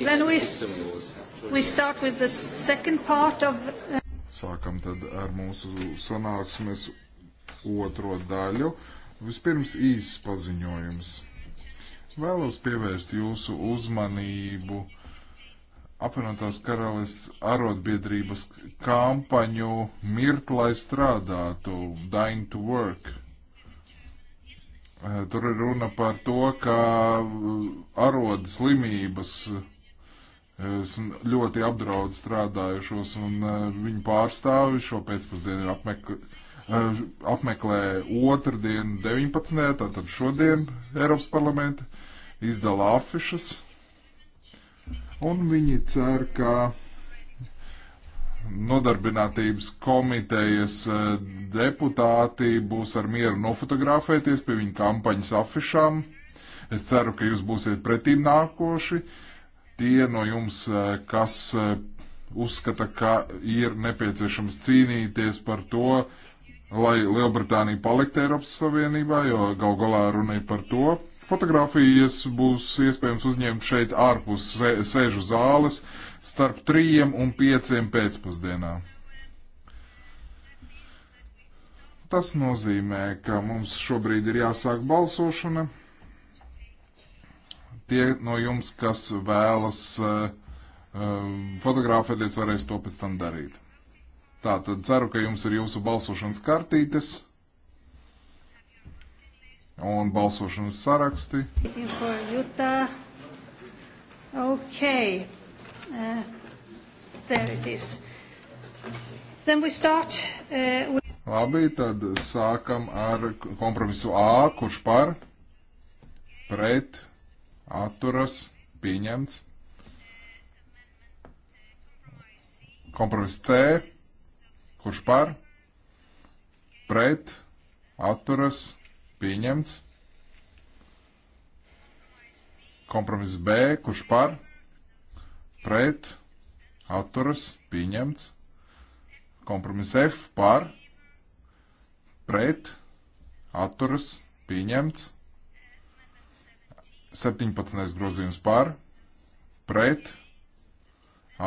Then we, we start with the second part of... Uh, Sākam tad ar mūsu sanāksmes otro daļu. Vispirms īsts paziņojums. Vēlos pievērst jūsu uzmanību apvienotās karalists arotbiedrības kampaņu Mirklai strādātu, Dine to Work Eh, tur ir runa par to, ka eh, arod slimības eh, ļoti apdraud strādājušos, un viņu pārstāvi šo pēcpusdienu apmekl apmeklē otrdien 19. tātad šodien Eiropas parlamenta, izdala afišas, un viņi cer, ka nodarbinātības komitejas e, deputāti būs ar mieru nofotografēties pie viņu kampaņas afišām. Es ceru, ka jūs būsiet pretīm nākoši. Tie no jums, e, kas e, uzskata, ka ir nepieciešams cīnīties par to, lai Lielbritānija paliktu Eiropas Savienībā, jo gal galā runa ir par to. Fotografijas būs iespējams uzņemt šeit ārpus sēžu zāles. Uh, starp trījiem un pieciem pēcpusdienā. Tas nozīmē, ka mums šobrīd ir jāsāk balsošana. Tie no jums, kas vēlas uh, fotografēties, varēs to pēc tam darīt. Tā tad ceru, ka jums ir jūsu balsošanas kartītes un balsošanas saraksti. Okay. Uh, there it is. Then we start uh, with... Labi, tad sākam ar kompromisu A, kurš par, pret, atturas, pieņemts. Kompromiss C, kurš par, pret, atturas, pieņemts. Kompromiss B, kurš par, pret pret, atturas, pieņemts. Kompromiss F par, pret, atturas, pieņemts. 17. grozījums par, pret,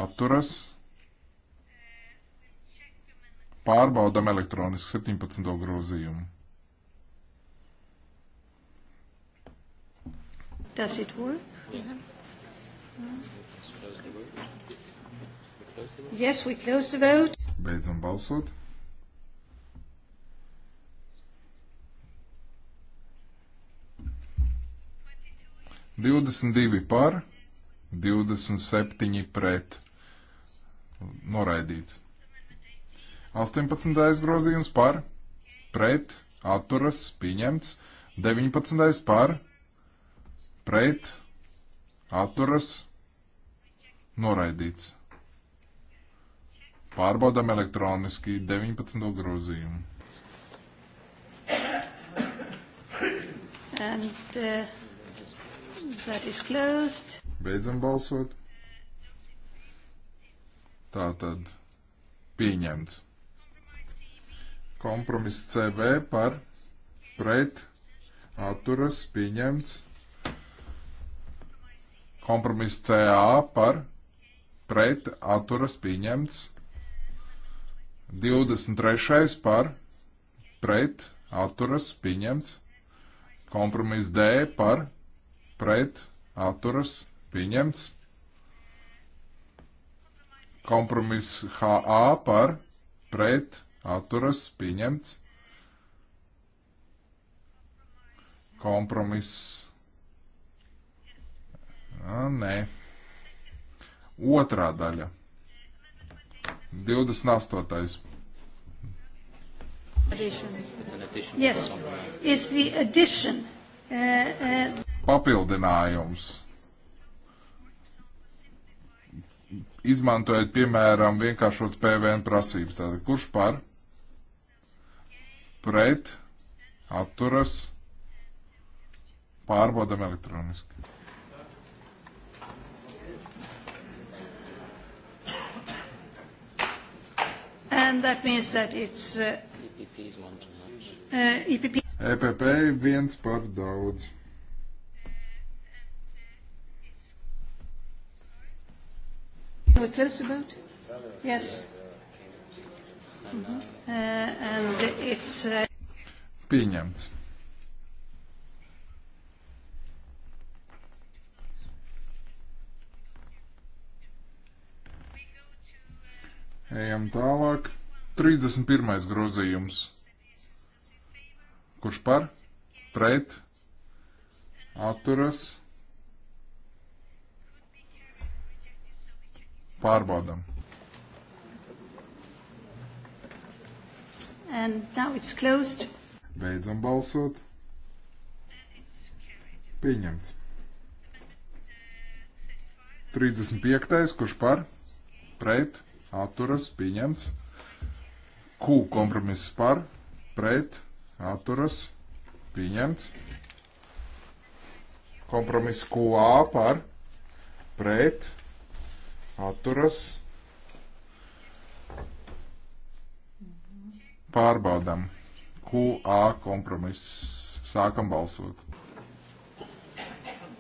atturas, pārbaudam elektroniski 17. grozījumu. Does it work? Yeah. Mm. Yes, we close the vote. Beidzam balsot. Divdesmit divi par, divdesmit septiņi pret. Noraidīts. Astoņpadsmitais grozījums par, pret, atturas, pieņemts. Deviņpadsmitais par, pret, atturas, noraidīts. Pārbaudām elektroniski 19. grozījumu. And, uh, Beidzam balsot. Tā tad pieņemts. Kompromiss CV par pret atturas pieņemts. Kompromiss CA par pret atturas pieņemts 23. par pret atturas pieņemts. Kompromiss D par pret atturas pieņemts. Kompromiss HA par pret atturas pieņemts. Kompromiss. Nē. Otrā daļa. 28. Yes. Is the addition, uh, uh... Papildinājums. Izmantojot, piemēram, vienkāršots PVN prasības. Tātad, kurš par? Pret? Atturas? Pārbaudam elektroniski. And that means that it's... Uh, EPP is one too much. Uh, EPP. EPP viens par daudz. We're close about? Yes. Mm -hmm. uh, and it's... Uh, Pieņemts. Ejam tālāk. 31. grozījums. Kurš par? Pret? Atturas? Pārbaudam. And now it's closed. Beidzam balsot. Pieņemts. 35. kurš par? Pret? atturas, pieņemts. Q kompromiss par, pret, atturas, pieņemts. Kompromiss QA par, pret, atturas, pārbaudam. QA kompromiss. Sākam balsot.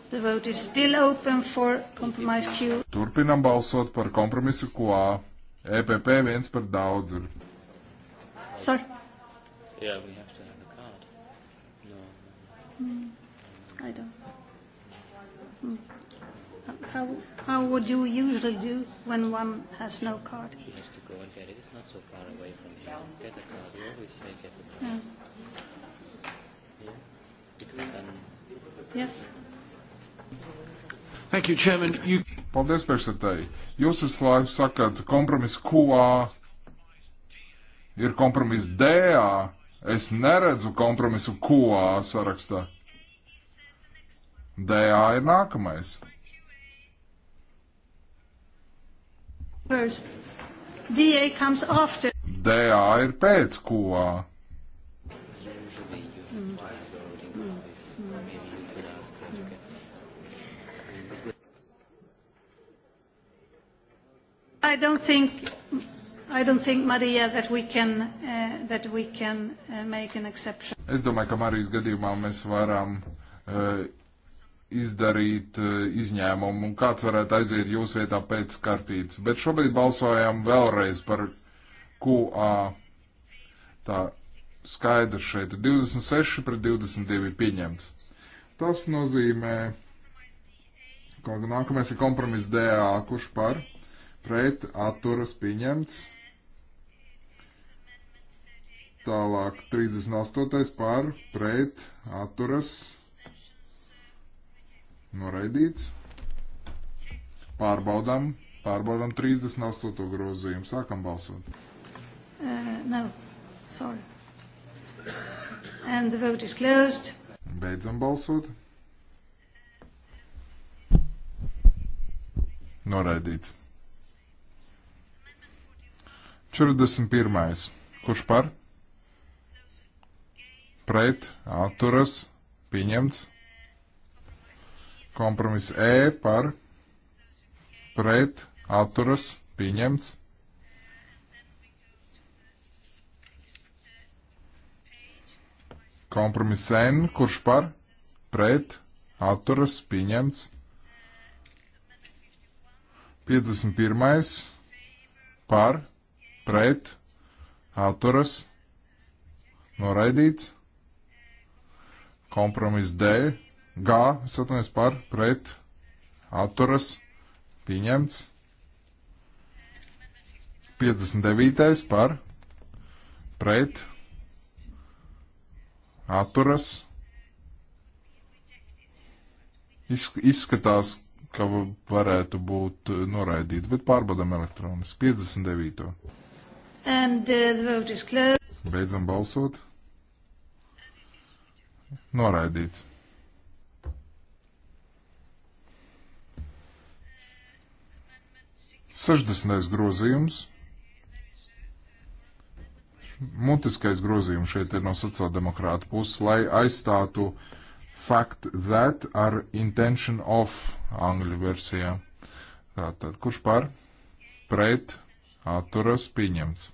The vote is still open for compromise Q. Turpinam balsot par kompromisu QA. EPP viens par daudz ir. Sorry. Yeah, we have to have a card. No. Mm, I don't. Mm. How, how would you usually do when one has no card? He has to go and get it. It's not so far away from here. Get a card. You always say get a card. Yeah. Hmm. Yeah? Because then... Yes. Thank you, Chairman. You... Paldies, priekšsētāji. Jūs visu laiku sakat, kompromis QA ir kompromis DA. Es neredzu kompromisu QA sarakstā. DA ir nākamais. DA ir pēc QA. I don't think, I don't think Marija, that we can, uh, that we can uh, make an exception. Es domāju, ka Marijas gadījumā mēs varam uh, izdarīt uh, izņēmumu, un kāds varētu aiziet jūsu vietā pēc kartītes. Bet šobrīd balsojam vēlreiz par QA. Tā skaidrs šeit ir 26 pret 22 pieņemts. Tas nozīmē, ka nākamais ir kompromiss DA, kurš par pret atturas pieņemts. Tālāk 38. par pret atturas noraidīts. Pārbaudām, pārbaudām 38. grozījumu. Sākam balsot. Uh, no. Sorry. And the vote is closed. Beidzam balsot. Noraidīts. 41. Kurš par? Pret, atturas, pieņemts. Kompromiss E par, pret, atturas, pieņemts. Kompromiss N, kurš par, pret, atturas, pieņemts. 51. par, pret, atturas, noraidīts. Kompromiss D, G, es atvainojos par, pret, atturas, pieņemts. 59. par, pret, atturas. Izskatās, ka varētu būt noraidīts, bet pārbaudam elektroniski 59. And uh, the vote is closed. Beidzam balsot. Noraidīts. Sešdesmitais grozījums. Mutiskais grozījums šeit ir no sociāldemokrāta puses, lai aizstātu fact that ar intention of angļu versijā. Tātad, kurš par? Pret atturas pieņemts.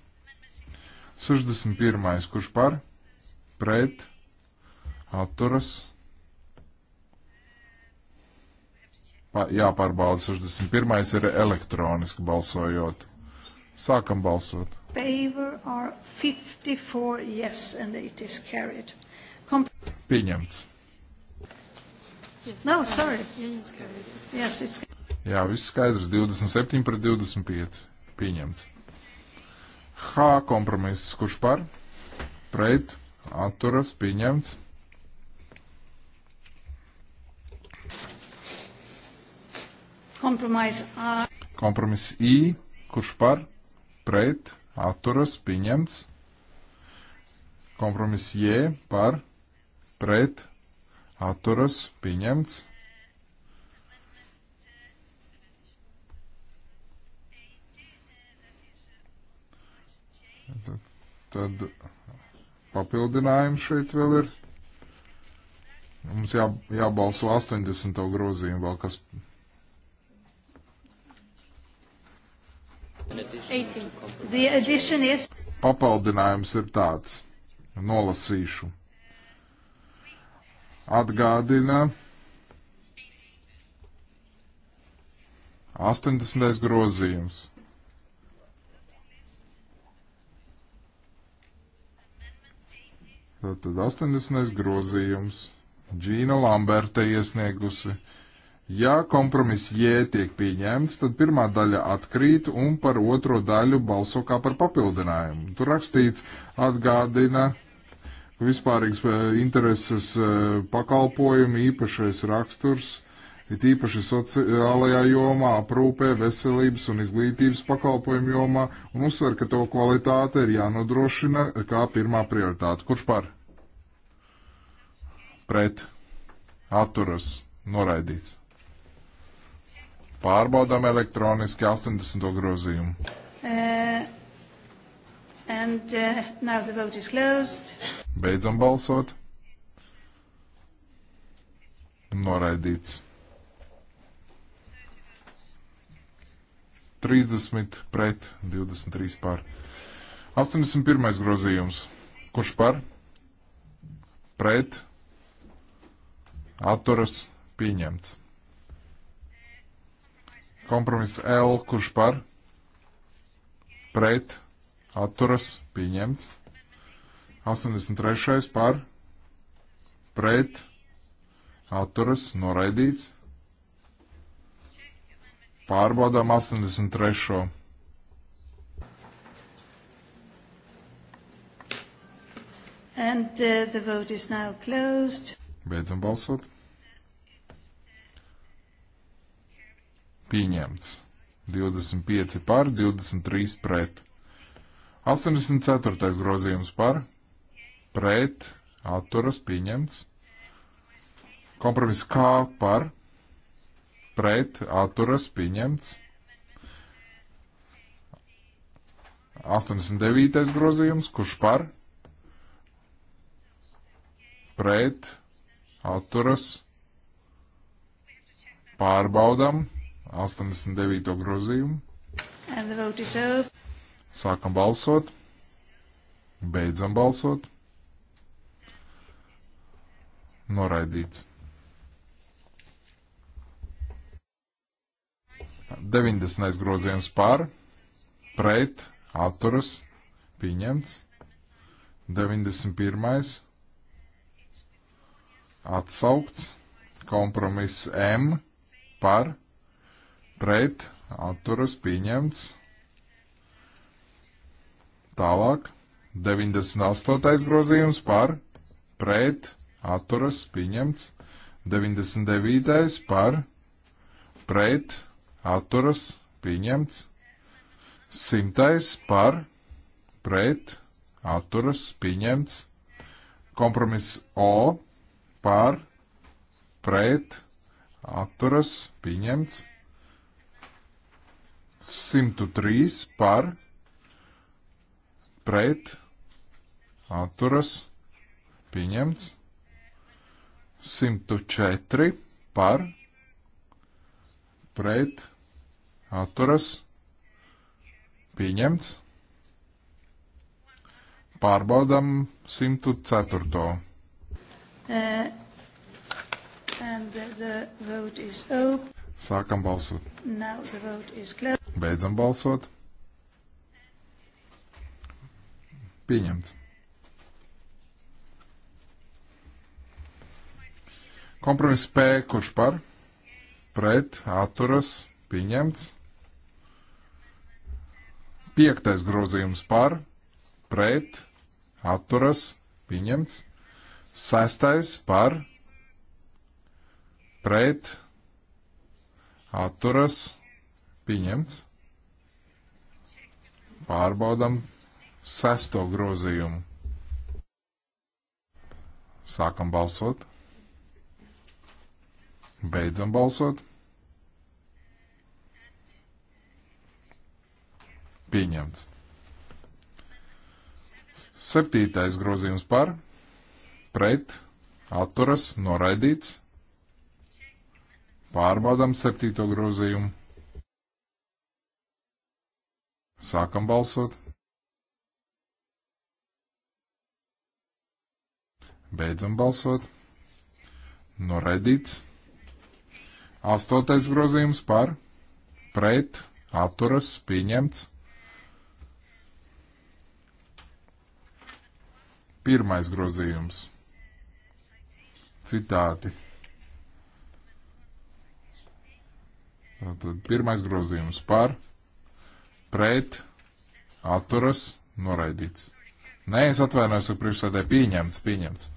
61. kurš par, pret, atturas, pa, jāpārbauda 61. ir elektroniski balsojot. Sākam balsot. Favor are 54 yes and it is carried. Comp pieņemts. Yes, no, sorry. Yes, it's... Jā, viss skaidrs. 27 pret 25 pieņemts. H kompromiss, kurš par, pret, atturas, pieņemts. Kompromiss A. Kompromiss I, kurš par, pret, atturas, pieņemts. Kompromiss J par, pret, atturas, pieņemts. Tad papildinājums šeit vēl ir. Mums jā, jābalso 80. grozījumu vēl, kas. 18. Is... Papildinājums ir tāds. Nolasīšu. Atgādina 80. grozījums. Nu, tad 80. grozījums. Džīna Lamberta iesniegusi. Ja kompromiss J tiek pieņemts, tad pirmā daļa atkrīt un par otro daļu balso kā par papildinājumu. Tur rakstīts atgādina vispārīgs eh, intereses eh, pakalpojumu īpašais raksturs it īpaši sociālajā jomā, aprūpē, veselības un izglītības pakalpojumu jomā, un uzsver, ka to kvalitāte ir jānodrošina kā pirmā prioritāte. Kurš par? Pret. Atturas. Noraidīts. Pārbaudām elektroniski 80. grozījumu. Uh, and, uh, Beidzam balsot. Noraidīts. 30 pret 23 pār. 81. grozījums. Kurš par? Pret. Atturas pieņemts. Kompromiss L. Kurš par? Pret. Atturas pieņemts. 83. par. Pret. Atturas noraidīts. Pārbaudām 83. And uh, the vote is now closed. Beidzam balsot. Pieņemts. 25 par, 23 pret. 84. grozījums par, pret, atturas, pieņemts. Kompromiss K par, pret atturas pieņemts. 89. grozījums, kurš par, pret, atturas, pārbaudam 89. grozījumu. Sākam balsot, beidzam balsot, noraidīts. 90. grozījums par, pret, atturas, pieņemts. 91. atsaukts, kompromiss M par, pret, atturas, pieņemts. Tālāk, 98. grozījums par, pret, atturas, pieņemts. 99. par, pret, atturas pieņemts. Simtais par pret atturas pieņemts. Kompromiss O par pret atturas pieņemts. 103 par pret atturas pieņemts. 104 par pret atturas, pieņemts. Pārbaudam 104. Uh, and the, the vote is open. Sākam balsot. Now the vote is closed. Beidzam balsot. Pieņemts. Kompromiss P, kurš par? Pret, atturas, pieņemts. Piektais grozījums par, pret, atturas, pieņemts. Sestais par, pret, atturas, pieņemts. Pārbaudam sesto grozījumu. Sākam balsot. Beidzam balsot. Pieņemts. Septītais grozījums par, pret, atturas, noraidīts. Pārbaudām septīto grozījumu. Sākam balsot. Beidzam balsot. Noraidīts. Astotais grozījums par, pret, atturas, pieņemts. Pirmais grozījums. Citāti. Tad pirmais grozījums par, pret, atturas, noraidīts. Nē, es atvainojos, ka priekšsēdē pieņemts, pieņemts.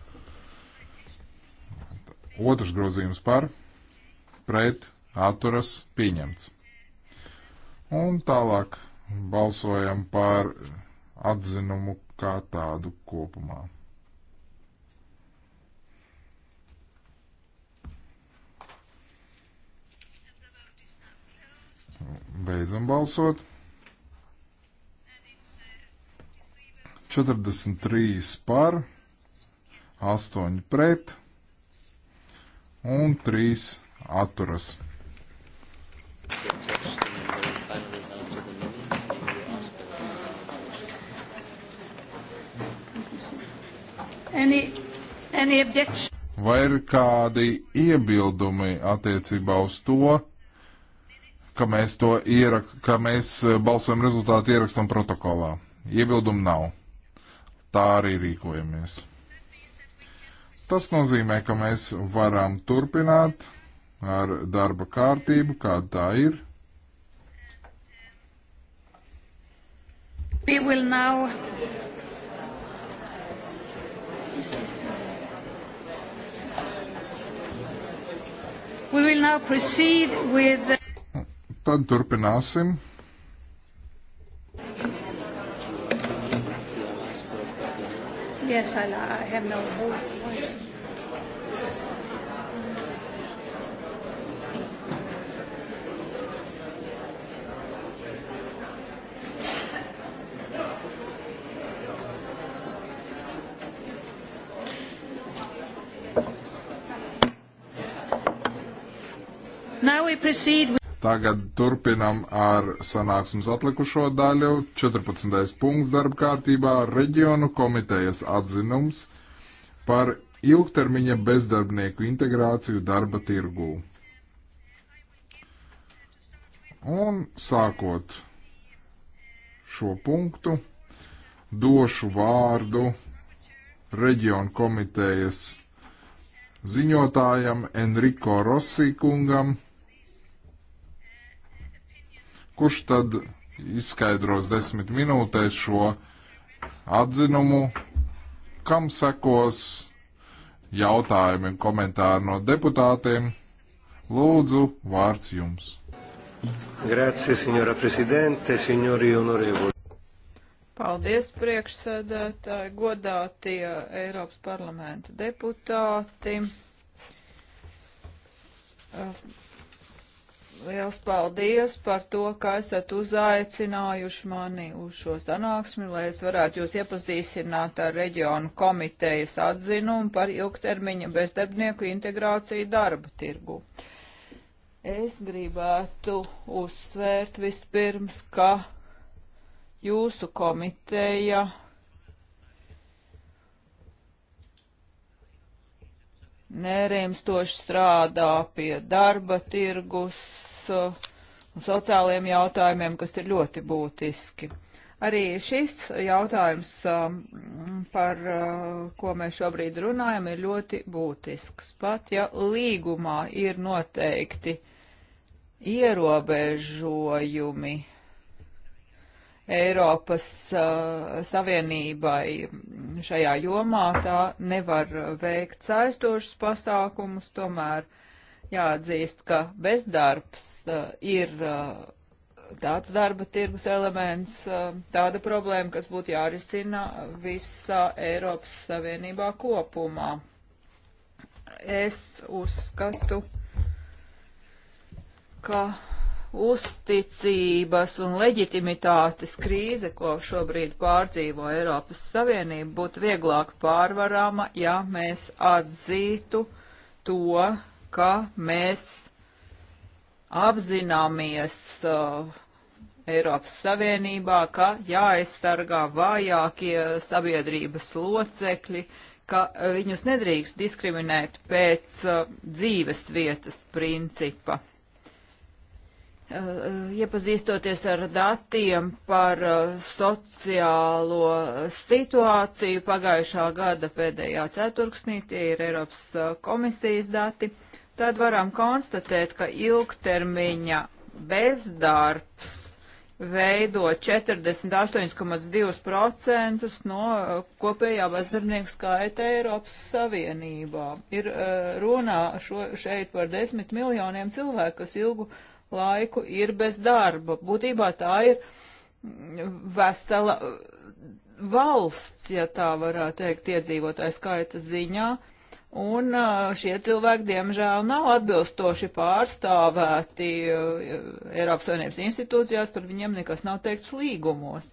Otrs grozījums par, pret, atturas, pieņemts. Un tālāk balsojam par atzinumu kā tādu kopumā. Beidzam balsot. 43 par, 8 pret un 3 atturas. Thank you. Any, any objection? Vai ir kādi iebildumi attiecībā uz to, ka mēs, to ierak, ka mēs eh, balsojam rezultātu ierakstam protokolā? Iebildumu nav. Tā arī rīkojamies. Tas nozīmē, ka mēs varam turpināt ar darba kārtību, kāda tā ir. We will now please. We will now proceed with the... Tad turpināsim. Yes, I, I have no vote. Tagad turpinam ar sanāksmes atlikušo daļu. 14. punkts darba kārtībā - reģionu komitejas atzinums par ilgtermiņa bezdarbnieku integrāciju darba tirgū. Un sākot šo punktu, došu vārdu reģionu komitejas ziņotājam Enriko Rosī kungam kurš tad izskaidros desmit minūtēs šo atzinumu, kam sekos jautājumi un komentāri no deputātiem. Lūdzu, vārds jums. Grazie, signora Presidente, signori onorevoli. Paldies, priekšsēdētāji, godātie Eiropas parlamenta deputāti. Liels paldies par to, ka esat uzaicinājuši mani uz šo sanāksmi, lai es varētu jūs iepazīstināt ar reģionu komitejas atzinumu par ilgtermiņa bezdarbnieku integrāciju darba tirgu. Es gribētu uzsvērt vispirms, ka jūsu komiteja nerimstoši strādā pie darba tirgus un sociāliem jautājumiem, kas ir ļoti būtiski. Arī šis jautājums, um, par uh, ko mēs šobrīd runājam, ir ļoti būtisks. Pat ja līgumā ir noteikti ierobežojumi Eiropas uh, Savienībai šajā jomā, tā nevar veikt saistošus pasākumus, tomēr Jāatzīst, ka bezdarbs uh, ir uh, tāds darba tirgus elements, uh, tāda problēma, kas būtu jārisina visā Eiropas Savienībā kopumā. Es uzskatu, ka uzticības un leģitimitātes krīze, ko šobrīd pārdzīvo Eiropas Savienība, būtu vieglāk pārvarama, ja mēs atzītu to, ka mēs apzināmies uh, Eiropas Savienībā, ka jāaizsargā vājākie sabiedrības locekļi, ka uh, viņus nedrīkst diskriminēt pēc uh, dzīves vietas principa. Uh, uh, iepazīstoties ar datiem par uh, sociālo situāciju pagājušā gada pēdējā ceturksnī, tie ir Eiropas uh, komisijas dati tad varam konstatēt, ka ilgtermiņa bezdarbs veido 48,2% no uh, kopējā bezdarbnieku skaita Eiropas Savienībā. Ir uh, runā šo, šeit par desmit miljoniem cilvēku, kas ilgu laiku ir bez darba. Būtībā tā ir mm, vesela uh, valsts, ja tā varētu teikt, iedzīvotāju skaita ziņā, Un šie cilvēki, diemžēl, nav atbilstoši pārstāvēti Eiropas Savienības institūcijās, par viņiem nekas nav teikts līgumos.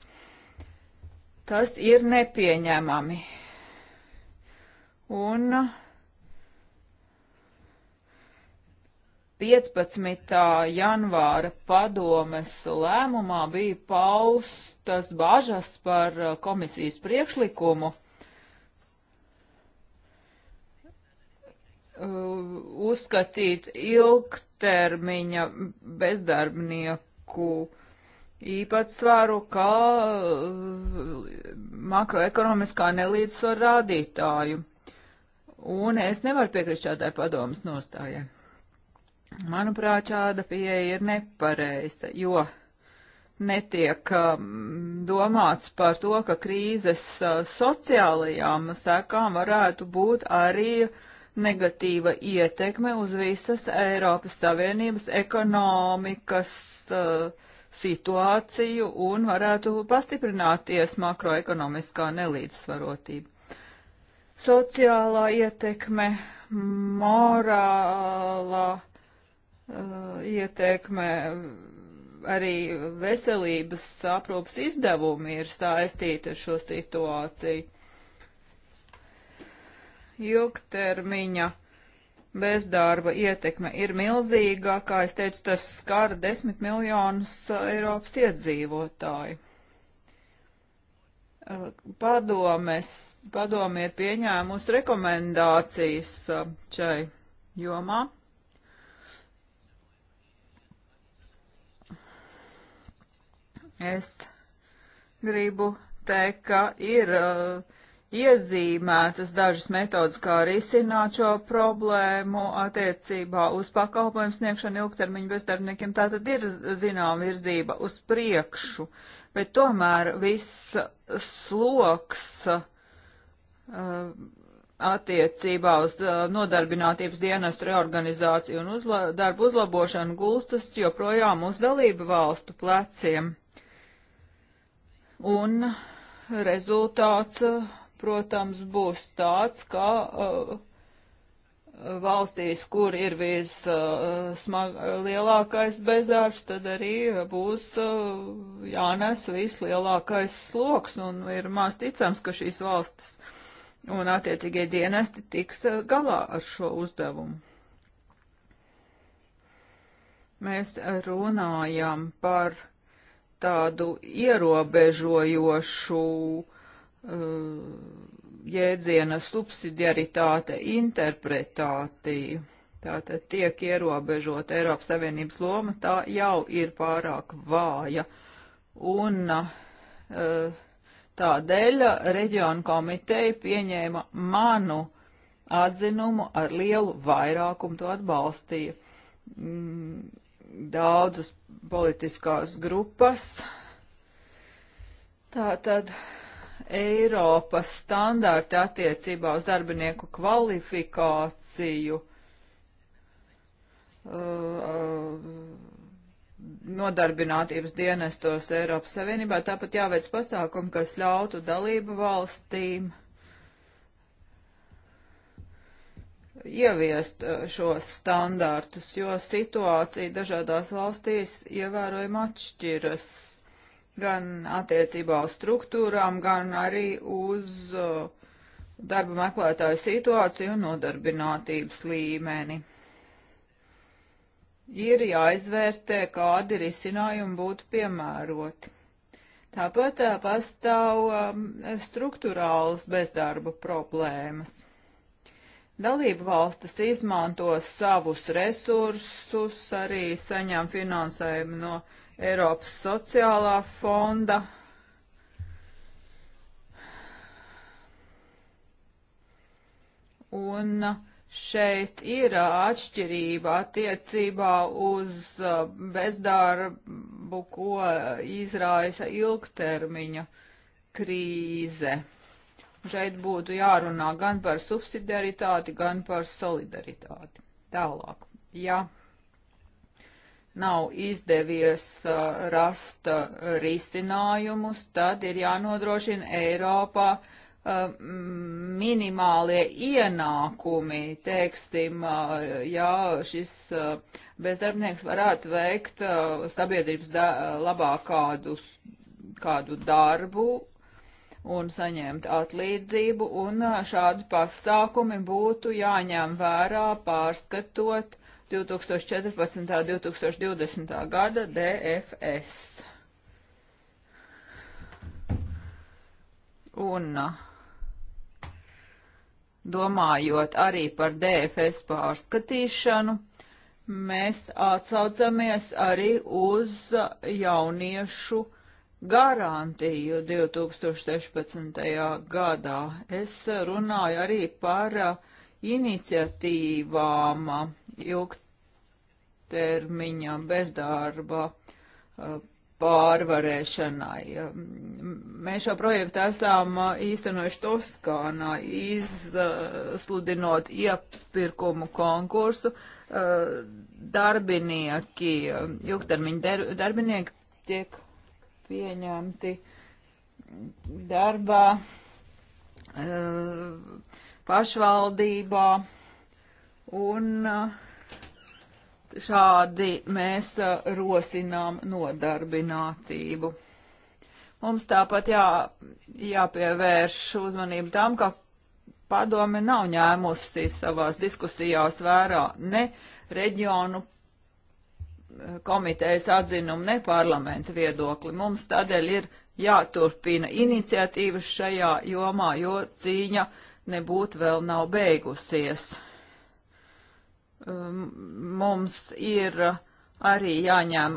Tas ir nepieņemami. Un 15. janvāra padomes lēmumā bija paustas bažas par komisijas priekšlikumu Uh, uzskatīt ilgtermiņa bezdarbnieku īpatsvaru kā uh, makroekonomiskā nelīdzsvaru rādītāju. Un es nevaru piekrist šādai padomas nostājai. Manuprāt, šāda pieeja ir nepareiza, jo netiek um, domāts par to, ka krīzes uh, sociālajām sekām varētu būt arī uh, negatīva ietekme uz visas Eiropas Savienības ekonomikas uh, situāciju un varētu pastiprināties makroekonomiskā nelīdzsvarotība. Sociālā ietekme, morālā uh, ietekme, arī veselības aprūpas izdevumi ir saistīti ar šo situāciju ilgtermiņa bezdarba ietekme ir milzīga, kā es teicu, tas skar desmit miljonus uh, Eiropas iedzīvotāju. Uh, padomes, padomi ir pieņēmusi rekomendācijas uh, šai jomā. Es gribu teikt, ka ir uh, iezīmētas dažas metodas, kā risināt šo problēmu attiecībā uz pakalpojumu sniegšanu ilgtermiņu bezdarbniekiem. Tā tad ir zinām virzība uz priekšu, bet tomēr viss sloks uh, attiecībā uz uh, nodarbinātības dienestu reorganizāciju un uzla darbu uzlabošanu gulstas joprojām uz dalību valstu pleciem. Un rezultāts uh, protams, būs tāds, ka uh, valstīs, kur ir vislielākais uh, bezdarbs, tad arī būs uh, jānes vislielākais sloks, un ir maz ticams, ka šīs valstis un attiecīgie dienesti tiks uh, galā ar šo uzdevumu. Mēs runājam par tādu ierobežojošu uh, Uh, jēdziena subsidiaritāte interpretāciju. Tātad tiek ierobežota Eiropas Savienības loma, tā jau ir pārāk vāja. Un uh, tādēļ reģiona komiteja pieņēma manu atzinumu ar lielu vairākumu, to atbalstīja mm, daudzas politiskās grupas. Tātad. tad Eiropas standārti attiecībā uz darbinieku kvalifikāciju uh, uh, nodarbinātības dienestos Eiropas Savienībā. Tāpat jāveic pasākumi, kas ļautu dalību valstīm ieviest uh, šos standārtus, jo situācija dažādās valstīs ievērojami atšķiras gan attiecībā uz struktūrām, gan arī uz uh, darba meklētāju situāciju un nodarbinātības līmeni. Ir jāizvērtē, kādi risinājumi būtu piemēroti. Tāpat uh, pastāv um, struktūrāls bezdarba problēmas. Dalību valstis izmanto savus resursus, arī saņem finansējumu no Eiropas sociālā fonda. Un šeit ir atšķirība attiecībā uz uh, bezdarbu, ko izraisa ilgtermiņa krīze. Šeit būtu jārunā gan par subsidiaritāti, gan par solidaritāti. Tālāk. Jā. Ja nav izdevies uh, rast uh, risinājumus, tad ir jānodrošina Eiropā uh, minimālie ienākumi, teiksim, ja šis bezdarbnieks varētu veikt sabiedrības labā kādus, kādu darbu un saņemt atlīdzību, un šādi pasākumi būtu jāņem vērā pārskatot 2014. un 2020. gada DFS. Un domājot arī par DFS pārskatīšanu, mēs atsaucamies arī uz jauniešu garantiju 2016. gadā. Es runāju arī par iniciatīvām ilgtermiņa bezdarba uh, pārvarēšanai. Uh, mēs šo projektu esam uh, īstenojuši Toskānā, izsludinot iepirkumu konkursu. Darbinieki, ilgtermiņa darbinieki tiek pieņemti darbā pašvaldībā un uh, Šādi mēs rosinām nodarbinātību. Mums tāpat jā, jāpievērš uzmanību tam, ka padome nav ņēmusi savās diskusijās vērā ne reģionu komitejas atzinumu, ne parlamenta viedokli. Mums tādēļ ir jāturpina iniciatīvas šajā jomā, jo cīņa nebūtu vēl nav beigusies. Um, mums ir arī jāņem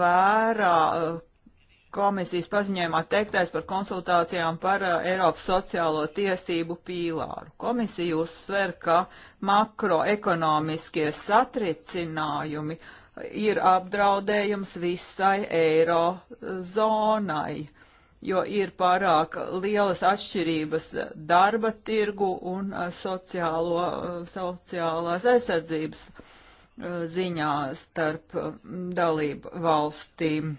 vērā uh, komisijas paziņojumā teiktais par konsultācijām par uh, Eiropas sociālo tiesību pīlāru. Komisija uzsver, ka makroekonomiskie satricinājumi ir apdraudējums visai eiro zonai jo ir pārāk lielas atšķirības darba tirgu un uh, sociālo, uh, sociālās aizsardzības uh, ziņā starp um, dalību valstīm.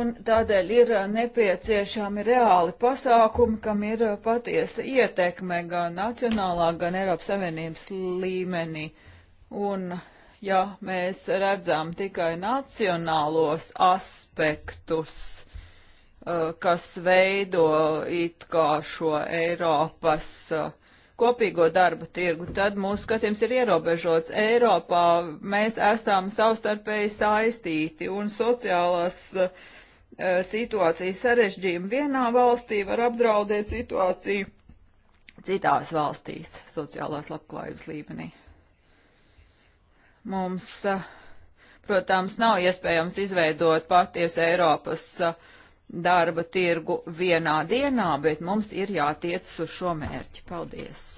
Un tādēļ ir nepieciešami reāli pasākumi, kam ir patiesa ietekme gan nacionālā, gan Eiropas Savienības līmenī. Un ja mēs redzam tikai nacionālos aspektus, eh, kas veido it kā šo Eiropas eh, kopīgo darba tirgu, tad mūsu skatījums ir ierobežots. Eiropā mēs esam savstarpēji saistīti un sociālās eh, situācijas sarežģījumi vienā valstī var apdraudēt situāciju citās valstīs sociālās labklājības līmenī. Mums, eh, protams, nav iespējams izveidot patiesu Eiropas eh, darba tirgu vienā dienā, bet mums ir jātiec uz šo mērķi. Paldies!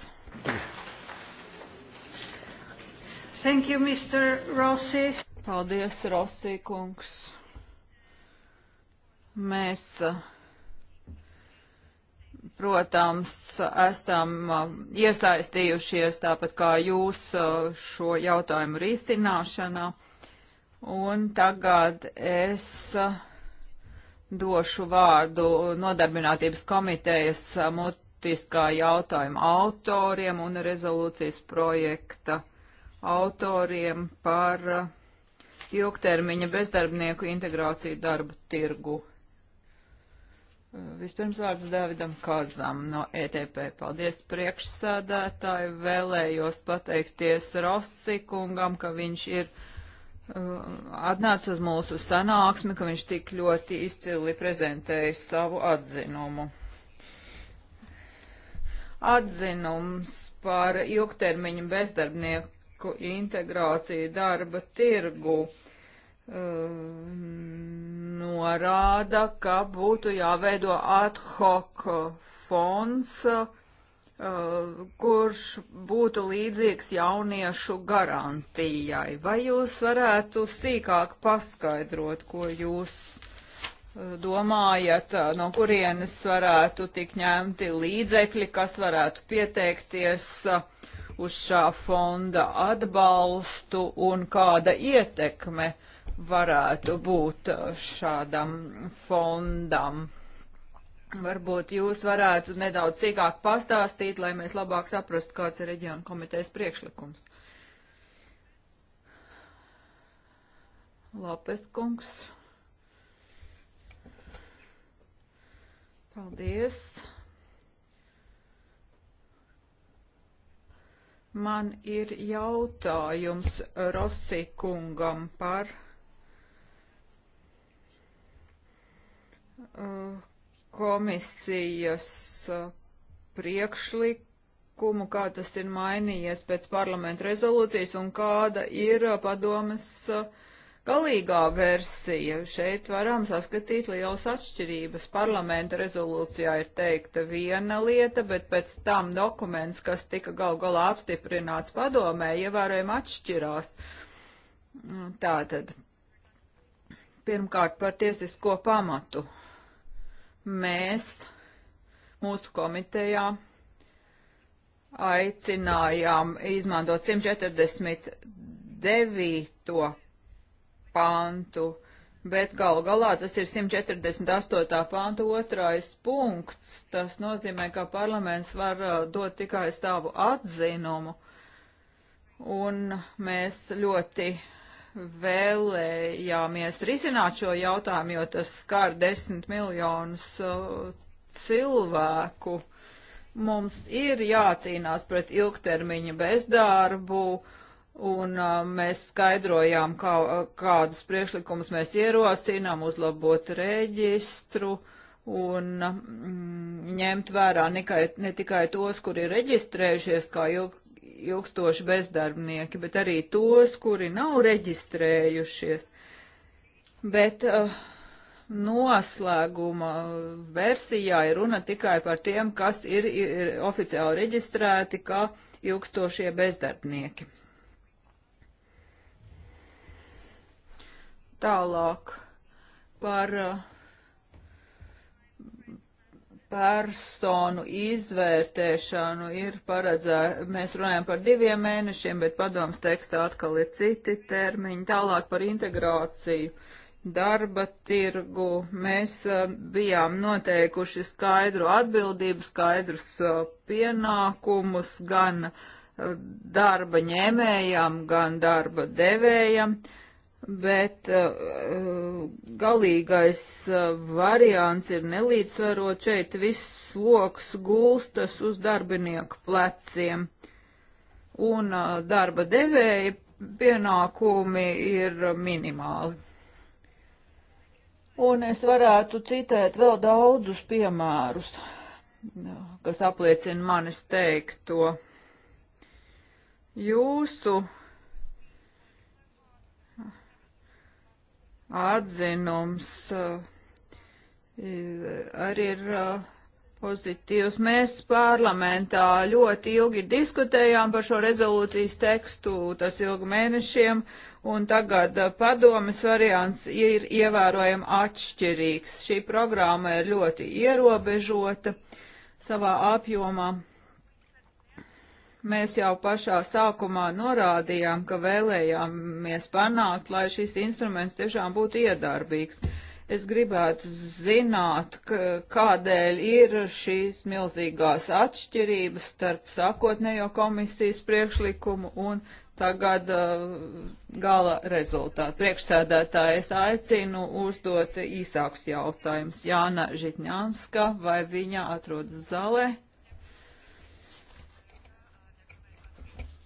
Thank you, Mr. Rossi. Paldies, Rossi kungs. Mēs uh, protams, esam um, iesaistījušies tāpat kā jūs uh, šo jautājumu risināšanā. Un tagad es uh, došu vārdu nodarbinātības komitejas uh, mutiskā jautājuma autoriem un rezolūcijas projekta autoriem par ilgtermiņa bezdarbnieku integrāciju darba tirgu. Vispirms vārds Davidam Kazam no ETP. Paldies priekšsādātāju. Vēlējos pateikties Rossi kungam, ka viņš ir uh, atnācis uz mūsu sanāksmi, ka viņš tik ļoti izcili prezentēja savu atzinumu. Atzinums par ilgtermiņu bezdarbnieku integrāciju darba tirgu Ehm, norāda, ka būtu jāveido ad hoc fonds, eh, kurš būtu līdzīgs jauniešu garantijai. Vai jūs varētu sīkāk paskaidrot, ko jūs eh, domājat, eh, no kurienes varētu tik ņemti līdzekļi, kas varētu pieteikties uz šā fonda atbalstu un kāda ietekme uh, varētu būt šādam fondam. Varbūt jūs varētu nedaudz sīkāk pastāstīt, lai mēs labāk saprastu, kāds ir reģiona komitejas priekšlikums. Lopes kungs. Paldies. Man ir jautājums Rosi kungam par komisijas uh, priekšlikumu, kā tas ir mainījies pēc parlamenta rezolūcijas un kāda ir uh, padomas uh, galīgā versija. Šeit varam saskatīt lielas atšķirības. Parlamenta rezolūcijā ir teikta viena lieta, bet pēc tam dokuments, kas tika gal galā apstiprināts padomē, ievērojami atšķirās. Mm, tātad, pirmkārt par tiesisko pamatu mēs mūsu komitejā aicinājām izmantot 149. pantu, bet galu galā tas ir 148. pantu otrais punkts. Tas nozīmē, ka parlaments var uh, dot tikai savu atzinumu. Un mēs ļoti vēlējāmies risināt šo jautājumu, jo tas skar desmit miljonus uh, cilvēku. Mums ir jācīnās pret ilgtermiņa bezdarbu, un uh, mēs skaidrojām, kā, uh, kādus priekšlikumus mēs ierosinām, uzlabot reģistru un mm, ņemt vērā nekai, ne tikai tos, kuri ir reģistrējušies kā ilgtermiņa ilgstoši bezdarbnieki, bet arī tos, kuri nav reģistrējušies. Bet uh, noslēguma versijā ir runa tikai par tiem, kas ir, ir oficiāli reģistrēti kā ilgstošie bezdarbnieki. Tālāk par uh, personu izvērtēšanu ir paredzē, mēs runājam par diviem mēnešiem, bet padoms tekstā atkal ir citi termiņi. Tālāk par integrāciju darba tirgu mēs eh, bijām noteikuši skaidru atbildību, skaidrus eh, pienākumus gan eh, darba ņēmējām, gan darba devējām. Uh, bet uh, uh, galīgais uh, variants ir nelīdzsvarot. Šeit viss sloks gulstas uz darbinieku pleciem. Un uh, darba devēja pienākumi ir minimāli. Un es varētu citēt vēl daudzus piemērus, kas apliecina manis teikto. Jūsu atzinums uh, arī ir uh, pozitīvs. Mēs parlamentā ļoti ilgi diskutējām par šo rezolūcijas tekstu, tas ilgu mēnešiem, un tagad uh, padomis variants ir ievērojami atšķirīgs. Šī programma ir ļoti ierobežota savā apjomā. Mēs jau pašā sākumā norādījām, ka vēlējāmies panākt, lai šis instruments tiešām būtu iedarbīgs. Es gribētu zināt, kādēļ ir šīs milzīgās atšķirības starp sākotnējo komisijas priekšlikumu un tagad uh, gala rezultātu. Priekšsēdētāji es aicinu uzdot īsākus jautājumus. Jāna Žitņānska, vai viņa atrodas zālē?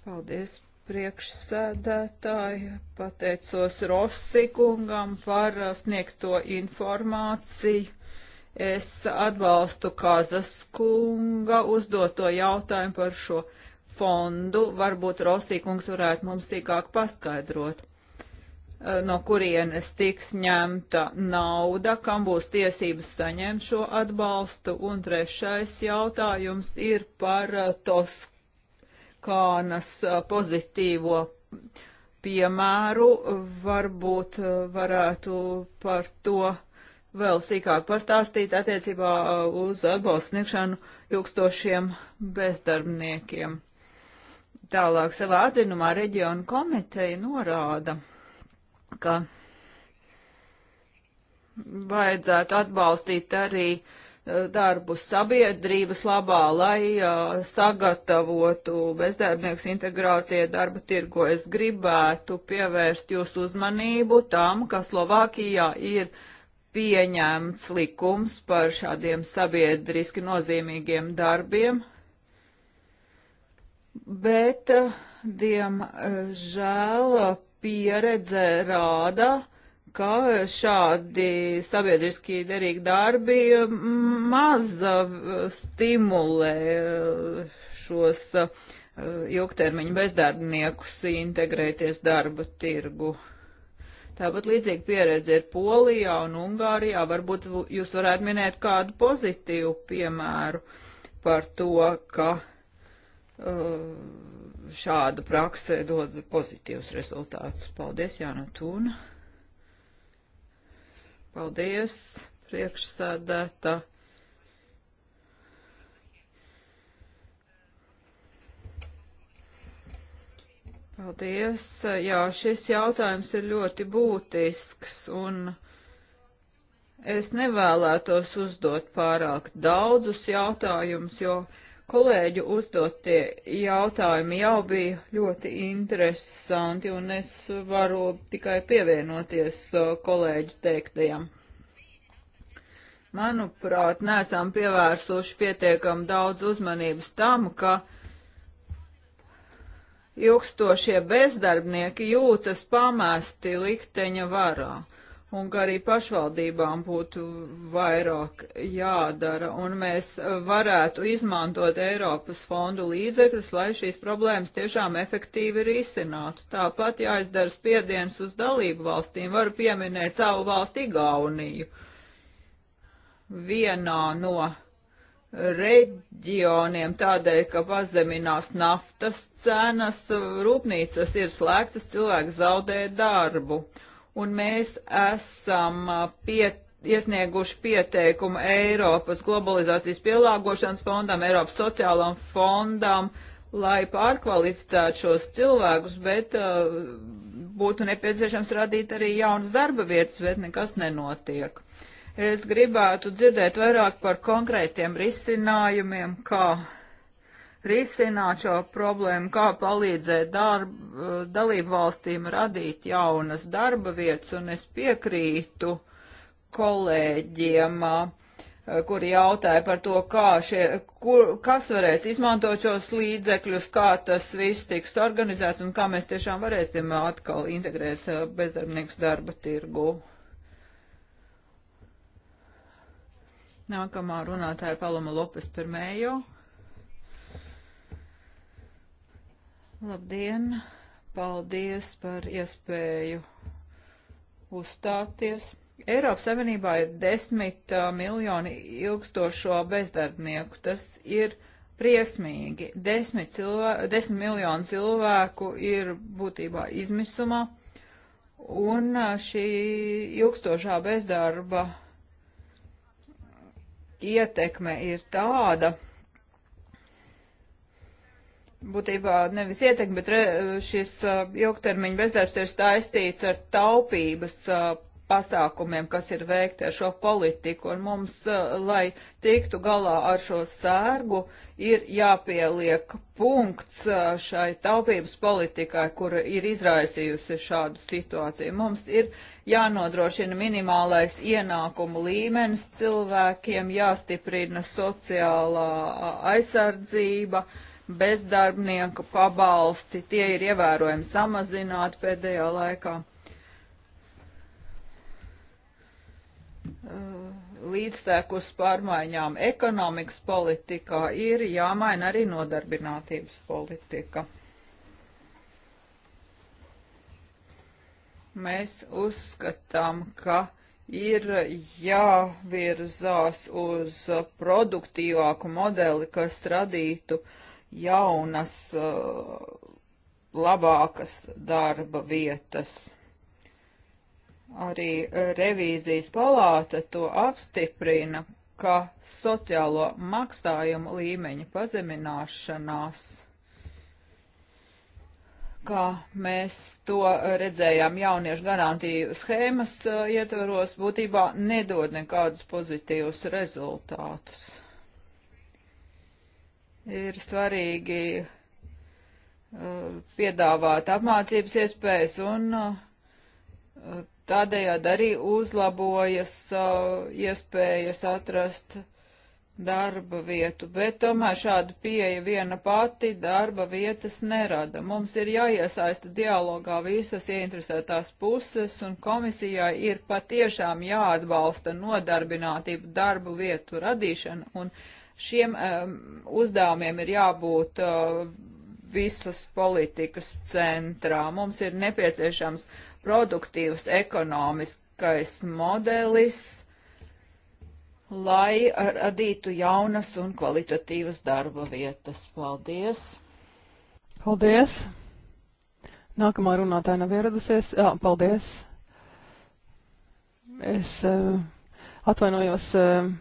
Paldies, priekšsēdētāji. Pateicos Rosikungam par uh, sniegto informāciju. Es atbalstu Kazas kunga uzdoto jautājumu par šo fondu. Varbūt Rosīkungs varētu mums sīkāk paskaidrot, uh, no kurienes tiks ņemta nauda, kam būs tiesības saņemt šo atbalstu. Un trešais jautājums ir par uh, Tosku Kānas pozitīvo piemēru. Varbūt varētu par to vēl sīkāk pastāstīt attiecībā uz atbalstu sniegšanu ilgstošiem bezdarbniekiem. Tālāk savā atzinumā reģiona komiteja norāda, ka vajadzētu atbalstīt arī uh, darbu sabiedrības labā, lai uh, sagatavotu bezdarbnieks integrācijai darba tirgo. Es gribētu pievērst jūsu uzmanību tam, ka Slovākijā ir pieņemts likums par šādiem sabiedriski nozīmīgiem darbiem, bet, diemžēl, pieredze rāda, uh, ka šādi sabiedriski derīgi darbi maz stimulē šos ilgtermiņu bezdarbniekus integrēties darba tirgu. Tāpat līdzīga pieredze ir Polijā un Ungārijā. Varbūt jūs varētu minēt kādu pozitīvu piemēru par to, ka šāda prakse dod pozitīvus rezultātus. Paldies, Jāna Tūna. Paldies, priekšsēdētā. Paldies. Jā, šis jautājums ir ļoti būtisks, un es nevēlētos uzdot pārāk daudzus jautājumus, jo Kolēģu uzdotie jautājumi jau bija ļoti interesanti, un es varu tikai pievienoties kolēģu teiktajam. Manuprāt, neesam pievērsuši pietiekam daudz uzmanības tam, ka ilgstošie bezdarbnieki jūtas pamesti likteņa varā un ka arī pašvaldībām būtu vairāk jādara, un mēs varētu izmantot Eiropas fondu līdzekļus, lai šīs problēmas tiešām efektīvi risinātu. Tāpat jāizdara spiediens uz dalību valstīm, varu pieminēt savu valsti Igauniju. Vienā no reģioniem tādēļ, ka pazeminās naftas cenas, rūpnīcas ir slēgtas, cilvēki zaudē darbu un mēs esam uh, pietiekami iesnieguši pieteikumu Eiropas globalizācijas pielāgošanas fondam, Eiropas sociālam fondam, lai pārkvalificētu šos cilvēkus, bet uh, būtu nepieciešams radīt arī jaunas darba vietas, bet nekas nenotiek. Es gribētu dzirdēt vairāk par konkrētiem risinājumiem, kā risināt šo problēmu, kā palīdzēt darb, eh, dalību valstīm radīt jaunas darba vietas, un es piekrītu kolēģiem, eh, kuri jautāja par to, kā šie, kur, kas varēs izmantot šos līdzekļus, kā tas viss tiks organizēts un kā mēs tiešām varēsim atkal integrēt eh, bezdarbniekus darba tirgu. Nākamā runātāja Paloma Lopes Permējo. Labdien! Paldies par iespēju uzstāties. Eiropas Savienībā ir desmit uh, miljoni ilgstošo bezdarbnieku. Tas ir briesmīgi. Desmit, cilvē, desmit miljoni cilvēku ir būtībā izmisumā, un uh, šī ilgstošā bezdarba ietekme ir tāda, būtībā nevis ietekmi, bet re, šis uh, ilgtermiņa bezdarbs ir saistīts ar taupības uh, pasākumiem, kas ir veikti ar šo politiku, un mums, uh, lai tiktu galā ar šo sērgu, ir jāpieliek punkts šai taupības politikai, kura ir izraisījusi šādu situāciju. Mums ir jānodrošina minimālais ienākumu līmenis cilvēkiem, jāstiprina sociālā aizsardzība, uh, bezdarbnieku pabalsti, tie ir ievērojami samazināti pēdējā laikā. Uh, līdztekus pārmaiņām ekonomikas politikā ir jāmaina arī nodarbinātības politika. Mēs uzskatām, ka ir jāvirzās uz produktīvāku modeli, kas radītu uh, jaunas, uh, labākas darba vietas. Arī revīzijas palāta to apstiprina, ka sociālo maksājumu līmeņa pazemināšanās kā mēs to redzējām jauniešu garantiju schēmas uh, ietvaros, būtībā nedod nekādus pozitīvus rezultātus ir svarīgi uh, piedāvāt apmācības iespējas un uh, tādējādi arī uzlabojas uh, iespējas atrast darba vietu, bet tomēr šādu pieeja viena pati darba vietas nerada. Mums ir jāiesaista dialogā visas ieinteresētās puses, un komisijai ir patiešām jāatbalsta nodarbinātību darbu vietu radīšana un radīšana Šiem um, uzdevumiem ir jābūt uh, visas politikas centrā. Mums ir nepieciešams produktīvs ekonomiskais modelis, lai radītu jaunas un kvalitatīvas darba vietas. Paldies! Paldies! Nākamā runātāja nav ieradusies. Jā, paldies! Es uh, atvainojos. Uh,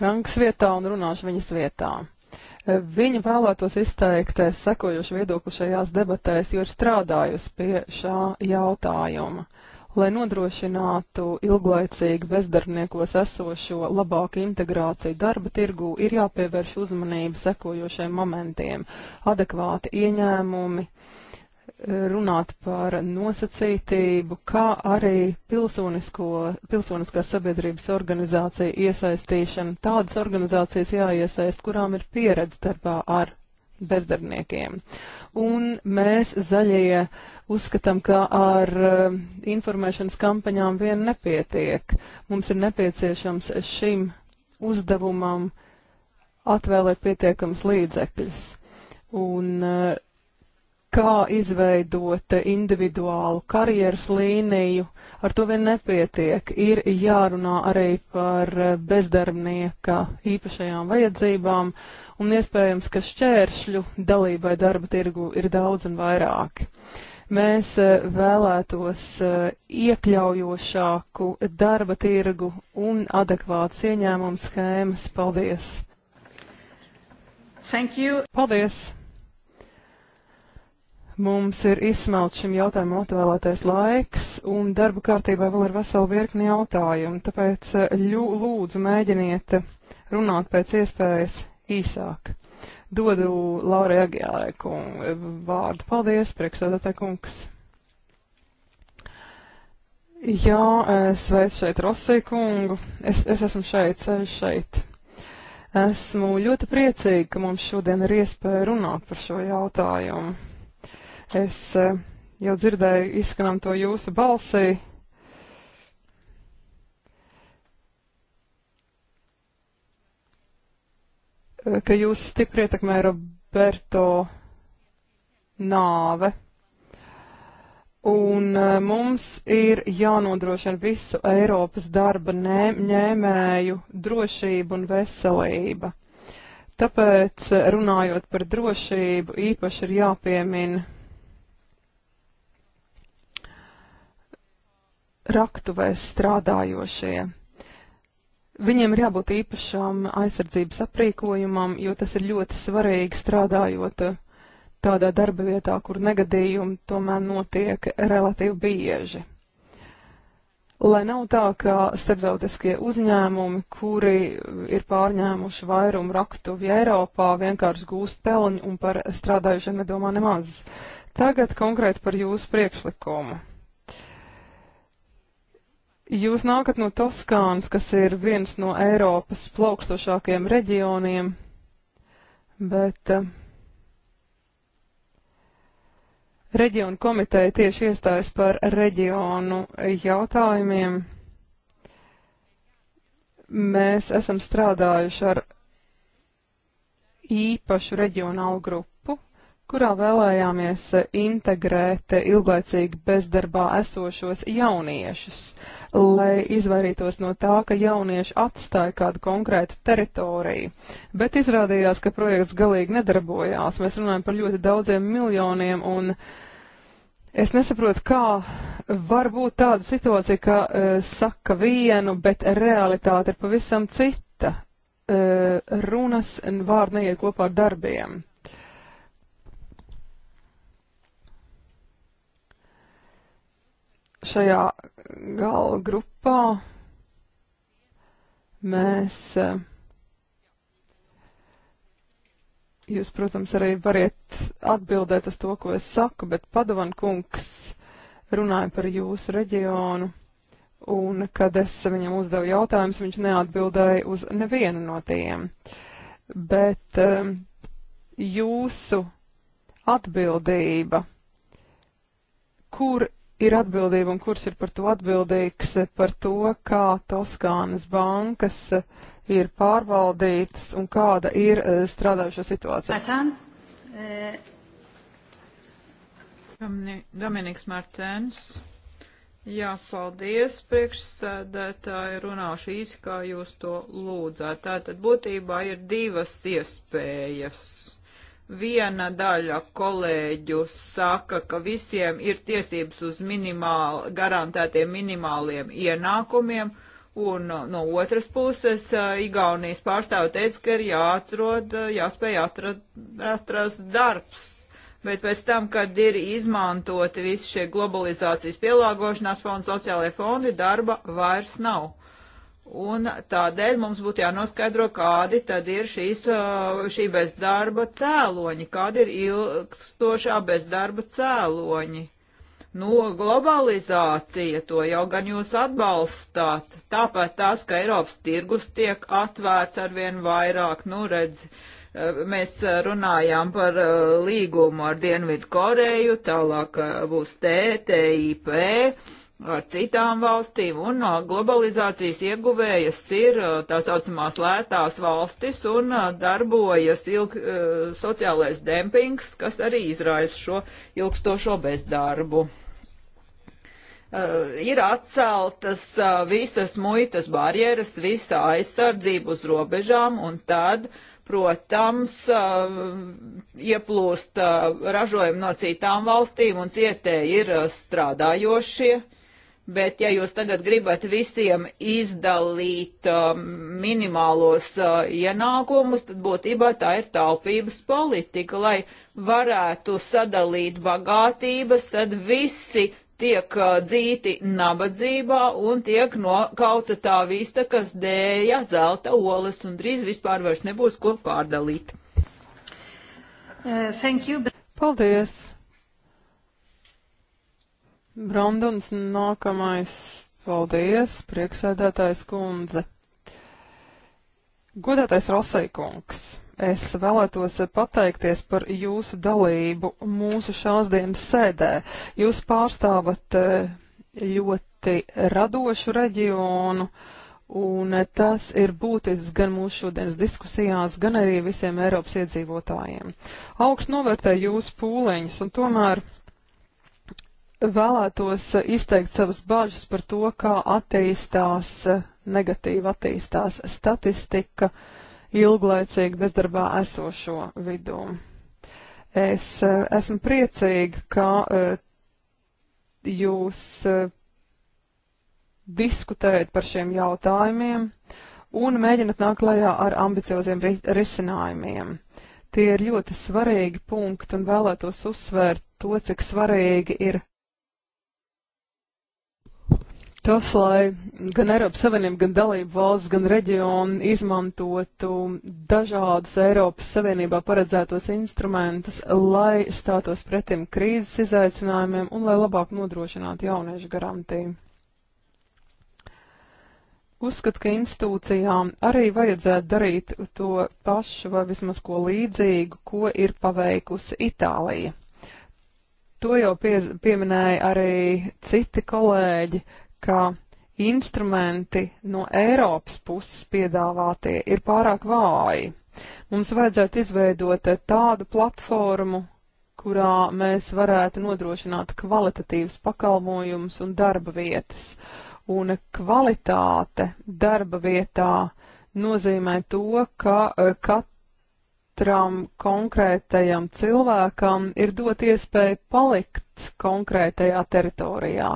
Frankas vietā un runāšu viņas vietā. E, Viņa vēlētos izteikt e, sekojošu viedokli šajās debatēs, jo ir strādājusi pie šā jautājuma. Lai nodrošinātu ilglaicīgi bezdarbniekos esošo labāku integrāciju darba tirgū, ir jāpievērš uzmanība sekojošiem momentiem - adekvāti ieņēmumi, uh, runāt par nosacītību, kā arī pilsoniskās sabiedrības organizāciju iesaistīšanu. Tādas organizācijas jāiesaist, kurām ir pieredze darbā ar bezdarbniekiem. Un mēs zaļie uzskatām, ka ar um, informēšanas kampaņām vien nepietiek. Mums ir nepieciešams šim uzdevumam atvēlēt pietiekams līdzekļus. Un uh, kā izveidot individuālu karjeras līniju, ar to vien nepietiek. Ir jārunā arī par bezdarbnieka īpašajām vajadzībām, un iespējams, ka šķēršļu dalībai darba tirgu ir daudz un vairāk. Mēs eh, vēlētos eh, iekļaujošāku darba tirgu un adekvātas ieņēmumu schēmas. Paldies! Thank you! Paldies! Mums ir izsmelt šim jautājumam atvēlētais laiks, un darba kārtībā vēl ir vesela virkni jautājumu, tāpēc eh, ļu, lūdzu mēģiniet runāt pēc iespējas īsāk. Dodu Laurai Agijārai vārdu. Paldies, priekšsēdētāj kungs. Jā, sveic šeit Rosī kungu. Es, es esmu šeit, sēž šeit. Esmu ļoti priecīga, ka mums šodien ir iespēja runāt par šo jautājumu. Es eh, jau dzirdēju izskanam to jūsu balsī. Eh, ka jūs stipri ietekmē Roberto nāve. Un eh, mums ir jānodrošina visu Eiropas darba ņēmēju drošību un veselība. Tāpēc, runājot par drošību, īpaši ir jāpiemina raktuvēs strādājošie. Viņiem ir jābūt īpašam aizsardzības aprīkojumam, jo tas ir ļoti svarīgi strādājot tādā darba vietā, kur negadījumi tomēr notiek relatīvi bieži. Lai nav tā, ka starptautiskie uzņēmumi, kuri ir pārņēmuši vairumu raktuvi Eiropā, vienkārši gūst pelnu un par strādājušiem nedomā nemaz. Tagad konkrēti par jūsu priekšlikumu. Jūs nākat no Toskānas, kas ir viens no Eiropas plaukstošākajiem reģioniem, bet uh, reģionu komiteja tieši iestājas par reģionu jautājumiem. Mēs esam strādājuši ar īpašu reģionālu grupu kurā vēlējāmies integrēt ilglaicīgi bezdarbā esošos jauniešus, lai izvairītos no tā, ka jaunieši atstāja kādu konkrētu teritoriju. Bet izrādījās, ka projekts galīgi nedarbojās. Mēs runājam par ļoti daudziem miljoniem un es nesaprotu, kā var būt tāda situācija, ka e, saka vienu, bet realitāte ir pavisam cita. E, runas un vārdi neiet kopā ar darbiem. šajā gala grupā mēs. Eh, jūs, protams, arī variet atbildēt uz to, ko es saku, bet Padovan kungs runāja par jūsu reģionu, un kad es viņam uzdevu jautājumus, viņš neatbildēja uz nevienu no tiem. Bet um, jūsu atbildība, kur ir atbildība un kurš ir par to atbildīgs, par to, kā Toskānas bankas ir pārvaldītas un kāda ir e, strādājušo situācija. E. Dominiks Martens. Jā, paldies, priekšsēdētāji, runāšu īsi, kā jūs to lūdzāt. Tātad būtībā ir divas iespējas Viena daļa kolēģu saka, ka visiem ir tiesības uz minimāl, garantētiem minimāliem ienākumiem, un no otras puses eh, Igaunijas pārstāvi teica, ka ir jāatrod, eh, jāspēj atrast, atrast darbs. Bet pēc tam, kad ir izmantoti visi šie globalizācijas pielāgošanās fondi, sociālajie fondi, darba vairs nav. Un tādēļ mums būtu jānoskaidro, kādi tad ir šīs, šī bezdarba cēloņi, kādi ir ilgstošā bezdarba cēloņi. Nu, globalizācija to jau gan jūs atbalstāt, tāpēc tās, ka Eiropas tirgus tiek atvērts arvien vairāk, nu redz, mēs runājām par līgumu ar Dienvidu Koreju, tālāk būs TTIP ar citām valstīm, un no uh, globalizācijas ieguvējas ir uh, tā saucamās lētās valstis, un uh, darbojas ilg, sociālais dempings, kas arī izraisa šo ilgstošo bezdarbu. Uh, ir atceltas uh, visas muitas barjeras, visa aizsardzība uz robežām, un tad, protams, uh, ieplūst ražojumi no citām valstīm, un cietē ir strādājošie, uh, Bet, ja jūs tagad gribat visiem izdalīt uh, minimālos uh, ienākumus, tad būtībā tā ir taupības politika. Lai varētu sadalīt bagātības, tad visi tiek uh, dzīti nabadzībā un tiek nokauta tā vista, kas dēja zelta olas, un drīz vispār vairs nebūs ko pārdalīt. Uh, thank you. Paldies! Brandons nākamais. Paldies, prieksēdētājs kundze. Godātais Rosaikungs, es vēlētos pateikties par jūsu dalību mūsu šāsdienas sēdē. Jūs pārstāvat eh, ļoti radošu reģionu, un tas ir būtisks gan mūsu šodienas diskusijās, gan arī visiem Eiropas iedzīvotājiem. Augst novērtē jūsu pūliņus, un tomēr vēlētos eh, izteikt savas bažas par to, kā attīstās, eh, negatīvi attīstās statistika ilglaicīgi bezdarbā esošo vidū. Es eh, esmu priecīga, ka jūs diskutējat par šiem jautājumiem un mēģinat nākt klajā ar ambicioziem risinājumiem. Tie ir ļoti svarīgi punkti un vēlētos uzsvērt to, cik svarīgi ir Tas, lai gan Eiropas Savienība, gan dalību valsts, gan reģionu izmantotu dažādus Eiropas Savienībā paredzētos instrumentus, lai stātos pretim krīzes izaicinājumiem un lai labāk nodrošinātu jauniešu garantiju. Uzskatu, ka institūcijām arī vajadzētu darīt to pašu vai vismaz ko līdzīgu, ko ir paveikusi Itālija. To jau pie, pieminēja arī citi kolēģi, ka instrumenti no Eiropas puses piedāvātie ir pārāk vāji. Mums vajadzētu izveidot tādu platformu, kurā mēs varētu nodrošināt kvalitatīvus pakalmojumus un darba vietas. Un kvalitāte darba vietā nozīmē to, ka, eh, ka katram konkrētajam cilvēkam ir dot iespēju palikt konkrētajā teritorijā.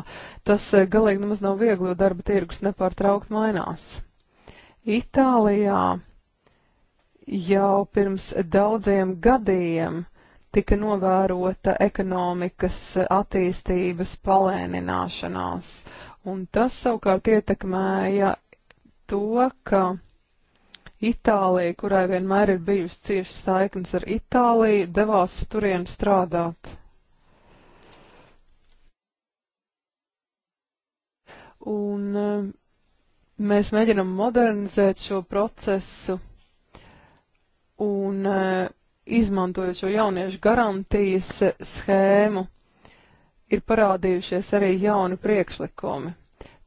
Tas eh, galīgi nemaz nav viegli, jo darba tirgus nepārtraukt mainās. Itālijā jau pirms daudziem gadiem tika novērota ekonomikas attīstības palēnināšanās, un tas savukārt ietekmēja to, ka Itālija, kurai vienmēr ir bijusi cieši saiknes ar Itāliju, devās uz turienu strādāt. Un eh, mēs mēģinam modernizēt šo procesu un eh, izmantojot šo jauniešu garantijas eh, schēmu, ir parādījušies arī jauni priekšlikumi.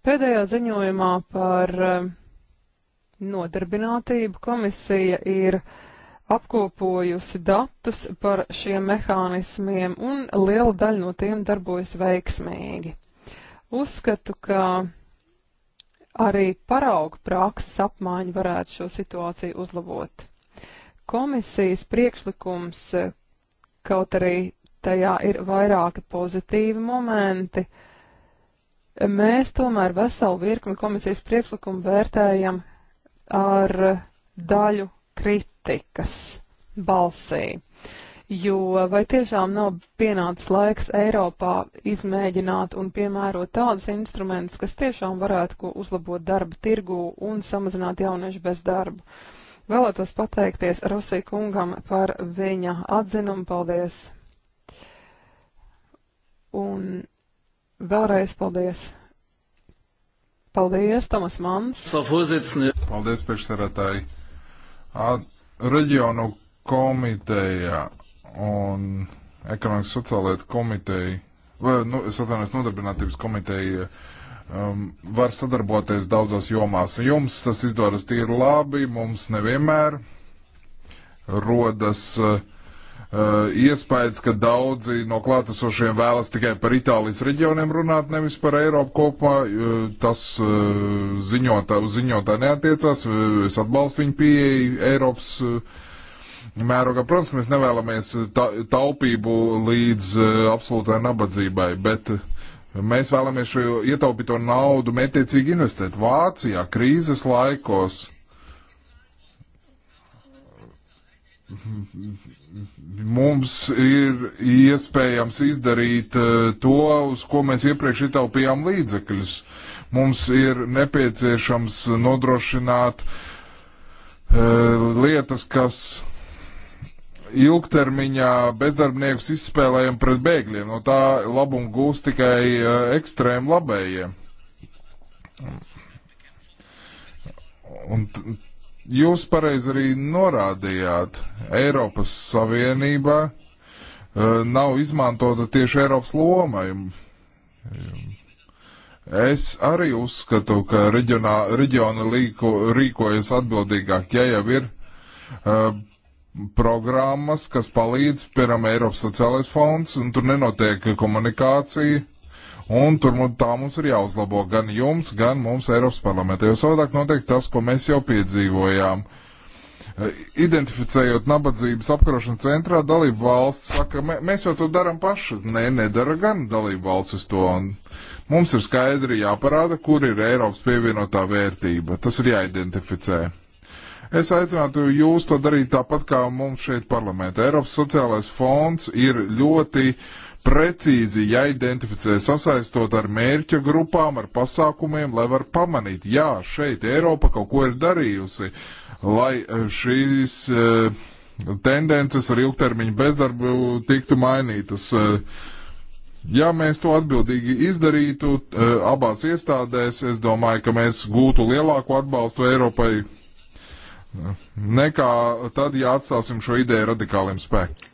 Pēdējā ziņojumā par uh, nodarbinātību komisija ir apkopojusi datus par šiem mehānismiem, un liela daļa no tiem darbojas veiksmīgi. Uzskatu, ka arī parauga prakses apmaiņa varētu šo situāciju uzlabot. Komisijas priekšlikums, kaut arī tajā ir vairāki pozitīvi momenti, mēs tomēr veselu virkni komisijas priekšlikumu vērtējam ar daļu kritikas balsī. Jo vai tiešām nav pienācis laiks Eiropā izmēģināt un piemērot tādus instrumentus, kas tiešām varētu ko uzlabot darba tirgū un samazināt jauniešu bezdarbu? Vēlētos pateikties Rosī kungam par viņa atzinumu. Paldies! Un vēlreiz paldies Paldies, Tomas Mans. Paldies, priekšsarētāji. Reģionu komiteja un ekonomikas sociālietu komiteja, vai, nu, es atvainojos, nodarbinātības komiteja um, var sadarboties daudzās jomās. Jums tas izdodas tīri labi, mums nevienmēr rodas uh, uh, iespējas, ka daudzi no klātesošiem vēlas tikai par Itālijas reģioniem runāt, nevis par Eiropu kopumā. Uh, tas uh, eh, ziņotā, ziņotā neatiecās. Uh, es atbalstu viņu pieeju Eiropas. Uh, Mērogā, protams, mēs nevēlamies ta taupību līdz uh, absolūtai nabadzībai, bet mēs vēlamies šo ietaupīto naudu mētiecīgi investēt. Vācijā krīzes laikos uh, mums ir iespējams izdarīt eh, to, uz ko mēs iepriekš ietaupījām līdzekļus. Mums ir nepieciešams nodrošināt eh, lietas, kas ilgtermiņā bezdarbniekus izspēlējam pret bēgļiem. No tā labumu gūst tikai eh, ekstrēmu labējie. Un Jūs pareizi arī norādījāt, Eiropas Savienībā eh, nav izmantota tieši Eiropas loma. Es arī uzskatu, ka reģionā, reģiona līko, rīkojas atbildīgāk, ja jau ir uh, programmas, kas palīdz, piemēram, Eiropas sociālais fonds, un tur nenotiek komunikācija. Un tur tā mums ir jāuzlabo gan jums, gan mums Eiropas parlamentā. Jo savādāk notiek tas, ko mēs jau piedzīvojām. Eh, identificējot nabadzības apkarošanas centrā, dalību valsts saka, mēs jau to darām pašas. Nē, ne, nedara gan dalību valstis to. Un mums ir skaidri jāparāda, kur ir Eiropas pievienotā vērtība. Tas ir jāidentificē. Es aicinātu jūs to darīt tāpat kā mums šeit parlamentā. Eiropas sociālais fonds ir ļoti precīzi jāidentificē, sasaistot ar mērķa grupām, ar pasākumiem, lai var pamanīt, jā, šeit Eiropa kaut ko ir darījusi, lai šīs eh, tendences ar ilgtermiņu bezdarbu tiktu mainītas. Eh, ja mēs to atbildīgi izdarītu eh, abās iestādēs, es domāju, ka mēs gūtu lielāku atbalstu Eiropai nekā tad, ja atstāsim šo ideju radikāliem spēkiem.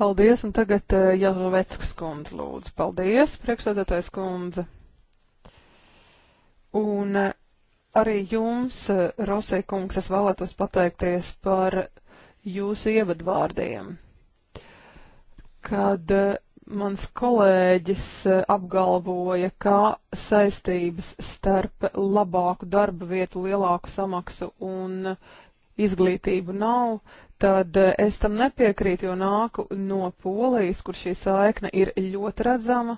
Paldies, un tagad eh, Jažoveckas kundze lūdzu. Paldies, priekšsēdētājs kundze. Un eh, arī jums, eh, Rosē kungs, es vēlētos pateikties par jūsu ievadvārdiem. Kad mans kolēģis eh, apgalvoja, ka saistības starp labāku darba vietu, lielāku samaksu un izglītību nav, tad eh, es tam nepiekrītu, jo nāku no Polijas, kur šī saikne ir ļoti redzama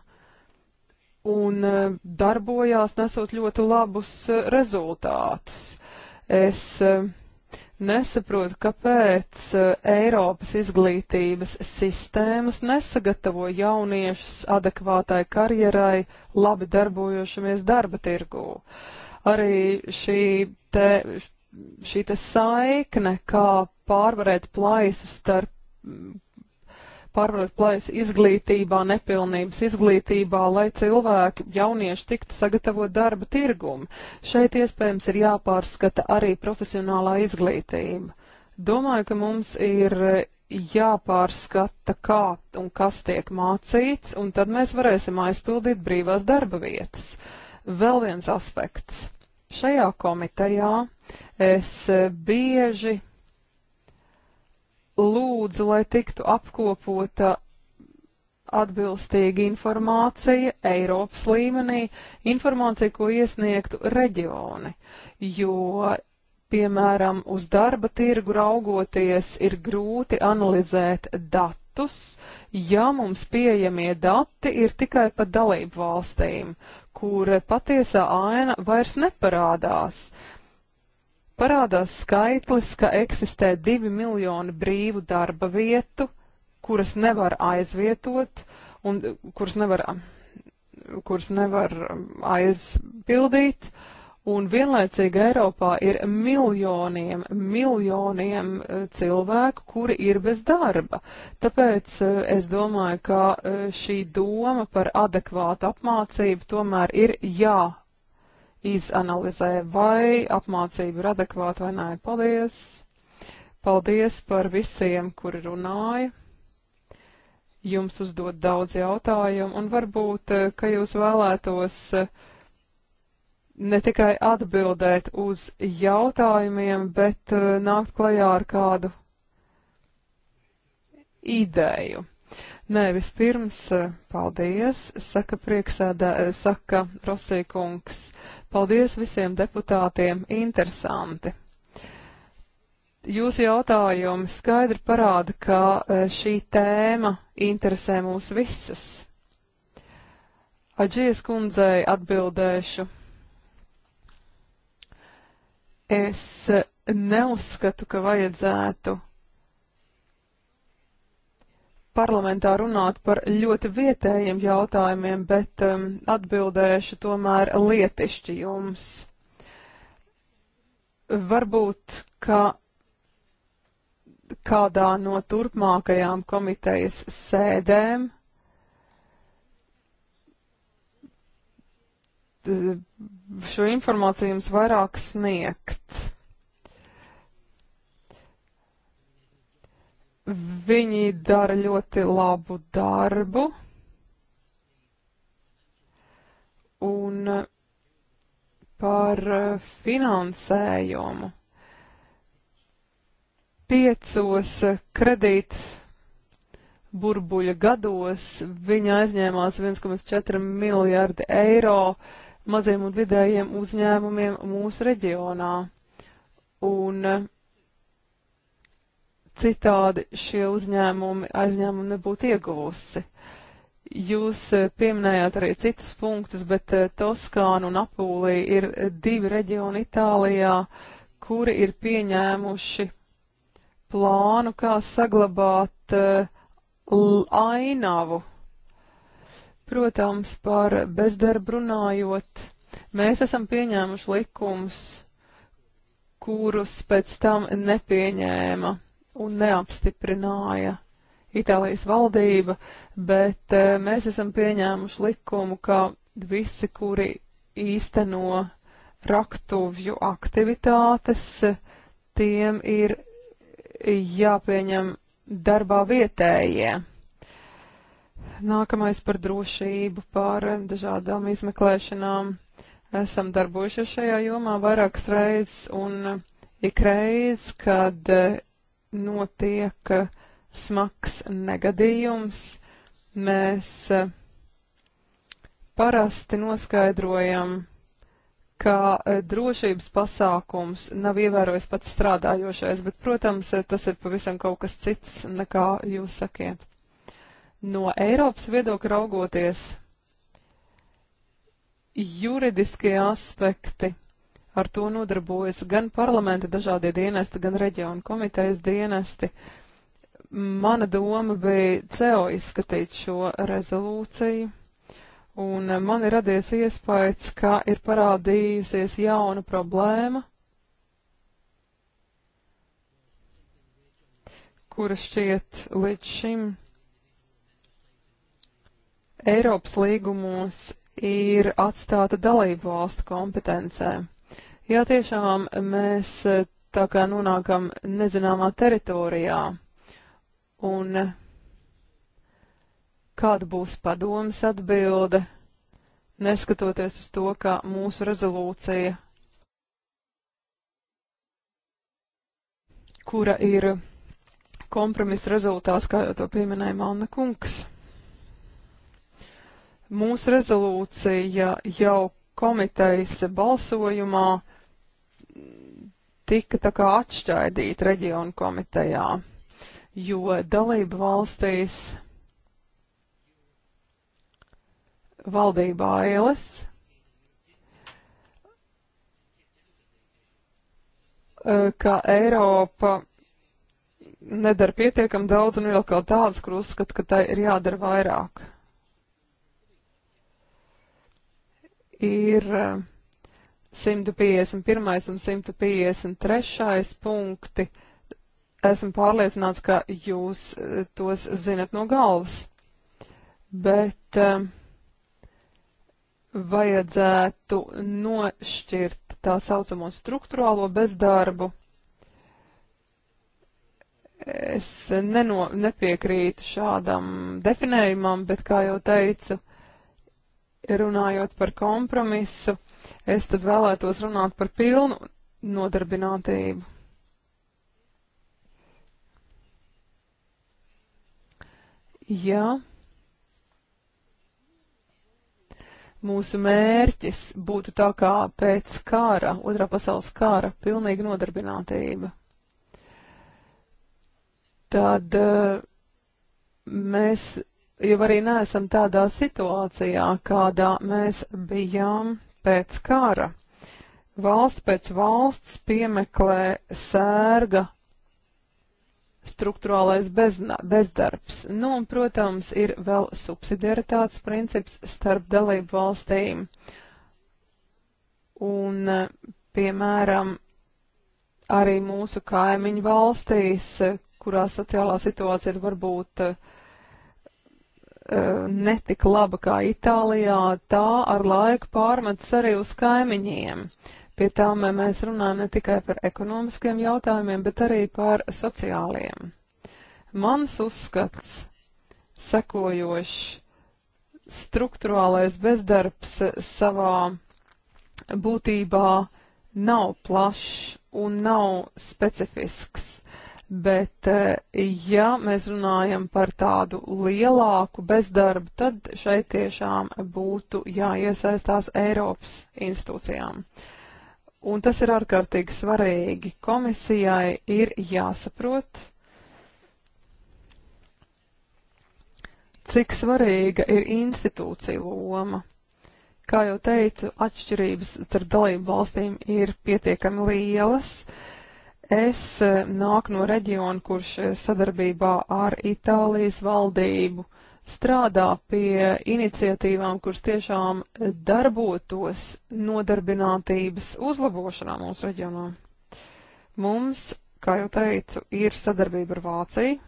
un eh, darbojās nesot ļoti labus rezultātus. Es uh, Nesaprotu, kāpēc eh, Eiropas izglītības sistēmas nesagatavo jauniešus adekvātai karjerai, labi darbojošamies darba tirgū. Arī šī te, šī te saikne, kā pārvarēt plaisu starp pārvarēt plājas izglītībā, nepilnības izglītībā, lai cilvēki, jaunieši tiktu sagatavot darba tirgumu. Šeit iespējams ir jāpārskata arī profesionālā izglītība. Domāju, ka mums ir e, jāpārskata, kā un kas tiek mācīts, un tad mēs varēsim aizpildīt brīvās darba vietas. Vēl viens aspekts. Šajā komitejā es e, bieži lūdzu, lai tiktu apkopota atbilstīga informācija Eiropas līmenī, informācija, ko iesniegtu reģioni, jo, piemēram, uz darba tirgu raugoties ir grūti analizēt datus, ja mums pieejamie dati ir tikai pa dalību valstīm, kur patiesā aina vairs neparādās. Uh, parādās skaitlis, ka eksistē divi miljoni brīvu darba vietu, kuras nevar aizvietot un kuras nevar, kuras nevar um, aizpildīt. Un vienlaicīgi Eiropā ir miljoniem, miljoniem uh, cilvēku, kuri ir bez darba. Tāpēc uh, es domāju, ka uh, šī doma par adekvātu apmācību tomēr ir jā izanalizē, vai apmācība ir adekvāta vai nē. Paldies! Paldies par visiem, kuri runāja. Jums uzdot daudz jautājumu, un varbūt, eh, ka jūs vēlētos eh, ne tikai atbildēt uz jautājumiem, bet eh, nākt klajā ar kādu ideju. Nē, vispirms paldies, saka prieksēdē, saka Rosīkungs. Paldies visiem deputātiem, interesanti. Jūsu jautājumi skaidri parāda, ka e, šī tēma interesē mūs visus. Aģijas kundzei atbildēšu. Es neuzskatu, ka vajadzētu parlamentā runāt par ļoti vietējiem jautājumiem, bet um, atbildēšu tomēr lietišķi jums. Varbūt, ka kādā no turpmākajām komitejas sēdēm šo informāciju jums vairāk sniegt. Viņi dara ļoti labu darbu. Un par finansējumu. Piecos kredīt burbuļa gados viņa aizņēmās 1,4 miljārdi eiro maziem un vidējiem uzņēmumiem mūsu reģionā. Un citādi šie uzņēmumi aizņēmumi nebūtu ieguvusi. Jūs eh, pieminējāt arī citus punktus, bet eh, Toskāna un Apūlija ir divi reģioni Itālijā, kuri ir pieņēmuši plānu, kā saglabāt eh, ainavu. Protams, par bezdarbu runājot, mēs esam pieņēmuši likumus, kurus pēc tam nepieņēma un neapstiprināja Itālijas valdība, bet eh, mēs esam pieņēmuši likumu, ka visi, kuri īsteno raktuvju aktivitātes, tiem ir jāpieņem darbā vietējie. Nākamais par drošību, par dažādām izmeklēšanām. Esam darbojušies šajā jomā vairākas reizes un ikreiz, kad eh, notiek eh, smags negadījums, mēs eh, parasti noskaidrojam, ka eh, drošības pasākums nav ievērojis pats strādājošais, bet, protams, tas ir pavisam kaut kas cits, nekā jūs sakiet. No Eiropas viedokļa raugoties, juridiskie aspekti Ar to nodarbojas gan parlamenta dažādie dienesti, gan reģionu komitejas dienesti. Mana doma bija CEO izskatīt šo rezolūciju, un man ir radies iespējas, ka ir parādījusies jauna problēma, kura šķiet līdz šim Eiropas līgumos ir atstāta dalību valstu kompetencēm. Jā, tiešām mēs eh, tā kā nonākam nezināmā teritorijā. Un eh, kāda būs padomas atbilde, neskatoties uz to, ka mūsu rezolūcija, kura ir kompromisa rezultāts, kā jau to pieminēja Malna Kungs. Mūsu rezolūcija jau komitejas balsojumā tika tā kā atšķaidīta reģionu komitejā, jo dalību valstīs valdība ailes. Eh, ka Eiropa nedara pietiekam daudz un vēl kaut tādas, kur uzskata, ka tai ir jādara vairāk. Ir uh, 151. un 153. punkti. Esmu pārliecināts, ka jūs eh, tos zinat no galvas, bet um, vajadzētu nošķirt tā saucamo struktūrālo bezdarbu. Es neno, nepiekrītu šādam definējumam, bet, kā jau teicu, runājot par kompromisu, Es tad vēlētos runāt par pilnu nodarbinātību. Jā. Mūsu mērķis būtu tā kā pēc kara, otrā pasaules kara, pilnīga nodarbinātība. Tad eh, mēs jau arī neesam tādā situācijā, kādā mēs bijām pēc kara. Valsts pēc valsts piemeklē sērga struktūrālais bezna, bezdarbs. Nu, un, protams, ir vēl subsidiaritātes princips starp dalību valstīm. Un, piemēram, arī mūsu kaimiņu valstīs, kurā sociālā situācija ir varbūt uh, Eh, netik laba kā Itālijā, tā ar laiku pārmetas arī uz kaimiņiem. Pie tām eh, mēs runājam ne tikai par ekonomiskiem jautājumiem, bet arī par sociāliem. Mans uzskats sekojošs struktūrālais bezdarbs eh, savā būtībā nav plašs un nav specifisks. Bet, eh, ja mēs runājam par tādu lielāku bezdarbu, tad šeit tiešām būtu jāiesaistās Eiropas institūcijām. Un tas ir ārkārtīgi svarīgi. Komisijai ir jāsaprot, cik svarīga ir institūcija loma. Kā jau teicu, atšķirības starp dalību valstīm ir pietiekami lielas. Uh, Es e, nāku no reģiona, kurš e, sadarbībā ar Itālijas valdību strādā pie iniciatīvām, kuras tiešām e, darbotos nodarbinātības uzlabošanā mūsu reģionā. Mums, kā jau teicu, ir sadarbība ar Vāciju.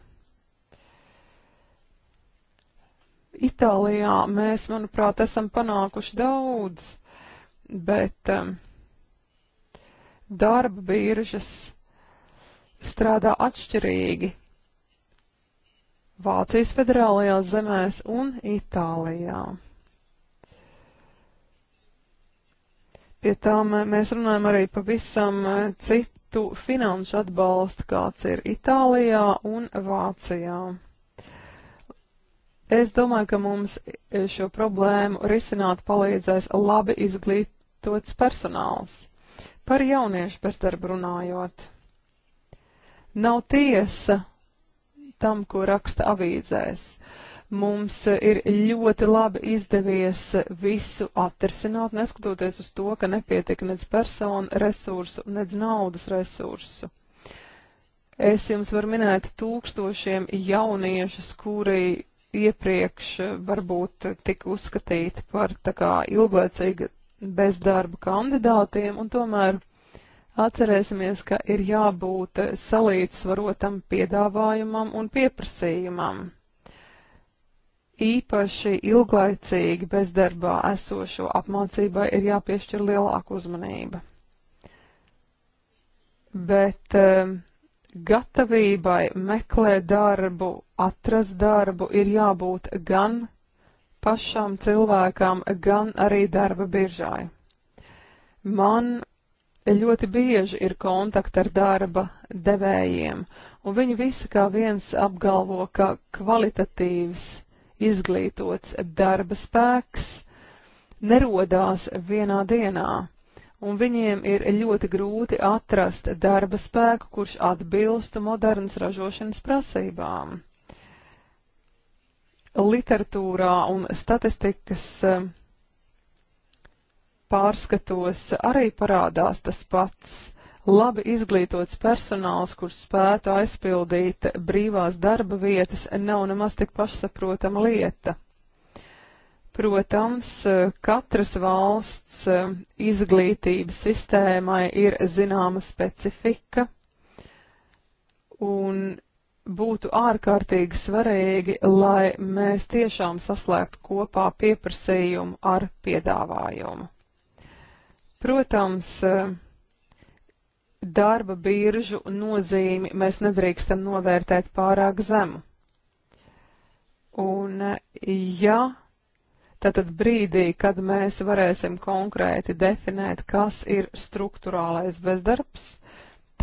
Itālijā mēs, manuprāt, esam panākuši daudz, bet um, darba biržas strādā atšķirīgi Vācijas federālajās zemēs un Itālijā. Pie tām eh, mēs runājam arī pavisam eh, citu finanšu atbalstu, kāds ir Itālijā un Vācijā. Es domāju, ka mums eh, šo problēmu risināt palīdzēs labi izglītots personāls. Par jauniešu bezdarbu runājot. Nav tiesa tam, ko raksta avīzēs. Mums ir ļoti labi izdevies visu atrisināt, neskatoties uz to, ka nepietika nec personu resursu, nec naudas resursu. Es jums varu minēt tūkstošiem jauniešus, kuri iepriekš varbūt tika uzskatīti par tā kā ilglaicīgi bezdarba kandidātiem, un tomēr Atcerēsimies, ka ir jābūt salīdzvarotam piedāvājumam un pieprasījumam. Īpaši ilglaicīgi bezdarbā esošo apmācībai ir jāpiešķir lielāka uzmanība. Bet eh, gatavībai meklēt darbu, atrast darbu ir jābūt gan pašam cilvēkam, gan arī darba biržai. Man ļoti bieži ir kontakti ar darba devējiem, un viņi visi kā viens apgalvo, ka kvalitatīvs, izglītots darba spēks nerodās vienā dienā, un viņiem ir ļoti grūti atrast darba spēku, kurš atbilstu modernas ražošanas prasībām. Literatūrā un statistikas uh, pārskatos arī parādās tas pats. Labi izglītots personāls, kurš spētu aizpildīt brīvās darba vietas, nav nemaz tik pašsaprotama lieta. Protams, katras valsts izglītības sistēmai ir zināma specifika, un būtu ārkārtīgi svarīgi, lai mēs tiešām saslēgtu kopā pieprasījumu ar piedāvājumu. Protams, darba biržu nozīmi mēs nedrīkstam novērtēt pārāk zemu. Un ja tātad brīdī, kad mēs varēsim konkrēti definēt, kas ir struktūrālais bezdarbs,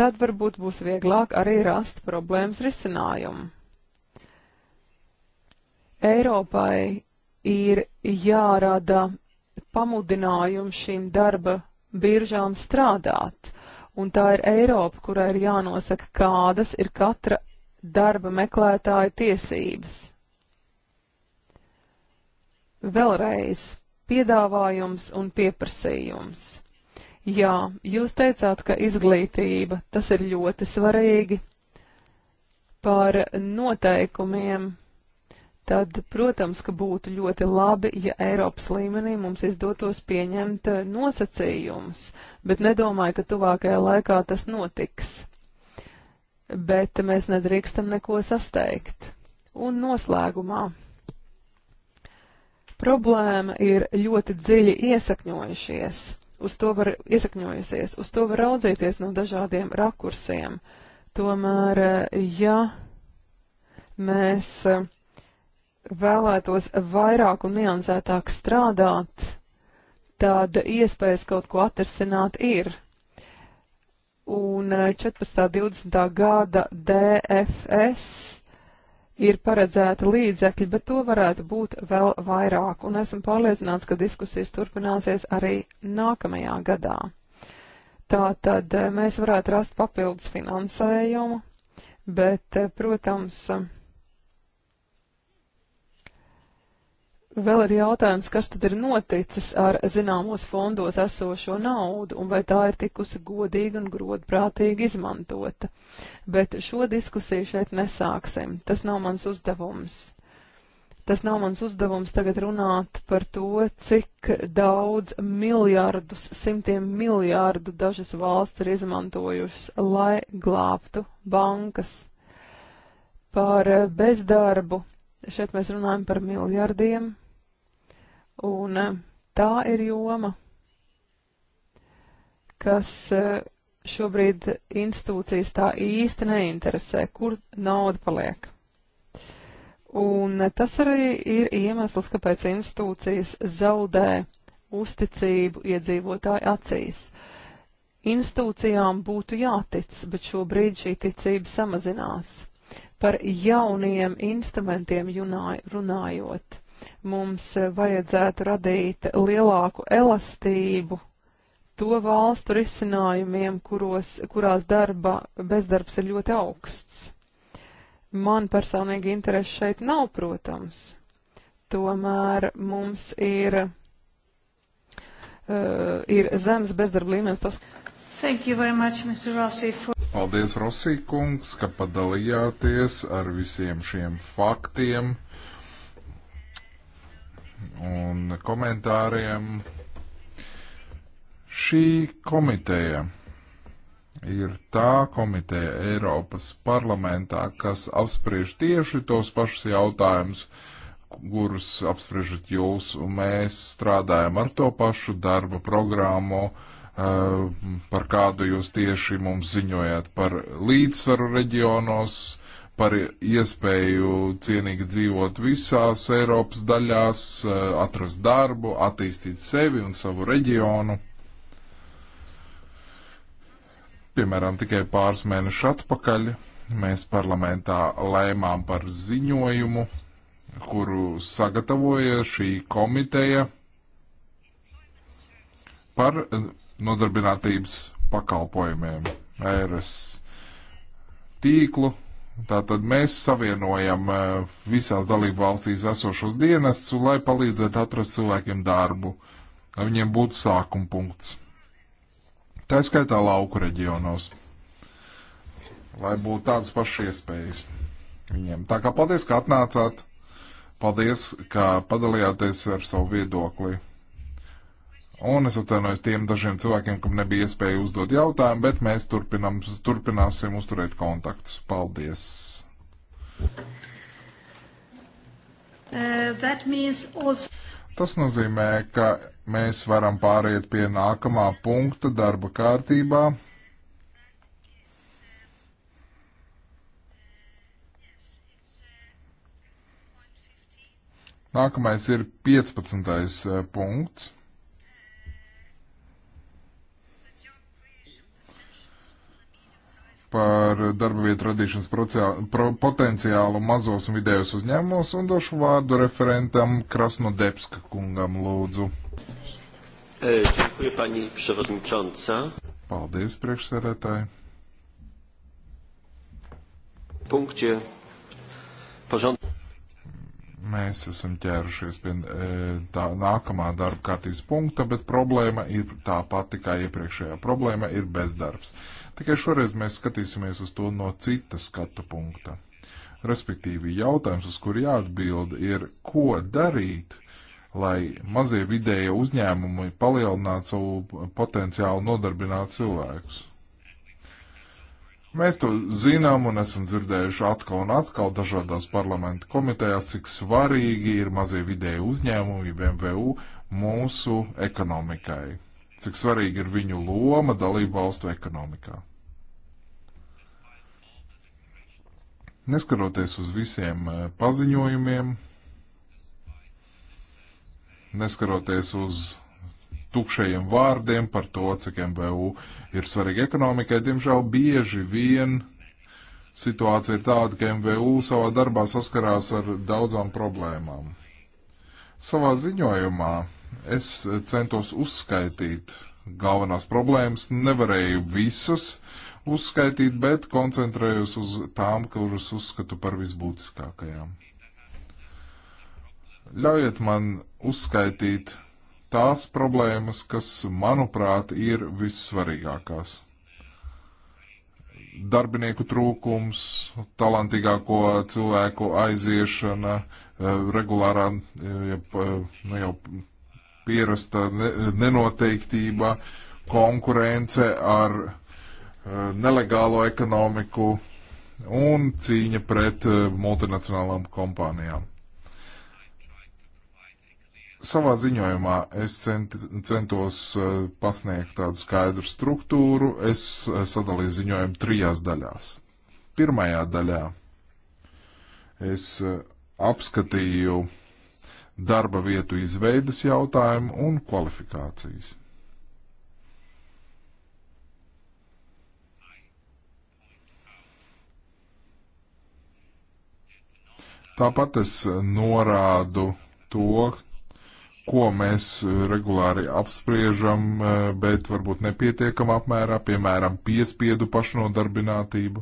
tad varbūt būs vieglāk arī rast problēmas risinājumu. Eiropai ir jārada pamudinājums šīm darba biržām strādāt. Un tā ir Eiropa, kurai ir jānosaka, kādas ir katra darba meklētāja tiesības. Vēlreiz piedāvājums un pieprasījums. Jā, jūs teicāt, ka izglītība tas ir ļoti svarīgi par noteikumiem tad, protams, ka būtu ļoti labi, ja Eiropas līmenī mums izdotos pieņemt eh, nosacījumus, bet nedomāju, ka tuvākajā laikā tas notiks. Bet mēs nedrīkstam neko sasteigt. Un noslēgumā. Problēma ir ļoti dziļi iesakņojušies. Uz to var iesakņojusies, uz to var raudzīties no dažādiem rakursiem. Tomēr, eh, ja mēs uh, vēlētos vairāk un niansētāk strādāt, tad iespējas kaut ko atrasināt ir. Un 14. Eh, 20. gada DFS ir paredzēta līdzekļi, bet to varētu būt vēl vairāk, un esmu pārliecināts, ka diskusijas turpināsies arī nākamajā gadā. Tātad eh, mēs varētu rast papildus finansējumu, bet, eh, protams, Vēl ir jautājums, kas tad ir noticis ar zināmos fondos esošo naudu un vai tā ir tikusi godīgi un grodprātīgi izmantota. Bet šo diskusiju šeit nesāksim. Tas nav mans uzdevums. Tas nav mans uzdevums tagad runāt par to, cik daudz miljardus, simtiem miljārdu dažas valsts ir izmantojušas, lai glābtu bankas. Par bezdarbu šeit mēs runājam par miljardiem, Un eh, tā ir joma, kas eh, šobrīd institūcijas tā īsti neinteresē, kur nauda paliek. Un eh, tas arī ir iemesls, kāpēc institūcijas zaudē uzticību iedzīvotāju acīs. Institūcijām būtu jātic, bet šobrīd šī ticība samazinās. Par jauniem instrumentiem runājot. Mums vajadzētu radīt lielāku elastību to valstu risinājumiem, kuros, kurās darba bezdarbs ir ļoti augsts. Man personīgi interesi šeit nav, protams. Tomēr mums ir, uh, ir zemes bezdarba līmenis. Tas... Thank you very much, Mr. Rossi. For... Paldies, Rosī kungs, ka padalījāties ar visiem šiem faktiem un komentāriem. Šī komiteja ir tā komiteja Eiropas parlamentā, kas apspriež tieši tos pašus jautājumus, kurus apspriežat jūs, un mēs strādājam ar to pašu darba programmu, eh, par kādu jūs tieši mums ziņojat par līdzsvaru reģionos, par iespēju cienīgi dzīvot visās Eiropas daļās, eh, atrast darbu, attīstīt sevi un savu reģionu. Piemēram, tikai pāris mēnešus atpakaļ mēs parlamentā lēmām par ziņojumu, kuru sagatavoja šī komiteja par eh, nodarbinātības pakalpojumiem, ERS tīklu Tātad mēs savienojam eh, visās dalību valstīs esošos dienestus, lai palīdzētu atrast cilvēkiem darbu, lai viņiem būtu sākuma punkts. Tā skaitā lauku reģionos, lai būtu tādas pašas iespējas viņiem. Tā kā paldies, ka atnācāt, paldies, ka padalījāties ar savu viedokli. Un es atvainojos tiem dažiem cilvēkiem, kam nebija iespēja uzdot jautājumu, bet mēs turpinām, turpināsim uzturēt kontaktus. Paldies! Uh, also... Tas nozīmē, ka mēs varam pāriet pie nākamā punkta darba kārtībā. Nākamais ir 15. Uh, punkts. par darba vietu radīšanas pro, potenciālu mazos un vidējos uzņēmumos un došu vārdu referentam Krasnodebska kungam lūdzu. E, Paldies, priekšsēdētāji. Punktie. Pažant mēs esam ķērušies pie e, tā nākamā darba kārtības punkta, bet problēma ir tā pati kā iepriekšējā. Problēma ir bezdarbs. Tikai šoreiz mēs skatīsimies uz to no cita skatu punkta. Respektīvi, jautājums, uz kuru jāatbild, ir, ko darīt, lai mazie vidēja uzņēmumi palielinātu savu potenciālu nodarbināt cilvēkus. Mēs to zinām un esam dzirdējuši atkal un atkal dažādās parlamenta komitejās, cik svarīgi ir mazie vidēji uzņēmumi, MVU, mūsu ekonomikai cik svarīga ir viņu loma dalību valstu ekonomikā. Neskaroties uz visiem eh, paziņojumiem, neskaroties uz tukšajiem vārdiem par to, cik MVU ir svarīga ekonomikai, diemžēl bieži vien situācija ir tāda, ka MVU savā darbā saskarās ar daudzām problēmām. Savā ziņojumā Es centos uzskaitīt galvenās problēmas, nevarēju visas uzskaitīt, bet koncentrējos uz tām, kuras uzskatu par visbūtiskākajām. Ļaujiet man uzskaitīt tās problēmas, kas, manuprāt, ir vissvarīgākās. Darbinieku trūkums, talantīgāko cilvēku aiziešana, eh, regulārā, eh, eh, ne nu jau pierasta nenoteiktība, konkurence ar eh, nelegālo ekonomiku un cīņa pret eh, multinacionālām kompānijām. Savā ziņojumā es cent, centos eh, pasniegt tādu skaidru struktūru. Es sadalīju ziņojumu trijās daļās. Pirmajā daļā es apskatīju uh, darba vietu izveidas jautājumu un kvalifikācijas. Tāpat es norādu to, ko mēs regulāri apspriežam, eh, bet varbūt nepietiekamā apmērā, piemēram, piespiedu pašnodarbinātību.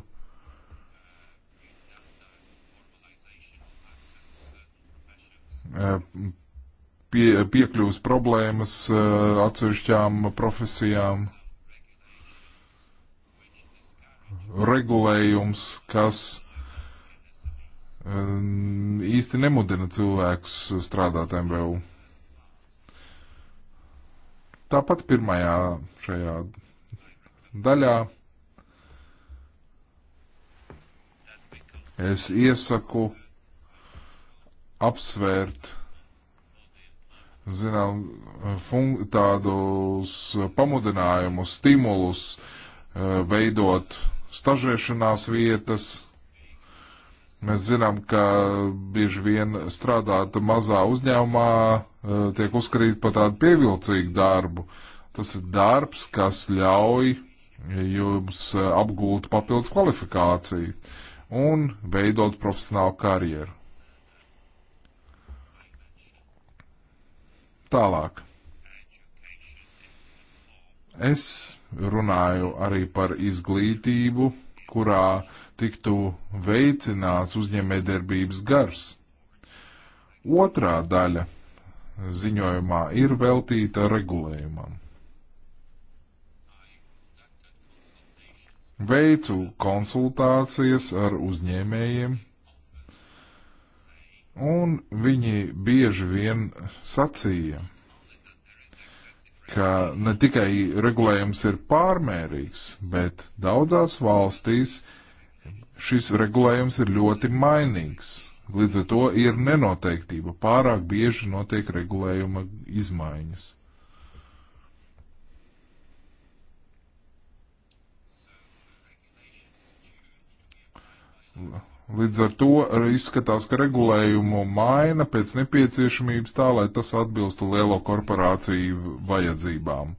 pie, piekļuvas problēmas eh, atsevišķām profesijām, regulējums, kas eh, īsti nemudina cilvēkus strādāt MVU. Tāpat pirmajā šajā daļā es iesaku apsvērt zinām, fun, tādus pamudinājumus, stimulus, eh, veidot stažēšanās vietas. Mēs zinām, ka bieži vien strādāt mazā uzņēmumā eh, tiek uzskatīt par tādu pievilcīgu darbu. Tas ir darbs, kas ļauj jums eh, apgūt papildus kvalifikāciju un veidot profesionālu karjeru. Tālāk. Es runāju arī par izglītību, kurā tiktu veicināts uzņēmējdarbības gars. Otrā daļa ziņojumā ir veltīta regulējumam. Veicu konsultācijas ar uzņēmējiem Un viņi bieži vien sacīja, ka ne tikai regulējums ir pārmērīgs, bet daudzās valstīs šis regulējums ir ļoti mainīgs. Līdz ar to ir nenoteiktība. Pārāk bieži notiek regulējuma izmaiņas. L Līdz ar to izskatās, ka regulējumu maina pēc nepieciešamības tā, lai tas atbilstu lielo korporāciju vajadzībām.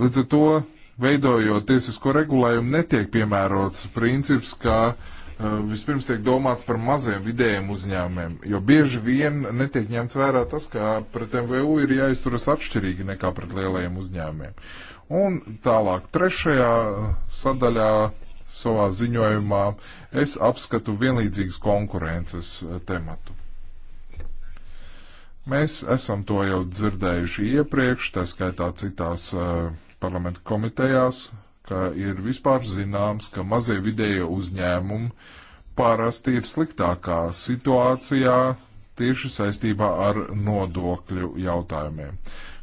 Līdz ar to veidojot tiesisko regulējumu, netiek piemērots princips, ka uh, Ehm, vispirms tiek domāts par maziem vidējiem uzņēmumiem, jo bieži vien netiek ņemts vērā tas, ka pret MVU ir jāizturas atšķirīgi nekā pret lielajiem uzņēmumiem. Un tālāk, trešajā sadaļā savā ziņojumā es apskatu vienlīdzīgas konkurences eh, tematu. Mēs esam to jau dzirdējuši iepriekš, tā skaitā citās uh, parlamentu komitejās, ka ir vispār zināms, ka mazie vidējo uzņēmumi parasti ir sliktākā situācijā tieši saistībā ar nodokļu jautājumiem.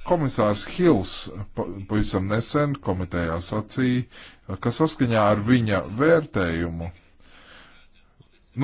Komisārs Hils pavisam nesen komitejā sacīja, ka saskaņā ar viņa vērtējumu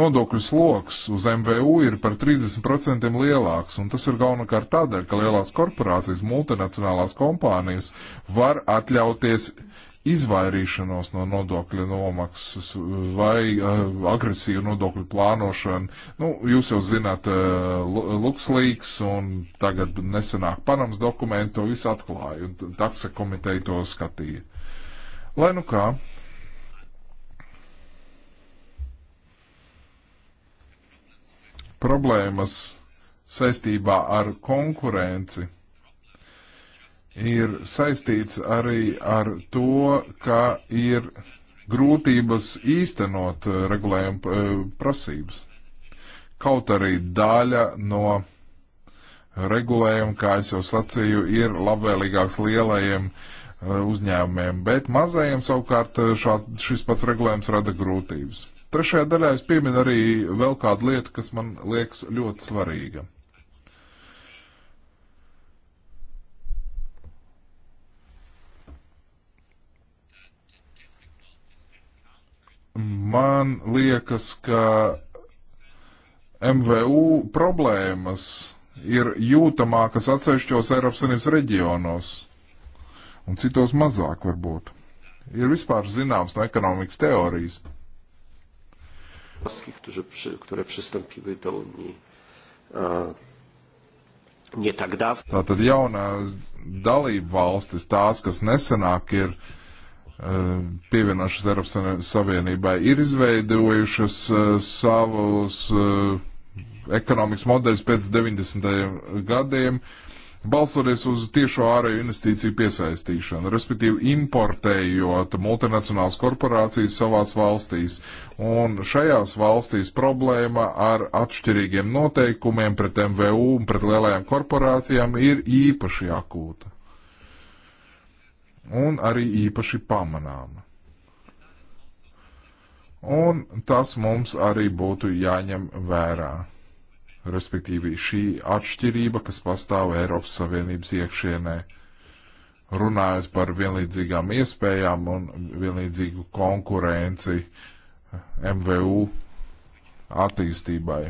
nodokļu sloks uz MVU ir par 30% lielāks, un tas ir galvenokārt tādēļ, ka lielās korporācijas, multinacionālās kompānijas var atļauties uh, izvairīšanos no nodokļa nomaksas vai eh, agresīvu nodokļu plānošanu. Nu, jūs jau zināt, eh, Luxlīks un tagad nesenāk Panamas dokumentu to visu atklāja un taksa komiteja to skatīja. Lai nu kā. Problēmas saistībā ar konkurenci ir saistīts arī ar to, ka ir grūtības īstenot eh, regulējumu eh, prasības. Kaut arī daļa no regulējuma, kā es jau sacīju, ir labvēlīgāks lielajiem eh, uzņēmumiem, bet mazajiem savukārt šā, šis pats regulējums rada grūtības. Trešajā daļā es pieminu arī vēl kādu lietu, kas man liekas ļoti svarīga. Man liekas, ka MVU problēmas ir jūtamākas atsevišķos Eiropas Savienības reģionos un citos mazāk varbūt. Ir vispār zināms no ekonomikas teorijas. E, Tātad jaunā dalība valstis, tās, kas nesenāk ir uh, Um, pievienošas Eiropas Savienībai, ir izveidojušas uh, savus uh, ekonomikas modeļus pēc 90. gadiem, balstoties uz tiešo ārēju investīciju piesaistīšanu, respektīvi importējot multinacionālas korporācijas savās valstīs. Un šajās valstīs problēma ar atšķirīgiem noteikumiem pret MVU un pret lielajām korporācijām ir īpaši akūta un arī īpaši pamanāma. Un tas mums arī būtu jāņem vērā. Respektīvi šī atšķirība, kas pastāv Eiropas Savienības iekšienē, runājot par vienlīdzīgām iespējām un vienlīdzīgu konkurenci MVU attīstībai.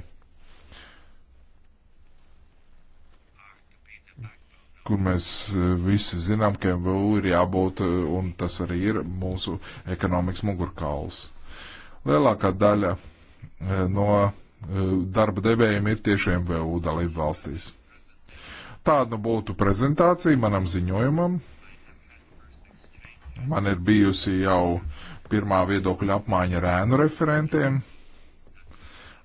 kur mēs eh, visi zinām, ka MVU ir jābūt, eh, un tas arī ir mūsu ekonomikas mugurkauls. Lielākā daļa eh, no darba devējiem ir tieši MVU dalību valstīs. Tāda būtu prezentācija manam ziņojumam. Man ir bijusi jau pirmā viedokļa apmaiņa ar ēnu referentiem.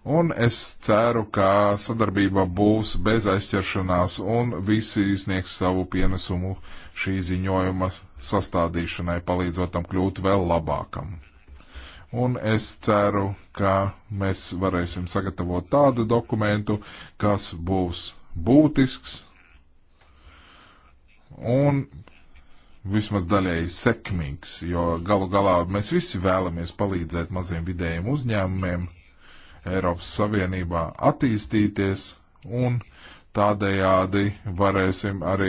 Un es ceru, ka sadarbība būs bez aizķeršanās un visi izsniegs savu pienesumu šī ziņojuma sastādīšanai, palīdzot tam kļūt vēl labākam. Un es ceru, ka mēs varēsim sagatavot tādu dokumentu, kas būs būtisks un vismaz daļēji sekmīgs, jo galu galā mēs visi vēlamies palīdzēt maziem vidējiem uzņēmumiem Eiropas Savienībā attīstīties un tādējādi varēsim arī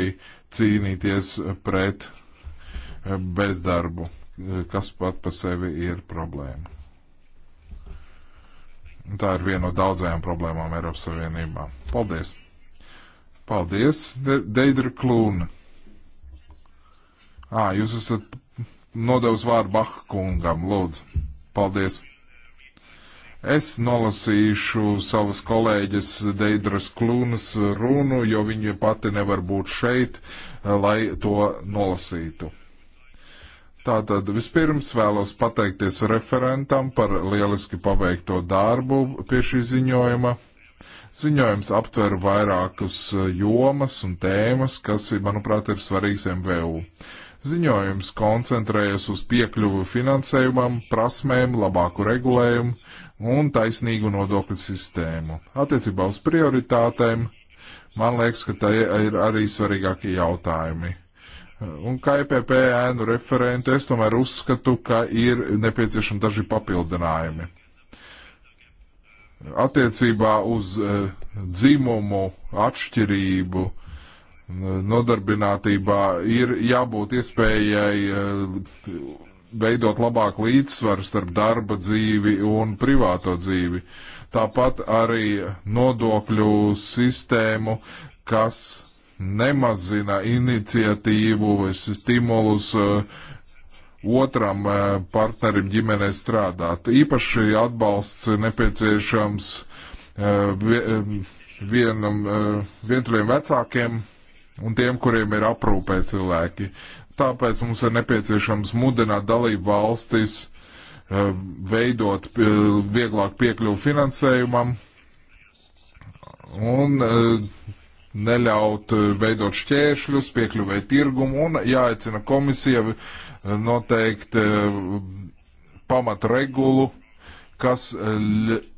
cīnīties pret eh, bezdarbu, eh, kas pat par sevi ir problēma. Tā ir viena no daudzajām problēmām Eiropas Savienībā. Paldies! Paldies, De Deidra Klūna! Ā, jūs esat nodevis vārdu Baha kungam, lūdzu. Paldies! Es nolasīšu savas kolēģes Deidras Klūnas runu, jo viņa pati nevar būt šeit, eh, lai to nolasītu. Tātad vispirms vēlos pateikties referentam par lieliski paveikto darbu pie šī ziņojuma. Ziņojums aptver vairākas eh, jomas un tēmas, kas, manuprāt, ir svarīgs MVU. Ziņojums koncentrējas uz piekļuvu finansējumam, prasmēm, labāku regulējumu un taisnīgu nodokļu sistēmu. Attiecībā uz prioritātēm, man liekas, ka tie ir arī svarīgākie jautājumi. Un kā IPP e ēnu referente, es tomēr uzskatu, ka ir nepieciešami daži papildinājumi. Attiecībā uz uh, dzimumu atšķirību nodarbinātībā ir jābūt iespējai eh, veidot labāku līdzsvaru starp darba dzīvi un privāto dzīvi. Tāpat arī nodokļu sistēmu, kas nemazina iniciatīvu vai stimulus eh, otram eh, partnerim ģimenē strādāt. Īpaši atbalsts nepieciešams vienam, vientuļiem vecākiem un tiem, kuriem ir aprūpē cilvēki. Tāpēc mums ir nepieciešams mudināt dalību valstis eh, veidot eh, vieglāk piekļuvu finansējumam un eh, neļaut veidot šķēršļus, piekļuvēt tirgumu un jāaicina komisija noteikt pamatregulu, kas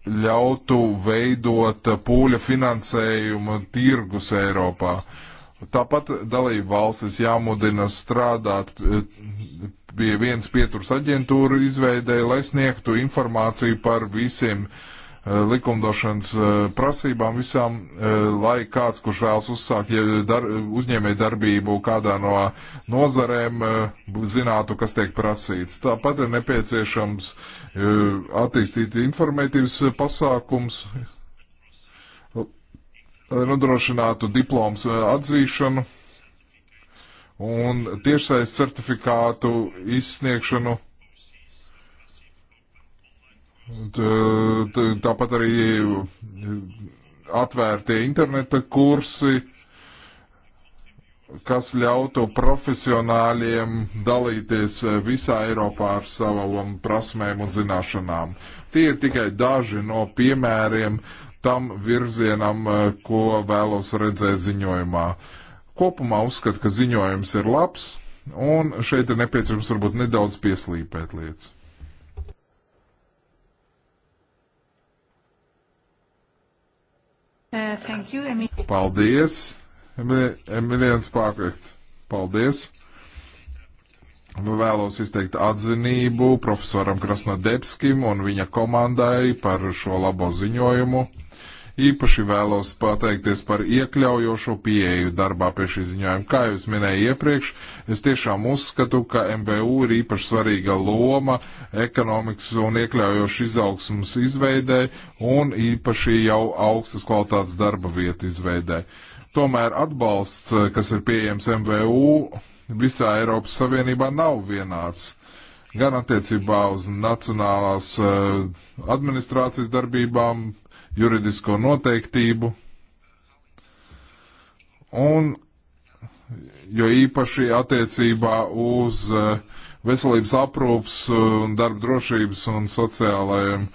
ļautu veidot pūļa finansējumu tirgus Eiropā. Uh, Tāpat dalību valstis jāmudina strādāt eh, pie vienas pieturas aģentūra izveidēja, lai sniegtu informāciju par visiem eh, likumdošanas eh, prasībām visām, lai kāds, kurš vēlas uzsākt ja dar, uzņēmēju darbību kādā no nozarēm, zinātu, kas tiek prasīts. Tāpat ir nepieciešams attīstīt informētības pasākums, nodrošinātu diploms eh, atzīšanu un tiešsaistes certifikātu izsniegšanu. Tāpat arī eh, atvērtie interneta kursi, kas ļautu profesionāļiem dalīties eh, visā Eiropā ar savām prasmēm un zināšanām. Tie ir tikai daži no piemēriem, uh, tam virzienam, eh, ko vēlos redzēt ziņojumā. Kopumā uzskatu, ka ziņojums ir labs, un šeit ir nepieciešams varbūt nedaudz pieslīpēt lietas. Uh, thank you, Emil. Paldies, Emilians Pārkvekts. Paldies. Nu, vēlos izteikt atzinību profesoram Krasnodebskim un viņa komandai par šo labo ziņojumu. Īpaši vēlos pateikties par iekļaujošo pieeju darbā pie šī ziņojuma. Kā jau es minēju iepriekš, es tiešām uzskatu, ka MBU ir īpaši svarīga loma ekonomikas un iekļaujošas izaugsmas izveidē un īpaši jau augstas kvalitātes darba vietu izveidē. Tomēr atbalsts, kas ir pieejams MVU, visā Eiropas Savienībā nav vienāds. Gan attiecībā uz nacionālās eh, administrācijas darbībām, juridisko noteiktību un jo īpaši attiecībā uz eh, veselības aprūps eh, un darba drošības un sociālajiem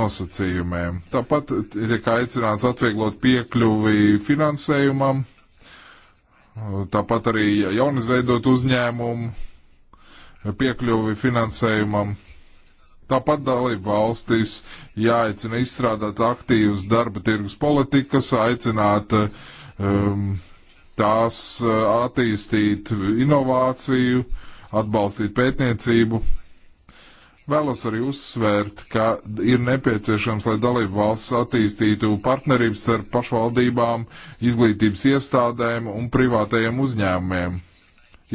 nosacījumiem. Tāpat tiek aicināts atvieglot piekļuvi finansējumam Tāpat arī jaunizveidot uzņēmumu piekļuvi finansējumam. Tāpat dalību valstīs jāaicina izstrādāt aktīvas darba tirgus politikas, aicināt um, tās uh, attīstīt inovāciju, atbalstīt pētniecību Vēlos arī uzsvērt, ka ir nepieciešams, lai dalību valsts attīstītu partnerības starp pašvaldībām, izglītības iestādēm un privātajiem uzņēmumiem,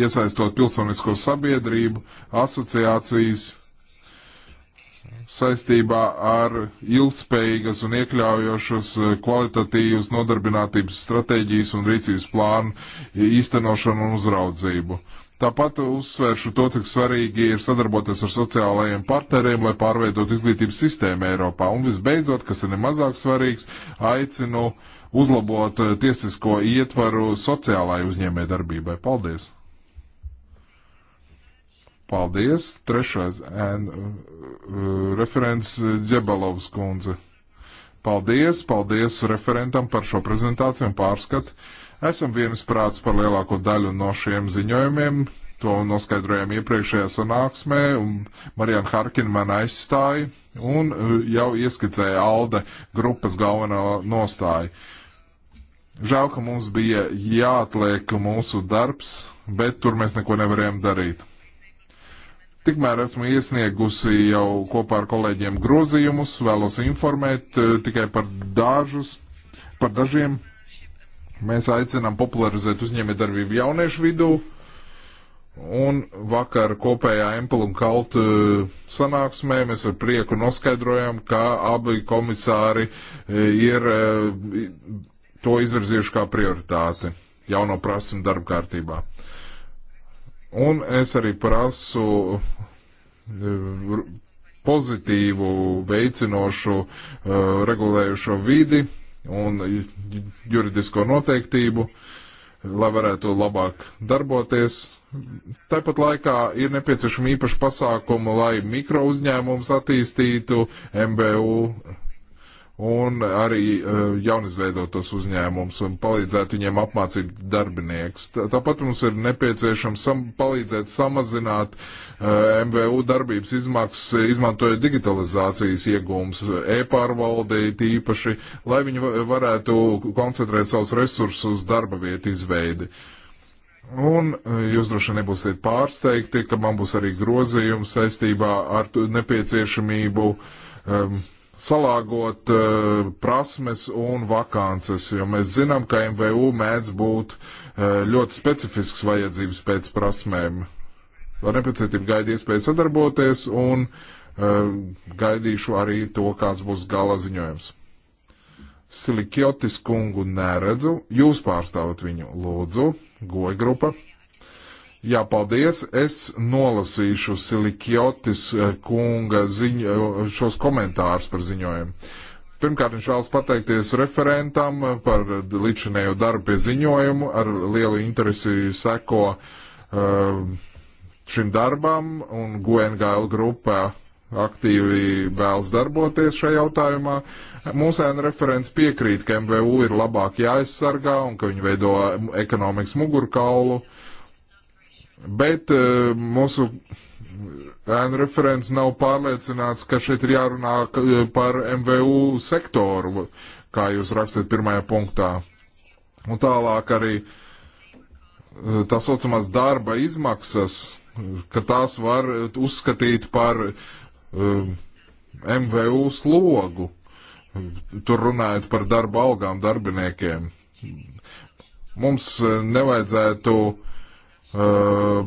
iesaistot pilsonisko sabiedrību, asociācijas saistībā ar ilgspējīgas un iekļaujošas eh, kvalitatīvas nodarbinātības stratēģijas un rīcības plānu īstenošanu un uzraudzību Tāpat uzsvēršu to, cik svarīgi ir sadarboties ar sociālajiem partneriem, lai pārveidot izglītības sistēmu Eiropā. Un visbeidzot, kas ir nemazāk svarīgs, aicinu uzlabot eh, tiesisko ietvaru sociālajai uzņēmē darbībai. Paldies! Paldies! Trešais and, uh, eh, eh, referents Džebalovs kundze. Paldies, paldies referentam par šo prezentāciju un pārskatu. Esam viensprāts par lielāko daļu no šiem ziņojumiem. To noskaidrojām iepriekšējā sanāksmē, un Marijana Harkina man aizstāja un uh, jau ieskicēja Alde grupas galveno nostāju. Žēl, ka mums bija jāatliek mūsu darbs, bet tur mēs neko nevarējām darīt. Tikmēr esmu iesniegusi jau kopā ar kolēģiem grozījumus, vēlos informēt uh, tikai par dažus, par dažiem Mēs aicinām popularizēt uzņēmējdarbību jauniešu vidū. Un vakar kopējā Empel un Kaltu e, sanāksmē mēs ar prieku noskaidrojam, ka abi komisāri e, ir e, to izvirzījuši kā prioritāti jauno prasmu darba kārtībā. Un es arī prasu pozitīvu, veicinošu, regulējušo vidi un juridisko noteiktību, lai varētu labāk darboties. Tāpat laikā ir nepieciešama īpaša pasākuma, lai mikro uzņēmums attīstītu MBU un arī e, jaunizveidotos uzņēmums un palīdzēt viņiem apmācīt darbinieks. Tāpat mums ir nepieciešams sam palīdzēt samazināt uh, e, MVU darbības izmaksas, izmantojot digitalizācijas iegūmus, e-pārvaldi tīpaši, lai viņi varētu koncentrēt savus resursus uz darba vietu izveidi. Un e, jūs droši vien nebūsiet pārsteigti, ka man būs arī grozījums saistībā ar nepieciešamību um, salāgot uh, prasmes un vakances, jo mēs zinām, ka MVU mēdz būt uh, ļoti specifisks vajadzības pēc prasmēm. Ar nepacietību gaidu iespēju sadarboties un uh, gaidīšu arī to, kāds būs gala ziņojums. Silikjotis kungu neredzu, jūs pārstāvat viņu, lūdzu, goja grupa. Jā, paldies. Es nolasīšu Silikjotis eh, kunga ziņ, šos komentārus par ziņojumu. Pirmkārt, viņš vēlas pateikties referentam par līdzinējo darbu pie ziņojumu. Ar lielu interesi seko uh, šim darbam un GNGL grupā aktīvi vēlas darboties šajā jautājumā. Mūsu ēna referents piekrīt, ka MVU ir labāk jāaizsargā un ka viņi veido ekonomikas mugurkaulu. Uh, Bet eh, mūsu ēnu referents nav pārliecināts, ka šeit ir jārunā eh, par MVU sektoru, kā jūs rakstat pirmajā punktā. Un tālāk arī eh, tā saucamās darba izmaksas, ka tās var uzskatīt par um, MVU slogu. Tur runājot par darba algām darbiniekiem. Mums nevajadzētu uh, Uh,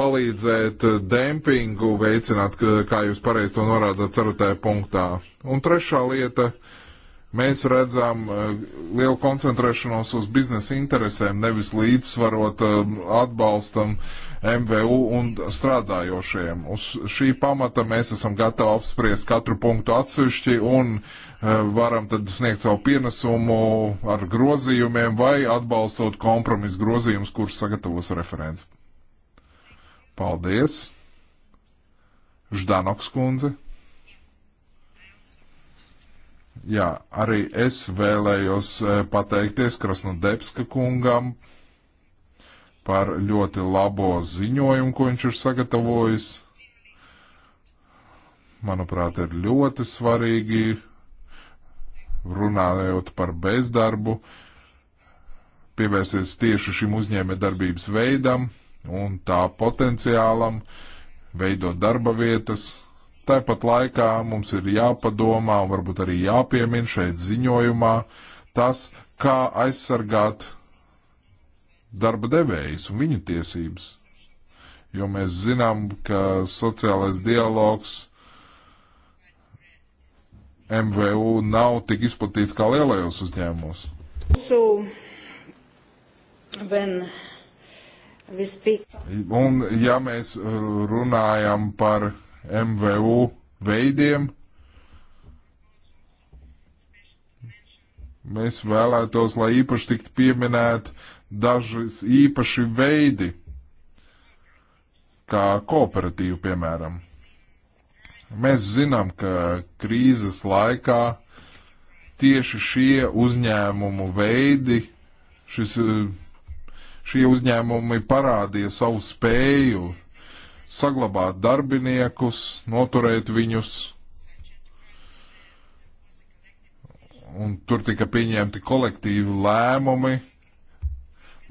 palīdzēt dempingu veicināt, kā jūs pareizi to norādāt ceturtajā punktā. Un trešā lieta uh, Mēs redzam uh, lielu koncentrēšanos uz biznesa interesēm, nevis līdzsvarot um, atbalstam MVU un strādājošiem. Uz šī pamata mēs esam gatavi apspriest katru punktu atsevišķi un uh, varam tad sniegt savu pienesumu ar grozījumiem vai atbalstot kompromisu grozījumus, kurus sagatavos referents. Paldies! Ždanoks kundze. Jā, arī es vēlējos e, pateikties Krasnodebska kungam par ļoti labo ziņojumu, ko viņš ir sagatavojis. Manuprāt, ir ļoti svarīgi runājot par bezdarbu, pievērsties tieši šim uzņēmē darbības veidam un tā potenciālam, veidot darba vietas, Tāpat laikā mums ir jāpadomā un varbūt arī jāpiemin šeit ziņojumā tas, kā aizsargāt darba devējus un viņu tiesības. Jo mēs zinām, ka sociālais dialogs MVU nav tik izplatīts kā lielajos uzņēmumos. So, when... Un, ja mēs eh, runājam par MVU veidiem. Mēs vēlētos, lai īpaši tiktu pieminēt dažas īpaši veidi, kā kooperatīvu, piemēram. Mēs zinām, ka krīzes laikā tieši šie uzņēmumu veidi, šis, šie uzņēmumi parādīja savu spēju saglabāt darbiniekus, noturēt viņus. Un tur tika pieņemti kolektīvi lēmumi,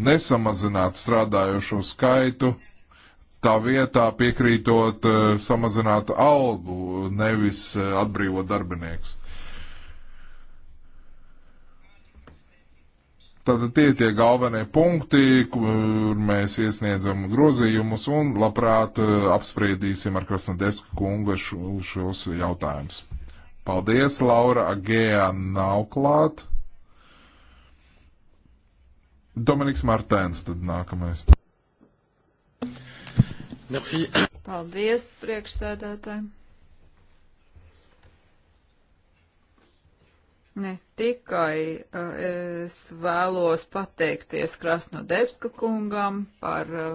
nesamazināt strādājošo skaitu, tā vietā piekrītot eh, samazināt algu, nevis eh, atbrīvot darbiniekus. Tātad tie tie galvenie punkti, kur mēs iesniedzam grozījumus un labprāt eh, apspriedīsim ar Krasnodebsku kungu šos jautājumus. Paldies, Laura Agēja nav klāt. Dominiks Martēns tad nākamais. Merci. Paldies, priekšsēdētāji. Ne tikai eh, es vēlos pateikties Krasnodebska kungam par eh,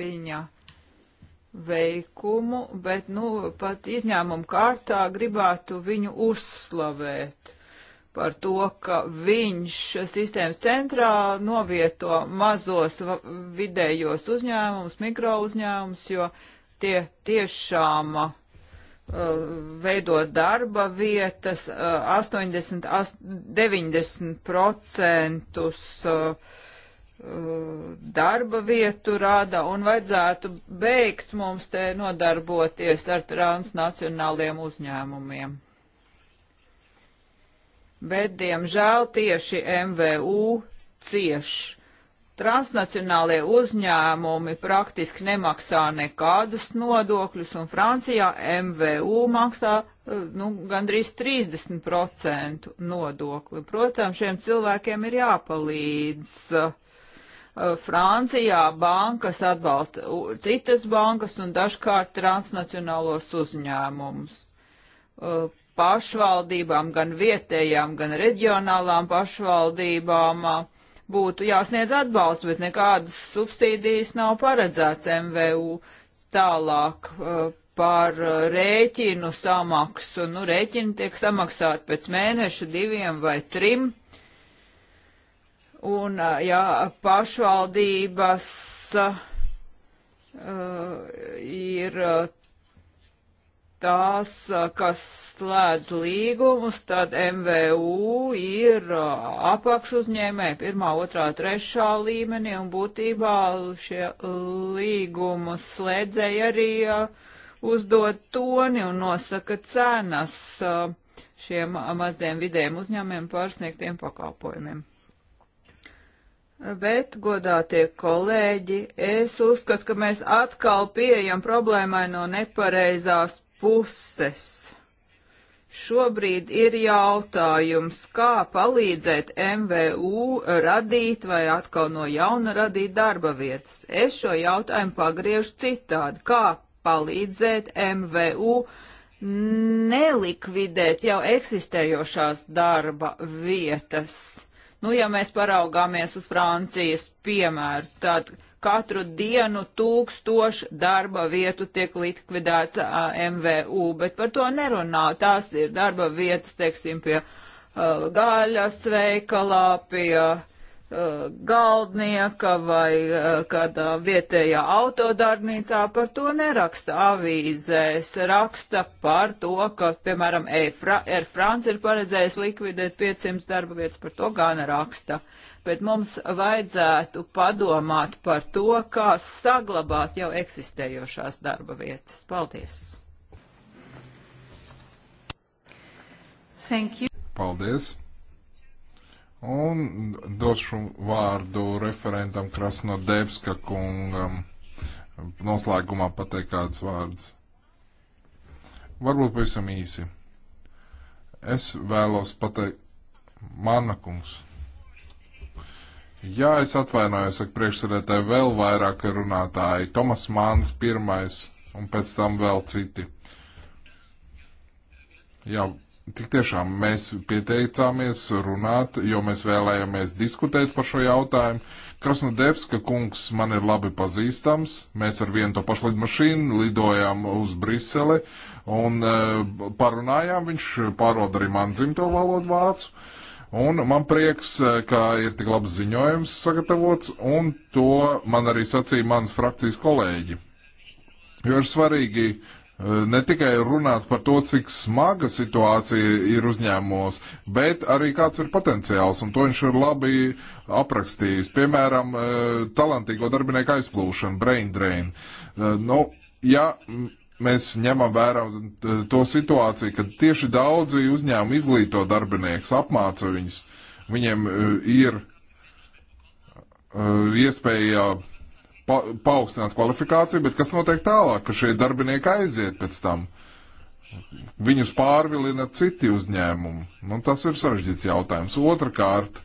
viņa veikumu, bet, nu, pat izņēmumu kārtā gribētu viņu uzslavēt par to, ka viņš sistēmas centrā novieto mazos vidējos uzņēmumus, mikro uzņēmumus, jo tie tiešām uh, Uh, veidot darba vietas, 80, uh, 90% uh, darba vietu rada un vajadzētu beigt mums te nodarboties ar transnacionāliem uzņēmumiem. Bet, diemžēl, tieši MVU cieš Transnacionālie uzņēmumi praktiski nemaksā nekādus nodokļus, un Francijā MVU maksā eh, nu, gandrīz 30% nodokli. Protams, šiem cilvēkiem ir jāpalīdz. Eh, Francijā bankas atbalsta citas bankas un dažkārt transnacionālos uzņēmumus eh, pašvaldībām, gan vietējām, gan reģionālām pašvaldībām būtu jāsniedz atbalsts, bet nekādas subsīdijas nav paredzēts MVU tālāk uh, par uh, rēķinu samaksu. Nu, rēķini tiek samaksāti pēc mēneša, diviem vai trim. Un, uh, ja pašvaldības uh, ir tās, kas slēdz līgumus, tad MVU ir apakšuzņēmēji pirmā, otrā, trešā līmenī un būtībā šie līgumu slēdzēji arī uzdod toni un nosaka cenas šiem maziem vidējiem uzņēmiem pārsniegtiem pakalpojumiem. Bet, godātie kolēģi, es uzskatu, ka mēs atkal pieejam problēmai no nepareizās puses. Šobrīd ir jautājums, kā palīdzēt MVU radīt vai atkal no jauna radīt darba vietas. Es šo jautājumu pagriežu citādi. Kā palīdzēt MVU nelikvidēt jau eksistējošās darba vietas? Nu, ja mēs paraugāmies uz Francijas piemēru, tad katru dienu tūkstoši darba vietu tiek likvidēts MVU, bet par to nerunā. Tās ir darba vietas, teiksim, pie uh, gaļas veikalā, pie uh, galdnieka vai eh, kādā vietējā autodarbnīcā par to neraksta avīzēs, raksta par to, ka, piemēram, Air France ir paredzējis likvidēt 500 darba vietas, par to gan raksta. Bet mums vajadzētu padomāt par to, kā saglabāt jau eksistējošās darba vietas. Paldies! Thank you. Paldies! Un došu vārdu referentam Krasnodebska kungam. Noslēgumā pateikt kāds vārds. Varbūt pavisam īsi. Es vēlos pateikt, mana kungs. Jā, es atvainojos, ka priekšsēdētāji vēl vairāk runātāji. Tomas Mans pirmais un pēc tam vēl citi. Jā, Tik tiešām mēs pieteicāmies runāt, jo mēs vēlējāmies diskutēt par šo jautājumu. Krasnodebska kungs man ir labi pazīstams. Mēs ar vienu to pašu lidmašīnu lidojām uz Briseli un uh, parunājām. Viņš pārod arī man dzimto valodu vācu. Un man prieks, eh, ka ir tik labs ziņojums sagatavots, un to man arī sacīja mans frakcijas kolēģi. Jo ir svarīgi Eh, ne tikai runāt par to, cik smaga situācija ir uzņēmumos, bet arī kāds ir potenciāls, un to viņš ir labi aprakstījis. Piemēram, eh, talantīgo darbinieku aizplūšanu, brain drain. Eh, nu, ja mēs ņemam vērā to situāciju, kad tieši daudzi uzņēmumi izglīto darbinieks, apmāca viņus, viņiem ir iespēja pa, paaugstināt kvalifikāciju, bet kas notiek tālāk, ka šie darbinieki aiziet pēc tam? Viņus pārvilina citi uzņēmumi. Nu, tas ir sarežģīts jautājums. Otrakārt,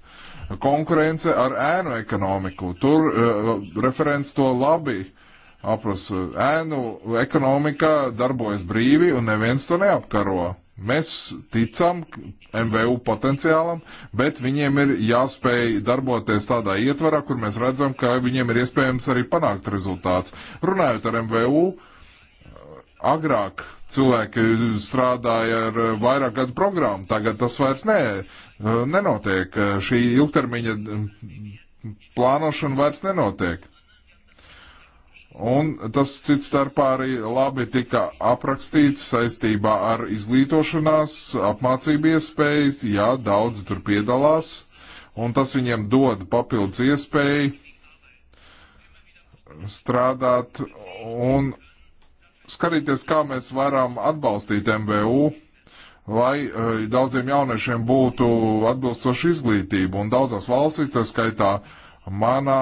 konkurence ar ēnu ekonomiku. Tur uh, referents to labi apras. Ēnu ekonomika darbojas brīvi un neviens to neapkaro. Mēs ticam MVU potenciālam, bet viņiem ir jāspēj darboties tādā ietvarā, kur mēs redzam, ka viņiem ir iespējams arī panākt rezultāts. Runājot ar MVU, agrāk cilvēki strādāja ar vairāk gadu programmu, tagad tas vairs nē, nenotiek. Šī ilgtermiņa plānošana vairs nenotiek. Un tas cits starpā arī labi tika aprakstīts saistībā ar izglītošanās, apmācību iespējas, jā, daudzi tur piedalās, un tas viņiem dod papildus iespēju strādāt un skatīties, kā mēs varam atbalstīt MVU, lai eh, daudziem jauniešiem būtu atbilstoša izglītība. Un daudzās valstīs, tas skaitā manā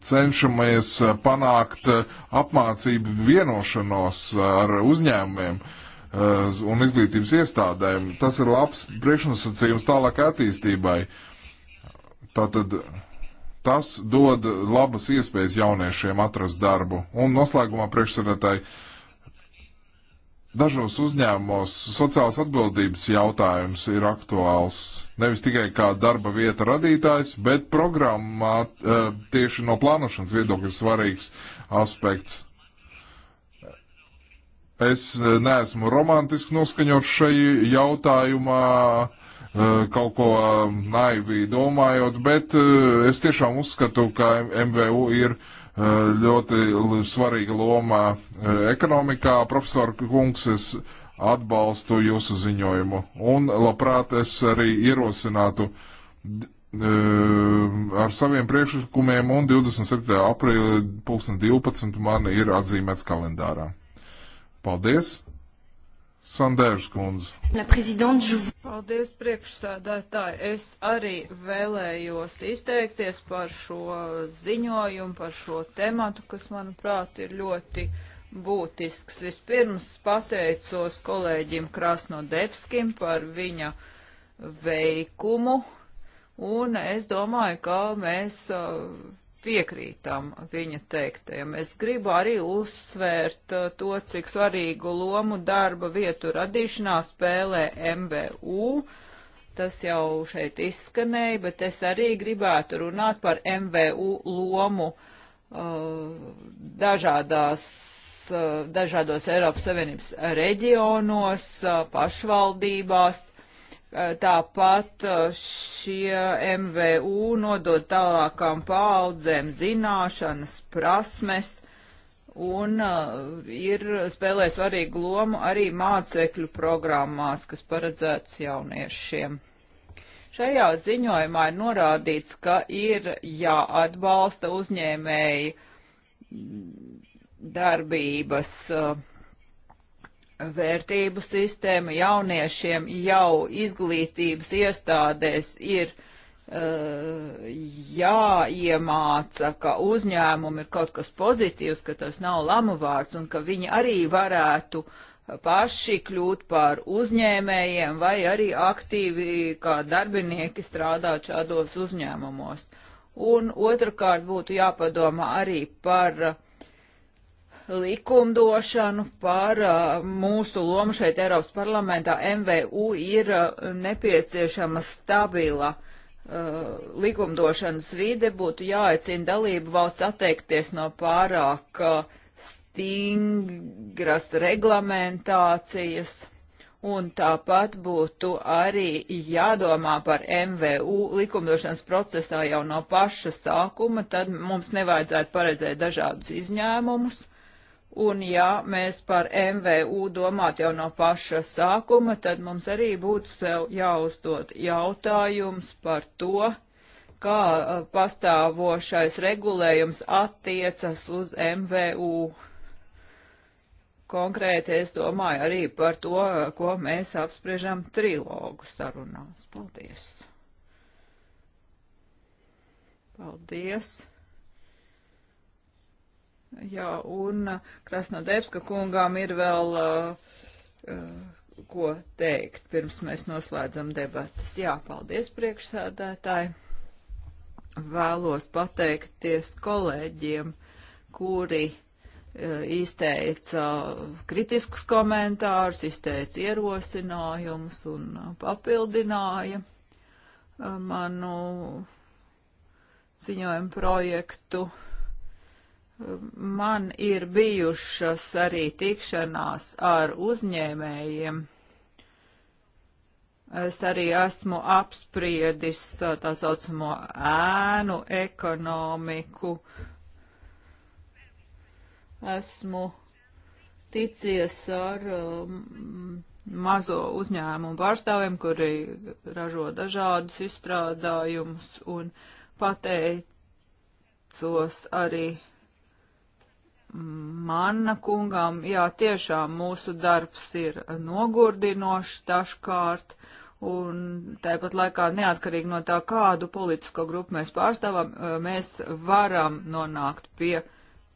cenšamies eh, panākt eh, apmācību vienošanos eh, ar uzņēmumiem un izglītības iestādēm. Tas ir labs priekšnosacījums tālāk attīstībai. Tātad tas dod labas iespējas jauniešiem atrast darbu. Un noslēgumā priekšsēdētāji dažos uzņēmumos sociālās atbildības jautājums ir aktuāls. Nevis tikai kā darba vieta radītājs, bet programmā eh, tieši no plānošanas viedokļa svarīgs aspekts. Es eh, neesmu romantiski noskaņots šai jautājumā, eh, kaut ko naivī domājot, bet es tiešām uzskatu, ka MVU ir uh, Eh, ļoti svarīga loma eh, ekonomikā. Profesor Kungs, es atbalstu jūsu ziņojumu un labprāt es arī ierosinātu eh, ar saviem priekšlikumiem un 27. aprīļa 2012 man ir atzīmēts kalendārā. Paldies! Sandērs kundze. Paldies priekšsēdētāji. Es arī vēlējos izteikties par šo ziņojumu, par šo tematu, kas, manuprāt, ir ļoti būtisks. Vispirms pateicos kolēģim Krasnodebskim par viņa veikumu, un es domāju, ka mēs. Uh, piekrītam viņa teiktajam. Es gribu arī uzsvērt uh, to, cik svarīgu lomu darba vietu radīšanā spēlē MVU. Tas jau šeit izskanēja, bet es arī gribētu runāt par MVU lomu uh, dažādās, uh, dažādos Eiropas Savienības reģionos, uh, pašvaldībās Eh, tāpat eh, šie MVU nodod tālākām paaudzēm zināšanas, prasmes un eh, ir spēlē svarīgu lomu arī mācekļu programmās, kas paredzēts jauniešiem. Šajā ziņojumā ir norādīts, ka ir jāatbalsta uzņēmēji darbības uh, vērtību sistēma jauniešiem jau izglītības iestādēs ir uh, jāiemāca, ka uzņēmumi ir kaut kas pozitīvs, ka tas nav lamuvārds un ka viņi arī varētu paši kļūt par uzņēmējiem vai arī aktīvi kā darbinieki strādāt šādos uzņēmumos. Un otrkārt būtu jāpadomā arī par uh, likumdošanu par uh, mūsu lomu šeit Eiropas parlamentā. MVU ir uh, nepieciešama stabila uh, likumdošanas vide, būtu jāaicina dalību valsts atteikties no pārāk uh, stingras reglamentācijas. Un tāpat būtu arī jādomā par MVU likumdošanas procesā jau no paša sākuma, tad mums nevajadzētu paredzēt dažādus izņēmumus Un ja mēs par MVU domāt jau no paša sākuma, tad mums arī būtu sev jāuzdod jautājums par to, kā uh, pastāvošais regulējums attiecas uz MVU. Konkrēti es domāju arī par to, uh, ko mēs apspriežam trilogu sarunās. Paldies! Paldies! Jā, un Krasnodebska kungām ir vēl uh, uh, ko teikt, pirms mēs noslēdzam debatas. Jā, paldies priekšsēdētāji. Vēlos pateikties kolēģiem, kuri uh, izteica kritiskus komentārus, izteica ierosinājumus un papildināja uh, manu ziņojumu projektu. Uh, Man ir bijušas arī tikšanās ar uzņēmējiem. Es arī esmu apspriedis tā saucamo ēnu ekonomiku. Esmu ticies ar um, mazo uzņēmumu pārstāvjiem, kuri ražo dažādus izstrādājumus un pateicos arī Manna kungam, jā, tiešām mūsu darbs ir nogurdinošs dažkārt, un tāpat laikā neatkarīgi no tā, kādu politisko grupu mēs pārstāvam, mēs varam nonākt pie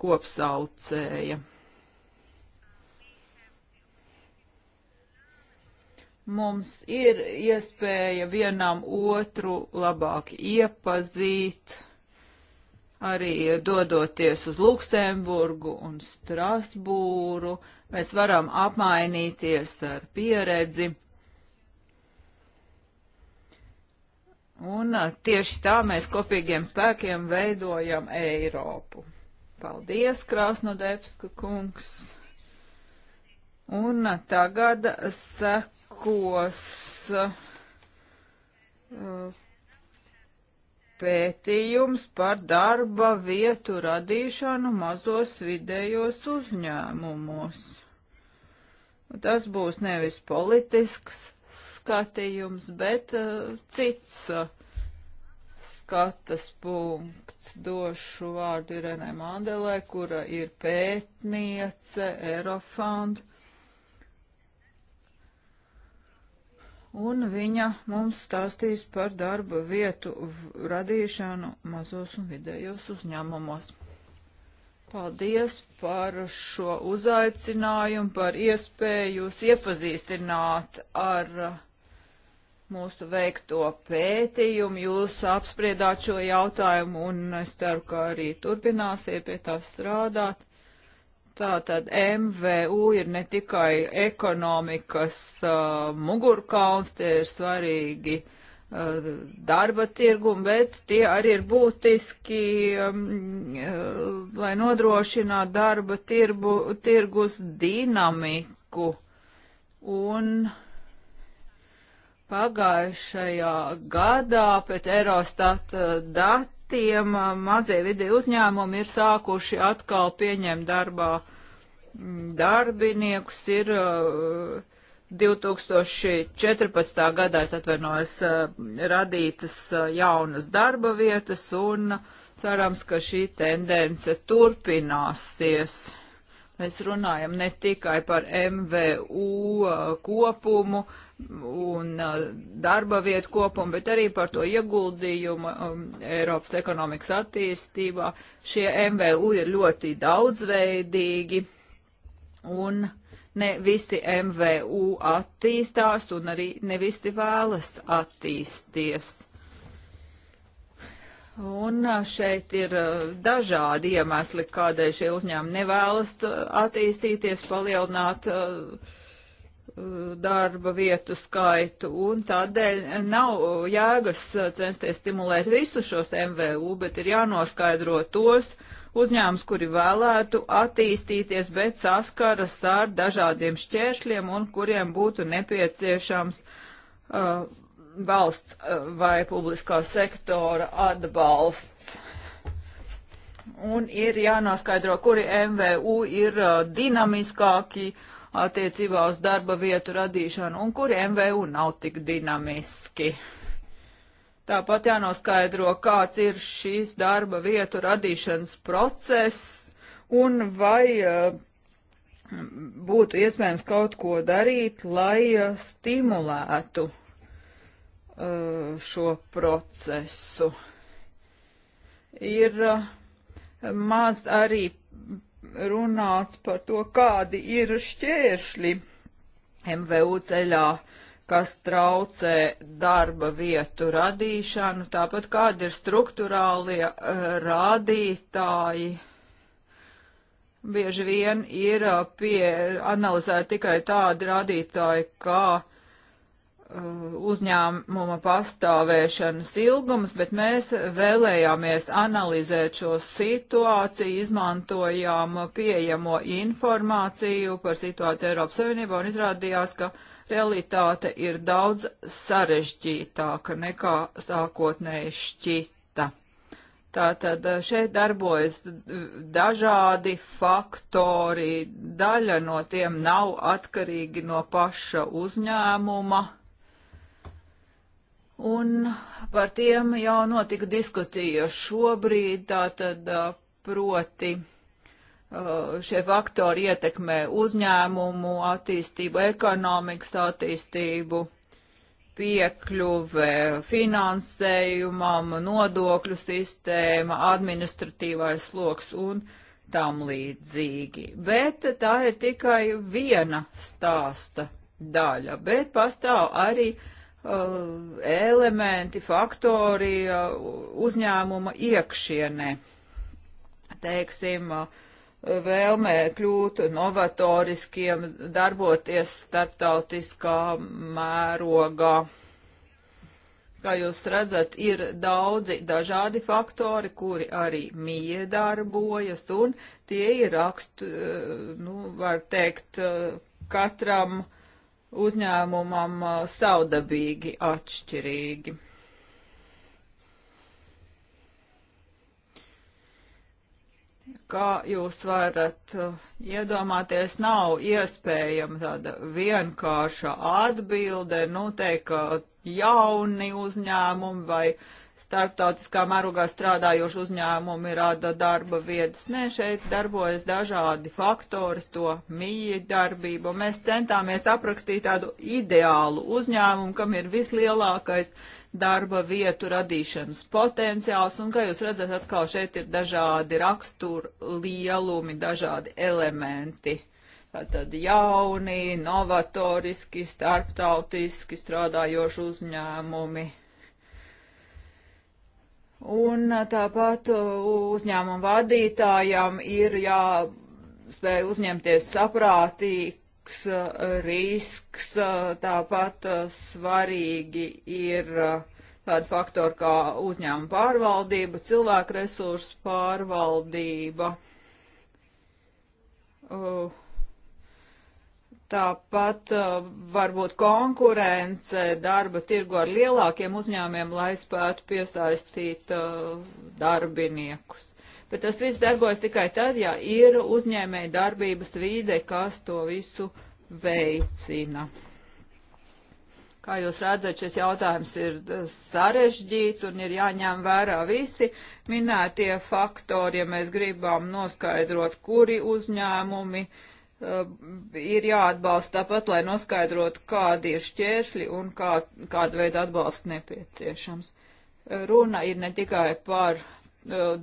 kopsaucēja. Mums ir iespēja vienam otru labāk iepazīt arī dodoties uz Luksemburgu un Strasbūru, mēs varam apmainīties ar pieredzi. Un tieši tā mēs kopīgiem spēkiem veidojam Eiropu. Paldies, Krasnodebska kungs! Un tagad sekos uh, pētījums par darba vietu radīšanu mazos vidējos uzņēmumos. Tas būs nevis politisks skatījums, bet uh, cits uh, skatas punkts. Došu vārdu Irenai Mandelē, kura ir pētniece Eurofond. Uh, un viņa mums stāstīs par darba vietu radīšanu mazos un vidējos uzņēmumos. Paldies par šo uzaicinājumu, par iespēju jūs iepazīstināt ar uh, mūsu veikto pētījumu. Jūs apspriedāt šo jautājumu un es ceru, ka arī turpināsiet pie tā strādāt. Tātad MVU ir ne tikai ekonomikas uh, mugurkauns, tie ir svarīgi uh, darba tirgumi, bet tie arī ir būtiski, um, uh, lai nodrošinātu darba tirbu, tirgus dinamiku. Un pagājušajā gadā pēc Eurostata uh, dat gadiem mazie vidē uzņēmumi ir sākuši atkal pieņemt darbā mm, darbiniekus. Ir 2014. gadā, es atvainojos, radītas jaunas darba vietas un cerams, ka šī tendence turpināsies. Mēs runājam ne tikai par MVU uh, kopumu un uh, darba vietu kopumu, bet arī par to ieguldījumu um, Eiropas ekonomikas attīstībā. Šie MVU ir ļoti daudzveidīgi un ne visi MVU attīstās un arī ne visi vēlas attīsties. Un šeit ir dažādi iemesli, kādēļ šie uzņēmumi nevēlas attīstīties, palielināt darba vietu skaitu, un tādēļ nav jēgas censties stimulēt visus šos MVU, bet ir jānoskaidro tos uzņēmums, kuri vēlētu attīstīties, bet saskaras ar dažādiem šķēršļiem un kuriem būtu nepieciešams uh, valsts eh, vai publiskā sektora atbalsts. Un ir jānoskaidro, kuri MVU ir eh, dinamiskāki attiecībā uz darba vietu radīšanu un kuri MVU nav tik dinamiski. Tāpat jānoskaidro, kāds ir šīs darba vietu radīšanas process un vai eh, būtu iespējams kaut ko darīt, lai stimulētu Uh, šo procesu. Ir uh, maz arī runāts par to, kādi ir šķēršļi MVU ceļā, kas traucē darba vietu radīšanu, tāpat kādi ir struktūrālie uh, rādītāji. Bieži vien ir pie analizēti tikai tādi rādītāji, kā uh, Uh, uzņēmuma pastāvēšanas ilgums, bet mēs vēlējāmies analizēt šo situāciju, izmantojām pieejamo informāciju par situāciju Eiropas Savienībā un izrādījās, ka realitāte ir daudz sarežģītāka nekā sākotnēji šķita. Tātad uh, šeit darbojas dažādi faktori, daļa no tiem nav atkarīgi no paša uzņēmuma un par tiem jau notika diskutīja šobrīd, tātad proti šie faktori ietekmē uzņēmumu attīstību, ekonomikas attīstību, piekļuve finansējumam, nodokļu sistēma, administratīvais sloks un tam līdzīgi. Bet tā ir tikai viena stāsta daļa, bet pastāv arī uh, Uh, elementi, faktori uh, uzņēmuma iekšienē. Teiksim, uh, vēlmē kļūt novatoriskiem, darboties starptautiskā mērogā. Kā jūs redzat, ir daudzi dažādi faktori, kuri arī miedarbojas, un tie ir rakst, nu, var teikt, katram uh, uzņēmumam saudabīgi atšķirīgi. Kā jūs varat iedomāties, nav iespējama tāda vienkārša atbilde, nu, teikt, ka jauni uzņēmumi vai uh, starptautiskā mērogā strādājoši uzņēmumi rada darba vietas. Nē, šeit darbojas dažādi faktori, to mīja darbību. Mēs centāmies aprakstīt tādu ideālu uzņēmumu, kam ir vislielākais darba vietu radīšanas potenciāls, un kā jūs redzat, atkal šeit ir dažādi rakstura lielumi, dažādi elementi. Tātad jauni, novatoriski, starptautiski strādājoši uzņēmumi Un uh, tāpat uh, uzņēmumu vadītājam ir jāspēj uzņemties saprātīgs uh, risks, tāpat svarīgi ir tādi faktori kā uzņēmuma pārvaldība, cilvēku resursu pārvaldība. Uh, Tāpat uh, varbūt konkurence darba tirgu ar lielākiem uzņēmiem, lai spētu piesaistīt uh, darbiniekus. Bet tas viss darbojas tikai tad, ja ir uzņēmēja darbības vīde, kas to visu veicina. Kā jūs redzat, šis jautājums ir uh, sarežģīts un ir jāņem vērā visi minētie faktori, ja mēs gribam noskaidrot, kuri uzņēmumi uh, ir jāatbalsta tāpat, lai noskaidrotu, kādi ir šķēršļi un kā, kāda veida atbalsts nepieciešams. Runa ir ne tikai par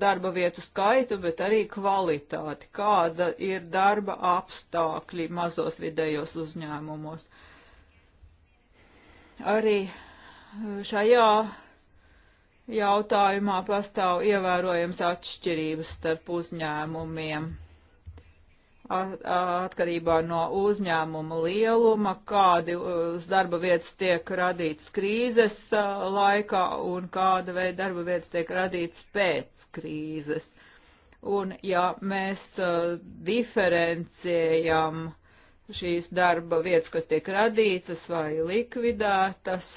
darba vietu skaitu, bet arī kvalitāti, kāda ir darba apstākļi mazos vidējos uzņēmumos. Arī šajā jautājumā pastāv ievērojams atšķirības starp uzņēmumiem atkarībā no uzņēmuma lieluma, kādas uh, darba vietas tiek radītas krīzes laikā un kāda veida darba vietas tiek radītas pēc krīzes. Un ja mēs diferencējam šīs darba vietas, kas tiek radītas vai likvidētas,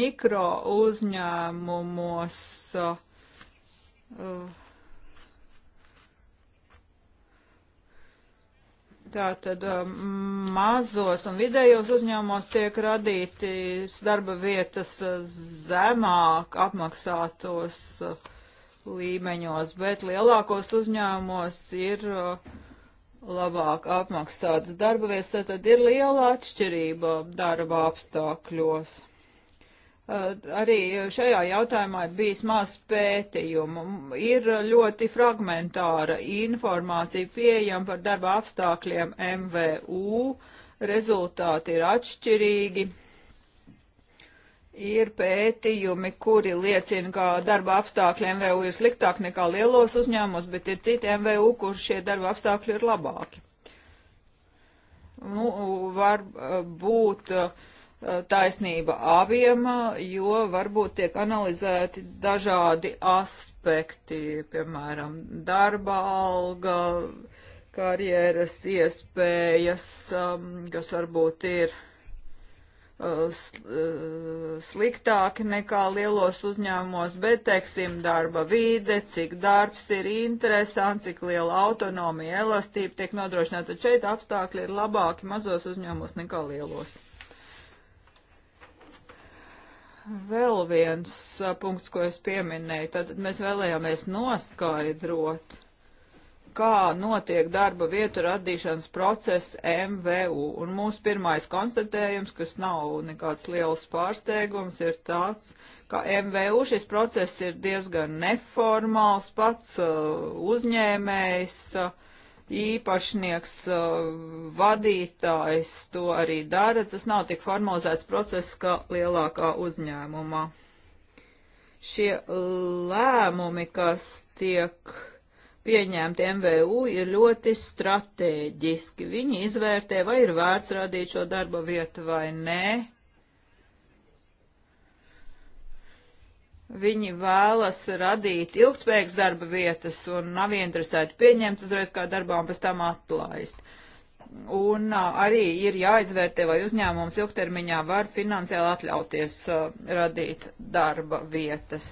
mikro uzņēmumos uh, Tātad uh, mazos un vidējos uzņēmumos tiek radītas darba vietas uh, zemāk apmaksātos uh, līmeņos, bet lielākos uzņēmumos ir labāk apmaksātas darba vietas, tātad ir liela atšķirība darba apstākļos arī šajā jautājumā ir bijis maz pētījumu. Ir ļoti fragmentāra informācija pieejama par darba apstākļiem MVU, rezultāti ir atšķirīgi. Ir pētījumi, kuri liecina, ka darba apstākļi MVU ir sliktāk nekā lielos uzņēmumos, bet ir citi MVU, kur šie darba apstākļi ir labāki. Nu, var būt uh, taisnība abiem, jo varbūt tiek analizēti dažādi aspekti, piemēram, darba alga, karjeras iespējas, um, kas varbūt ir uh, uh, sliktāki nekā lielos uzņēmumos, bet, teiksim, darba vīde, cik darbs ir interesants, cik liela autonomija, elastība tiek nodrošināta. Šeit apstākļi ir labāki mazos uzņēmumos nekā lielos vēl viens punkts, ko es pieminēju. Tad mēs vēlējāmies noskaidrot, kā notiek darba vietu radīšanas process MVU. Un mūsu pirmais konstatējums, kas nav nekāds liels pārsteigums, ir tāds, ka MVU šis process ir diezgan neformāls, pats uh, uzņēmējs. Uh, īpašnieks, uh, vadītājs to arī dara. Tas nav tik formalizēts process kā lielākā uzņēmumā. Šie lēmumi, kas tiek pieņemti MVU, ir ļoti strateģiski. Viņi izvērtē, vai ir vērts radīt šo darba vietu vai nē Viņi vēlas radīt ilgspējīgas darba vietas un nav interesēti pieņemt uzreiz kā darbā un pēc tam atlaist. Un arī ir jāizvērtē, vai uzņēmums ilgtermiņā var finansiāli atļauties uh, radīt darba vietas.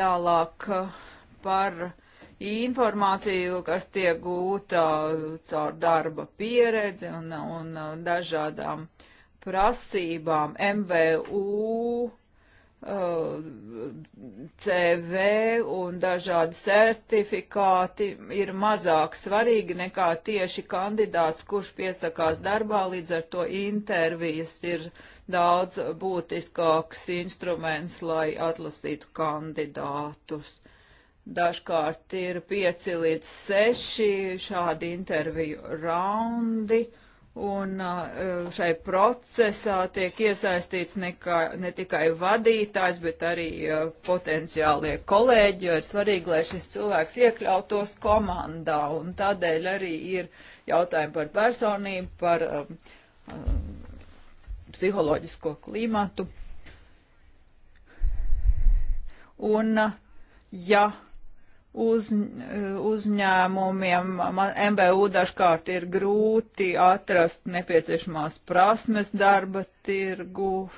Tālāk par informāciju, kas tiek gūta caur darba pieredzi un, un dažādām prasībām MVU CV un dažādi certifikāti ir mazāk svarīgi nekā tieši kandidāts, kurš piesakās darbā, līdz ar to intervijas ir daudz būtiskāks instruments, lai atlasītu kandidātus. Dažkārt ir pieci līdz seši šādi interviju raundi Un uh, šai procesā tiek iesaistīts nekā, ne tikai vadītājs, bet arī uh, potenciālie kolēģi, jo ir svarīgi, lai šis cilvēks iekļautos komandā. Un tādēļ arī ir jautājumi par personību, par um, uh, psiholoģisko klimatu. Un, uh, ja uz, uzņēmumiem. Man, MBU dažkārt ir grūti atrast nepieciešamās prasmes darba tirgu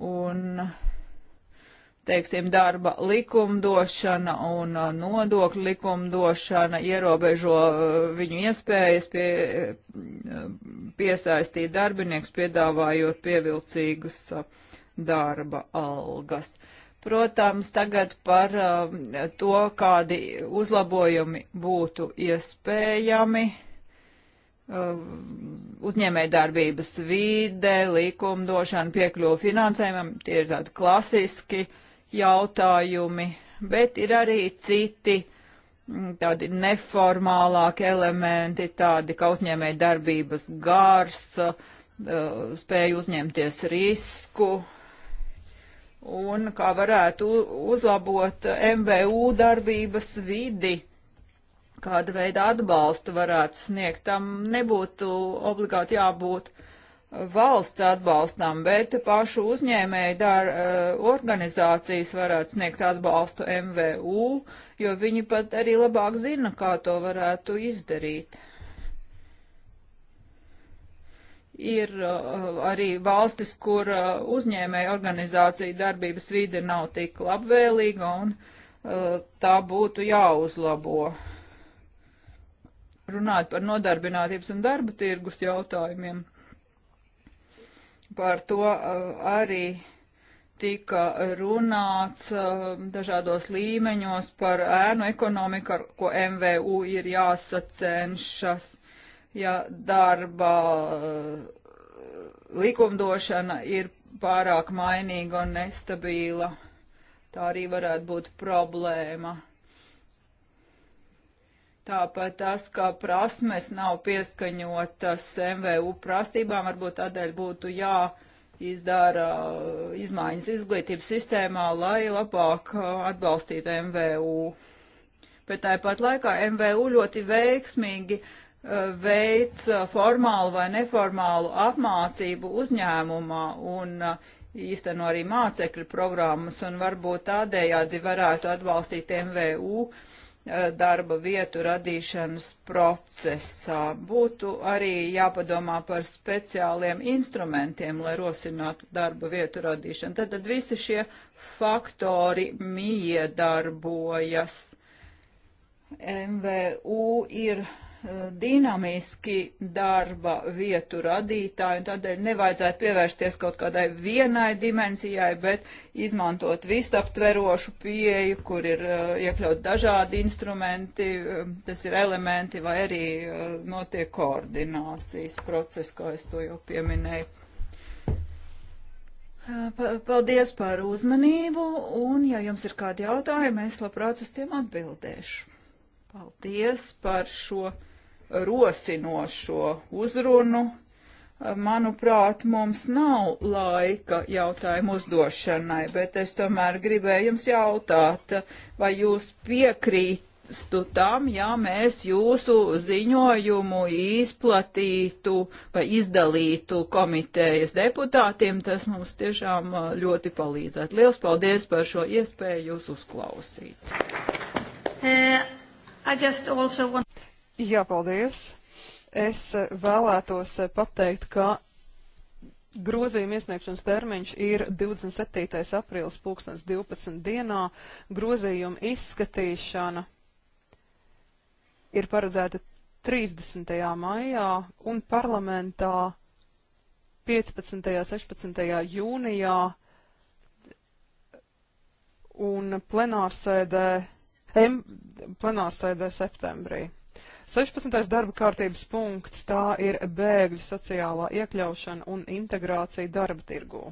un, teiksim, darba likumdošana un uh, nodokļu likumdošana ierobežo uh, viņu iespējas pie, uh, piesaistīt darbinieks, piedāvājot pievilcīgas darba algas. Uh, Protams, tagad par uh, to, kādi uzlabojumi būtu iespējami uh, uzņēmējdarbības vide, likumdošana, piekļuva finansējumam, tie ir tādi klasiski jautājumi, bet ir arī citi mm, tādi neformālāki elementi, tādi kā uzņēmēja darbības gars, uh, spēja uzņemties risku, un kā varētu uzlabot MVU darbības vidi, kāda veida atbalstu varētu sniegt. Tam nebūtu obligāti jābūt valsts atbalstām, bet pašu uzņēmēju dar, eh, organizācijas varētu sniegt atbalstu MVU, jo viņi pat arī labāk zina, kā to varētu izdarīt ir uh, arī valstis, kur uh, uzņēmēja organizācija darbības vīde nav tik labvēlīga un uh, tā būtu jāuzlabo. Runāt par nodarbinātības un darba tirgus jautājumiem. Par to uh, arī tika runāts uh, dažādos līmeņos par ēnu ekonomiku, ko MVU ir jāsacenšas ja darba eh, likumdošana ir pārāk mainīga un nestabila. Tā arī varētu būt problēma. Tāpat tas, ka prasmes nav pieskaņotas MVU prasībām, varbūt tādēļ būtu jāizdara eh, izmaiņas izglītības sistēmā, lai labāk eh, atbalstītu MVU. Bet tāpat laikā MVU ļoti veiksmīgi uh, veic formālu vai neformālu apmācību uzņēmumā un īsteno arī mācekļu programmas un varbūt tādējādi varētu atbalstīt MVU darba vietu radīšanas procesā. Būtu arī jāpadomā par speciāliem instrumentiem, lai rosinātu darba vietu radīšanu. Tad, tad visi šie faktori miedarbojas. MVU ir dinamiski darba vietu radītāji, un tādēļ nevajadzētu pievērsties kaut kādai vienai dimensijai, bet izmantot visaptverošu pieeju, kur ir uh, iekļaut dažādi instrumenti, um, tas ir elementi, vai arī uh, notiek koordinācijas process, kā es to jau pieminēju. Uh, paldies par uzmanību, un ja jums ir kādi jautājumi, es labprāt uz tiem atbildēšu. Paldies par šo rosinošo uzrunu. Manuprāt, mums nav laika jautājumu uzdošanai, bet es tomēr gribēju jums jautāt, vai jūs piekrītu tam, ja mēs jūsu ziņojumu izplatītu vai izdalītu komitejas deputātiem, tas mums tiešām uh, ļoti palīdzētu. Liels paldies par šo iespēju jūs uzklausīt. Uh, want... Jā, paldies. Es e, vēlētos e, pateikt, ka Grozījuma iesniegšanas termiņš ir 27. aprīlis 2012. dienā. Grozījuma izskatīšana ir paredzēta 30. maijā un parlamentā 15. 16. jūnijā un plenārsēdē, plenārsēdē septembrī. 16. darba kārtības punkts - tā ir bēgļu sociālā iekļaušana un integrācija darba tirgū.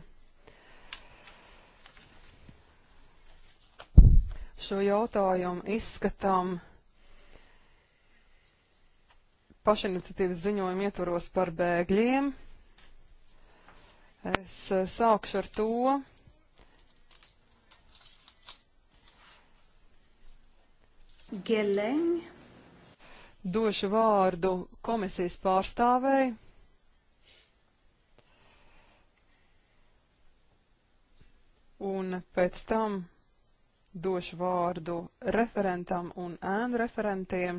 Šo jautājumu izskatām pašiniciatīvas ziņojumu ietvaros par bēgļiem. Es e, sākšu ar to, Geleng došu vārdu komisijas pārstāvēji. Un pēc tam došu vārdu referentam un ēnu referentiem.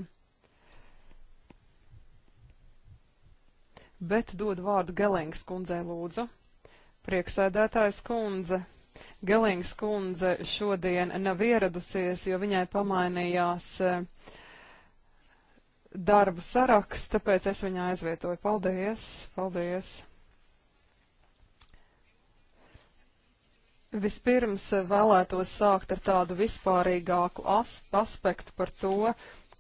Bet dod vārdu Gelings kundzei lūdzu. Prieksēdētājs kundze. Gelings kundze šodien nav ieradusies, jo viņai pamainījās uh, darbu saraksts, tāpēc es viņu aizvietoju. Paldies! Paldies! Vispirms vēlētos sākt ar tādu vispārīgāku as aspektu par to,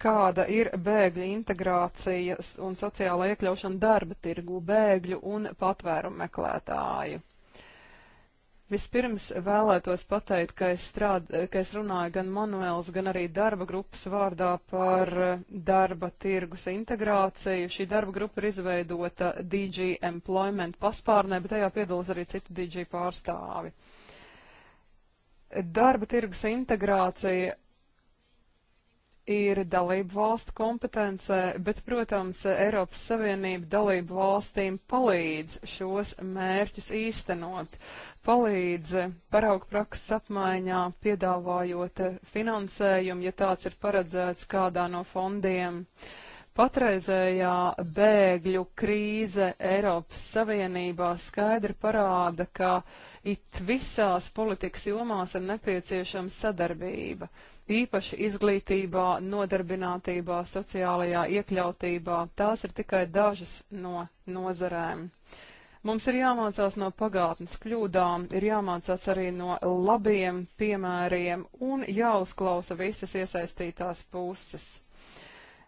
kāda ir bēgļu integrācija un sociāla iekļaušana darba tirgu bēgļu un patvērumu meklētāju. Vispirms vēlētos pateikt, ka es, strād, ka es runāju gan Manuēls, gan arī darba grupas vārdā par eh, darba tirgus integrāciju. Šī darba grupa ir izveidota DG Employment paspārnē, bet tajā piedalās arī citi DG pārstāvi. Darba tirgus integrācija ir dalību valstu kompetencē, bet, protams, Eiropas Savienība dalību valstīm palīdz šos mērķus īstenot, palīdz paraugu prakses apmaiņā, piedāvājot finansējumu, ja tāds ir paredzēts kādā no fondiem. Patreizējā bēgļu krīze Eiropas Savienībā skaidri parāda, ka it visās politikas jomās ir nepieciešama sadarbība īpaši izglītībā, nodarbinātībā, sociālajā iekļautībā. Tās ir tikai dažas no nozarēm. Mums ir jāmācās no pagātnes kļūdām, ir jāmācās arī no labiem piemēriem un jāuzklausa visas iesaistītās puses.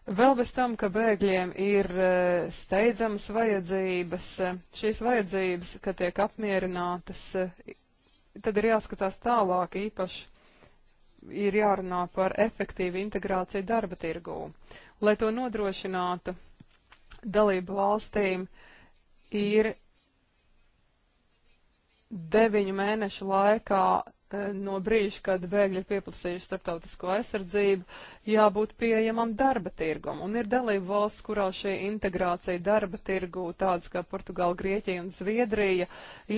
Vēl bez tam, ka bēgļiem ir e, steidzamas vajadzības, e, šīs vajadzības, ka tiek apmierinātas, e, tad ir jāskatās tālāk īpaši ir jārunā par efektīvu integrāciju darba tirgū. Lai to nodrošinātu, dalību valstīm ir deviņu mēnešu laikā Eh, no brīža, kad bēgļi ir pieplasījuši starptautisko aizsardzību, jābūt pieejamam darba tirgum. Un ir dalība valsts, kurā šī integrācija darba tirgu, tādas kā Portugāla, Grieķija un Zviedrija,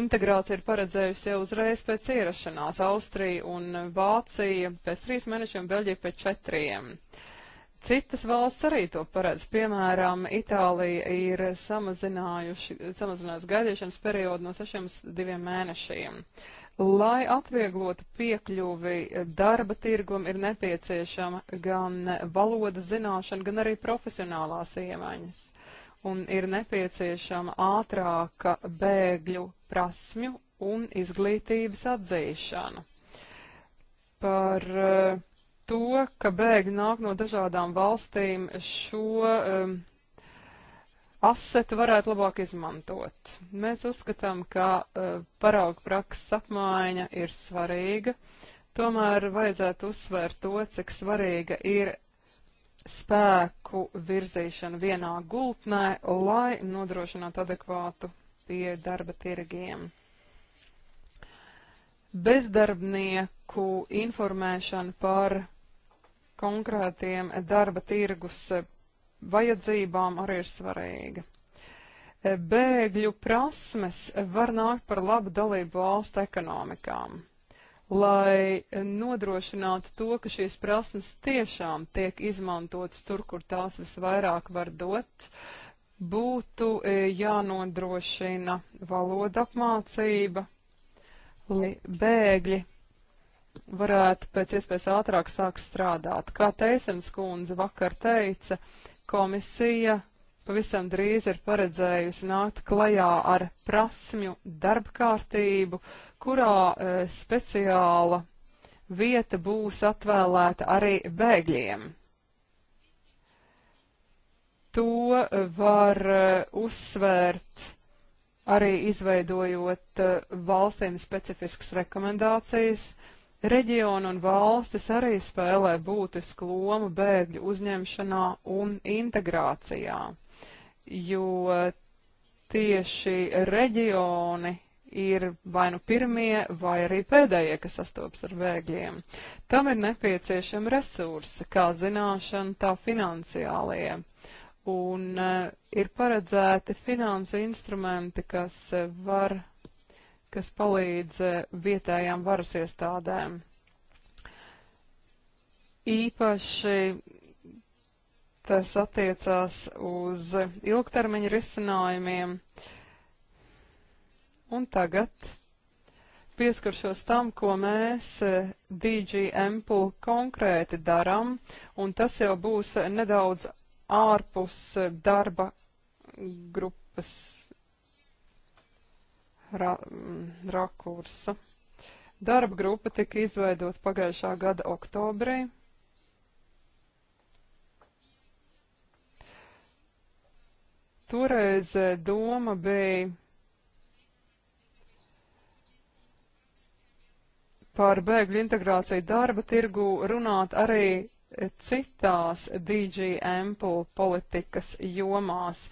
integrācija ir paredzējusi jau uzreiz pēc ierašanās. Austrija un Vācija pēc trīs mēnešiem, Beļģija pēc četriem. Citas valsts arī to paredz. Piemēram, Itālija ir samazinājusi gaidīšanas periodu no sešiem uz diviem mēnešiem. Lai atvieglotu piekļuvi eh, darba tirgum, ir nepieciešama gan eh, valodas zināšana, gan arī profesionālās iemaņas. Un ir nepieciešama ātrāka bēgļu prasmju un izglītības atzīšana. Par eh, to, ka bēgļi nāk no dažādām valstīm, šo um, asetu varētu labāk izmantot. Mēs uzskatām, ka uh, eh, parauga prakses apmaiņa ir svarīga, tomēr vajadzētu uzsvērt to, cik svarīga ir spēku virzīšana vienā gultnē, lai nodrošinātu adekvātu pie darba tirgiem. Bezdarbnieku informēšana par konkrētiem darba tirgus vajadzībām arī ir svarīga. E, bēgļu prasmes var nākt par labu dalību valstu ekonomikām lai nodrošinātu to, ka šīs prasmes tiešām tiek izmantotas tur, kur tās visvairāk var dot, būtu e, jānodrošina valoda apmācība, lai bēgļi varētu pēc iespējas ātrāk sākt strādāt. Kā Teisens kundze vakar teica, uh, komisija pavisam drīz ir paredzējusi nākt klajā ar prasmju darbkārtību, kurā e, speciāla vieta būs atvēlēta arī bēgļiem. To var e, uzsvērt arī izveidojot e, valstīm specifiskas rekomendācijas, Reģionu un valstis arī spēlē būtisku lomu bēgļu uzņemšanā un integrācijā, jo tieši reģioni ir vai nu pirmie, vai arī pēdējie, kas sastopas ar bēgļiem. Tam ir nepieciešami resursi, kā zināšana, tā finansiālie. Un uh, ir paredzēti finansu instrumenti, kas eh, var kas palīdz eh, vietējām varas iestādēm. Īpaši tas attiecās uz ilgtermiņa risinājumiem. Un tagad pieskaršos tam, ko mēs eh, DGMP konkrēti daram, un tas jau būs nedaudz ārpus eh, darba grupas ra mm, rakursa. Darba grupa tika izveidot pagājušā gada oktobrī. Toreiz eh, doma bija par bēgļu integrāciju darba tirgu runāt arī citās DGM politikas jomās,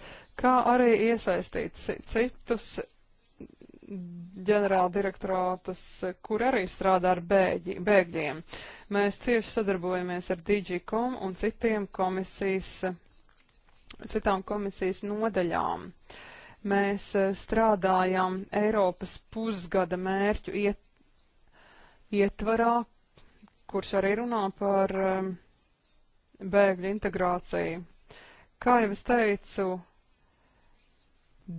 kā arī iesaistīt citus ģenerāla direktorātus, kur arī strādā ar bēģi, bēgļiem. Mēs cieši sadarbojamies ar DigiCom un citiem komisijas, citām komisijas nodaļām. Mēs eh, strādājam Eiropas pusgada mērķu iet, ietvarā, kurš arī runā par eh, bēgļu integrāciju. Kā jau es teicu,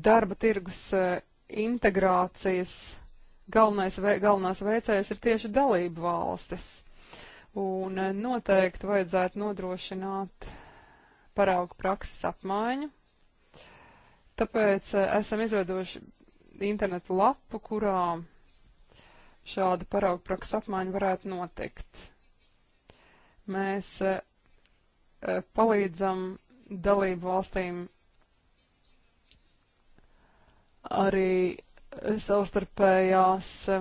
darba tirgus eh, integrācijas galvenais, galvenās veicējas ir tieši dalību valstis. Un eh, noteikti vajadzētu nodrošināt paraugu prakses apmaiņu. Tāpēc eh, esam izveidojuši internetu lapu, kurā šāda paraugu prakses apmaiņa varētu notikt. Mēs eh, palīdzam dalību valstīm arī savstarpējās eh,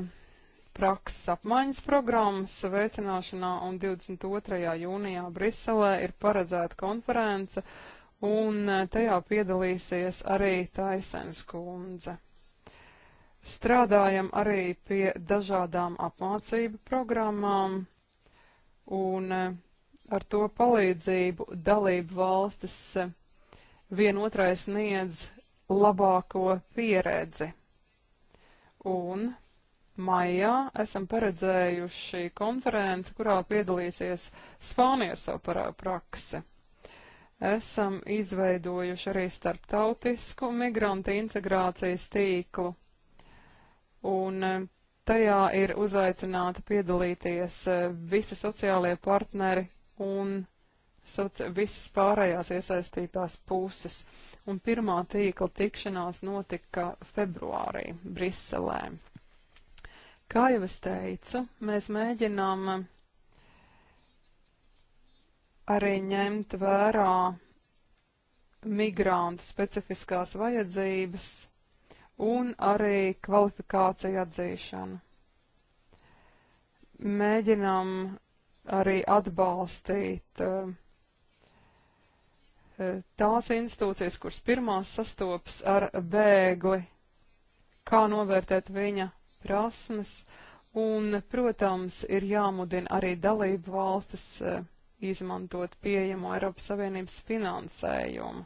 prakses apmaiņas programmas veicināšanā un 22. jūnijā Briselē ir paredzēta konference, un eh, tajā piedalīsies arī Taisens kundze. Strādājam arī pie dažādām apmācību programmām, un eh, ar to palīdzību dalību valstis vienotrai sniedz labāko pieredzi. Un maijā esam paredzējuši konferenci, kurā piedalīsies Spānija ar savu praksi. Esam izveidojuši arī starptautisku migrantu integrācijas tīklu. Un eh, tajā ir uzaicināti piedalīties eh, visi sociālie partneri un soci visas pārējās iesaistītās puses un pirmā tīkla tikšanās notika februārī Briselē. Kā jau es teicu, mēs mēģinām arī ņemt vērā migrantu specifiskās vajadzības un arī kvalifikāciju atzīšanu. Mēģinām arī atbalstīt uh, tās institūcijas, kuras pirmās sastopas ar bēgli, kā novērtēt viņa prasmes, un, protams, ir jāmudina arī dalību valstis e, izmantot pieejamo Eiropas Savienības finansējumu.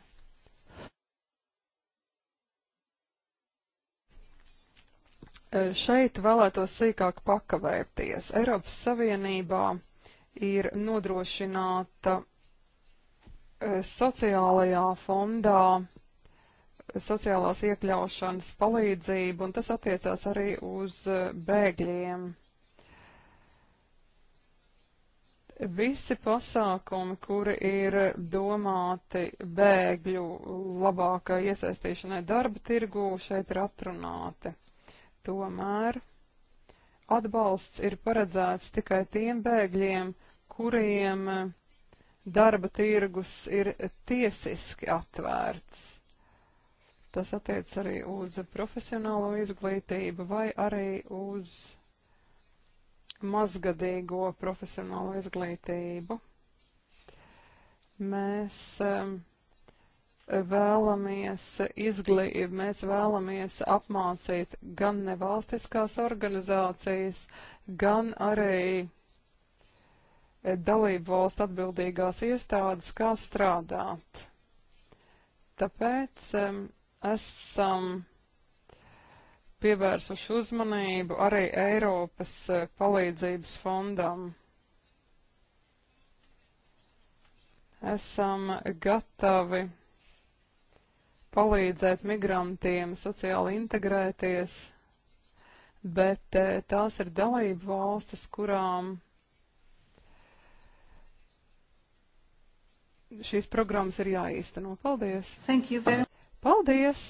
E, šeit vēlētos sīkāk pakavērties. Eiropas Savienībā ir nodrošināta sociālajā fondā sociālās iekļaušanas palīdzību, un tas attiecās arī uz bēgļiem. Visi pasākumi, kuri ir domāti bēgļu labākai iesaistīšanai darba tirgū, šeit ir atrunāti. Tomēr atbalsts ir paredzēts tikai tiem bēgļiem, kuriem darba tirgus ir tiesiski atvērts. Tas attiec arī uz profesionālo izglītību vai arī uz mazgadīgo profesionālo izglītību. Mēs um, vēlamies izglītību, mēs vēlamies apmācīt gan nevalstiskās organizācijas, gan arī dalību valstu atbildīgās iestādes, kā strādāt. Tāpēc esam pievērsuši uzmanību arī Eiropas e, palīdzības fondam. Esam gatavi palīdzēt migrantiem sociāli integrēties, bet e, tās ir dalību valstis, kurām šīs programmas ir jāīsteno. Paldies! Thank you very much! Paldies!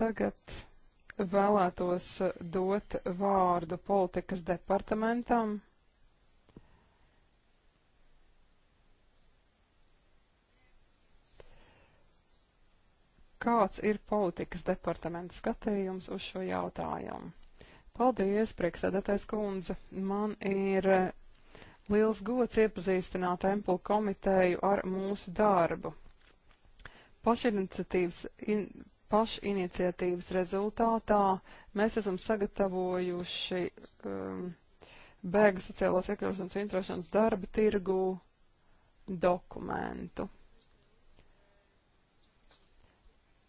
Tagad vēlētos dot vārdu politikas departamentam. Kāds ir politikas departamenta skatījums uz šo jautājumu? Paldies, prieksēdētais kundze. Man ir eh, liels gods iepazīstināt Emplu komiteju ar mūsu darbu. Pašiniciatīvas, in, pašiniciatīvas rezultātā mēs esam sagatavojuši um, bēgu sociālās iekļaušanas un integrēšanas darba tirgu dokumentu.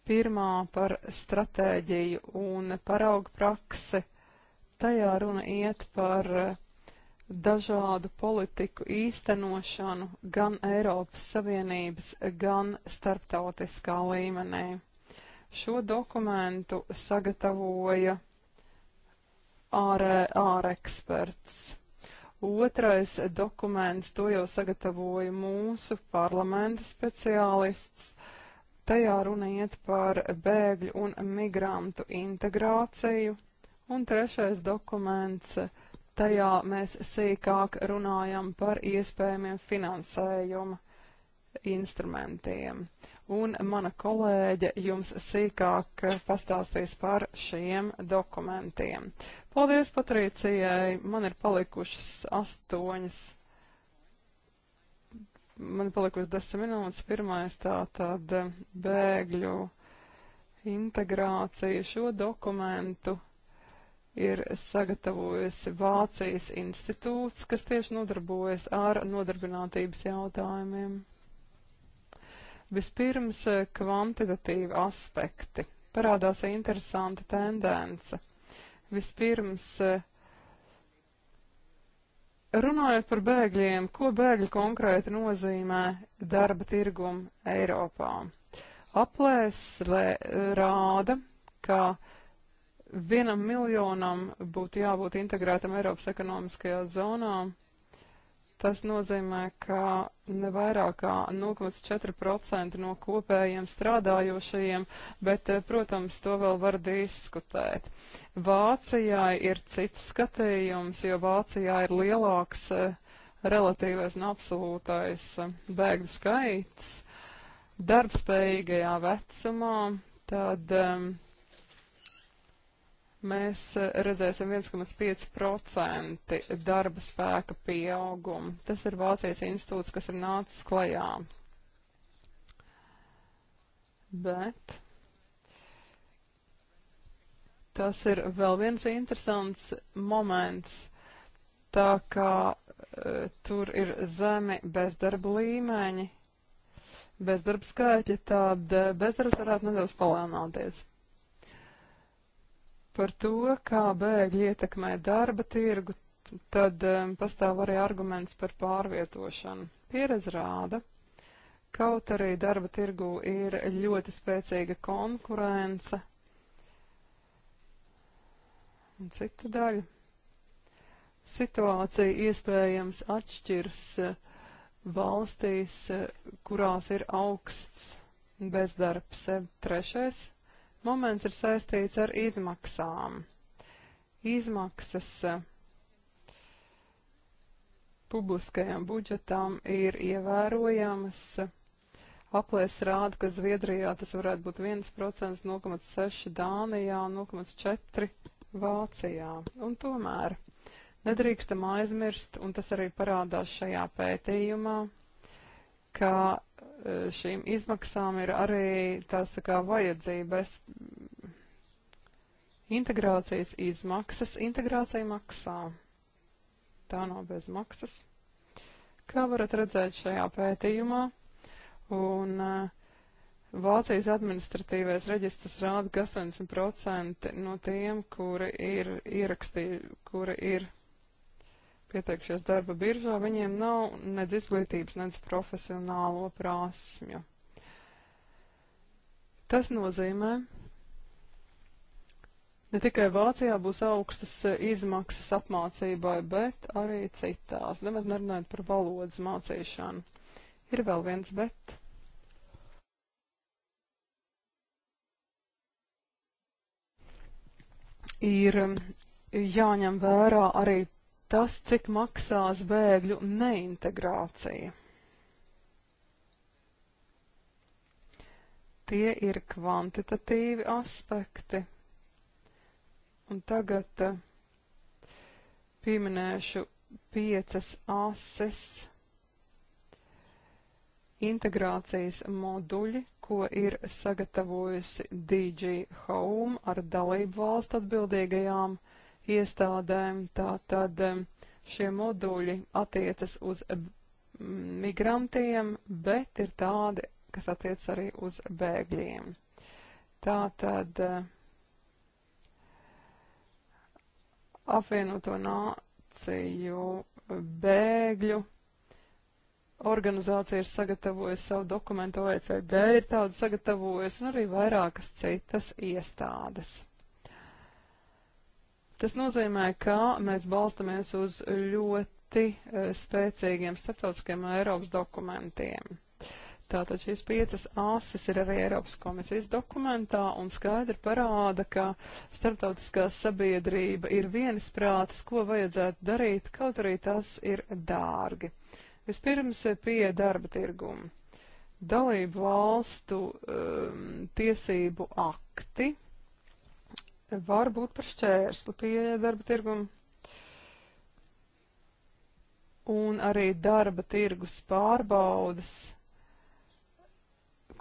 Pirmā par stratēģiju un paraugu praksi Tajā runa iet par eh, dažādu politiku īstenošanu gan Eiropas Savienības, gan starptautiskā līmenī. Šo dokumentu sagatavoja āreksperts. Otrais dokuments to jau sagatavoja mūsu parlamenta speciālists. Tajā runa iet par bēgļu un migrantu integrāciju, Un trešais dokuments, tajā mēs sīkāk runājam par iespējamiem finansējuma instrumentiem. Un mana kolēģe jums sīkāk pastāstīs par šiem dokumentiem. Paldies Patricijai, man ir palikušas astoņas man palikusi desmit minūtes. Pirmais tā tad bēgļu integrācija šo dokumentu ir sagatavojis Vācijas institūts, kas tieši nodarbojas ar nodarbinātības jautājumiem. Vispirms eh, kvantitatīvi aspekti. Parādās interesanta tendence. Vispirms eh, runājot par bēgļiem, ko bēgļi konkrēti nozīmē darba tirgumu Eiropā. Aplēs rāda, ka uh, vienam miljonam būtu jābūt integrētam Eiropas ekonomiskajā zonā. Tas nozīmē, ka ne vairāk kā 0,4% no kopējiem strādājošajiem, bet, eh, protams, to vēl var diskutēt. Vācijai ir cits skatījums, jo Vācijā ir lielāks eh, relatīvais un absolūtais eh, bēgļu skaits darbspējīgajā vecumā, tad um, mēs eh, redzēsim 1,5% darba spēka pieaugumu. Tas ir Vācijas institūts, kas ir nācis klajā. Bet tas ir vēl viens interesants moments, tā kā uh, tur ir zemi bezdarba līmeņi, bezdarba skaitļi, tad eh, bezdarbs varētu nedaudz palēnāties. Par to, kā bēgļi ietekmē darba tirgu, tad um, pastāv arī arguments par pārvietošanu. Pieredze rāda, kaut arī darba tirgu ir ļoti spēcīga konkurence un cita daļa. Situācija iespējams atšķirs eh, valstīs, eh, kurās ir augsts bezdarbs. Trešais moments ir saistīts ar izmaksām. Izmaksas eh, publiskajam budžetam ir ievērojamas. Aplēs rāda, ka Zviedrijā tas varētu būt 1%, 0,6% Dānijā un 0,4% Vācijā. Un tomēr nedrīkstam aizmirst, un tas arī parādās šajā pētījumā, ka e, šīm izmaksām ir arī tās tā kā vajadzības integrācijas izmaksas, integrācija maksā. Tā nav bez maksas. Kā varat redzēt šajā pētījumā, un uh, Vācijas administratīvais reģistrs rāda, ka 80% no tiem, kuri ir ierakstījuši, kuri ir pieteikšies darba biržā, viņiem nav nedz izglītības, nedz profesionālo prasmju. Tas nozīmē, ne tikai Vācijā būs augstas eh, izmaksas apmācībai, bet arī citās, nemaz nerunājot par valodas mācīšanu. Ir vēl viens bet. Ir mm, jāņem vērā arī tas, cik maksās bēgļu neintegrācija. Tie ir kvantitatīvi aspekti. Un tagad eh, pieminēšu piecas ases integrācijas moduļi, ko ir sagatavojusi DG Home ar dalību valstu atbildīgajām iestādēm. Tātad šie moduļi attiecas uz migrantiem, bet ir tādi, kas attiec arī uz bēgļiem. Tātad apvienoto nāciju bēgļu organizācija ir sagatavojusi savu dokumentu OECD, ir tādu sagatavojusi, un arī vairākas citas iestādes. Tas nozīmē, ka mēs balstamies uz ļoti eh, spēcīgiem starptautiskiem Eiropas dokumentiem. Tātad šīs piecas asis ir arī Eiropas komisijas dokumentā un skaidri parāda, ka starptautiskā sabiedrība ir viensprātis, ko vajadzētu darīt, kaut arī tas ir dārgi. Vispirms eh, pie darba tirguma. Dalību valstu um, tiesību akti var būt par šķērsli pieejai darba tirgum. Un arī darba tirgus pārbaudas,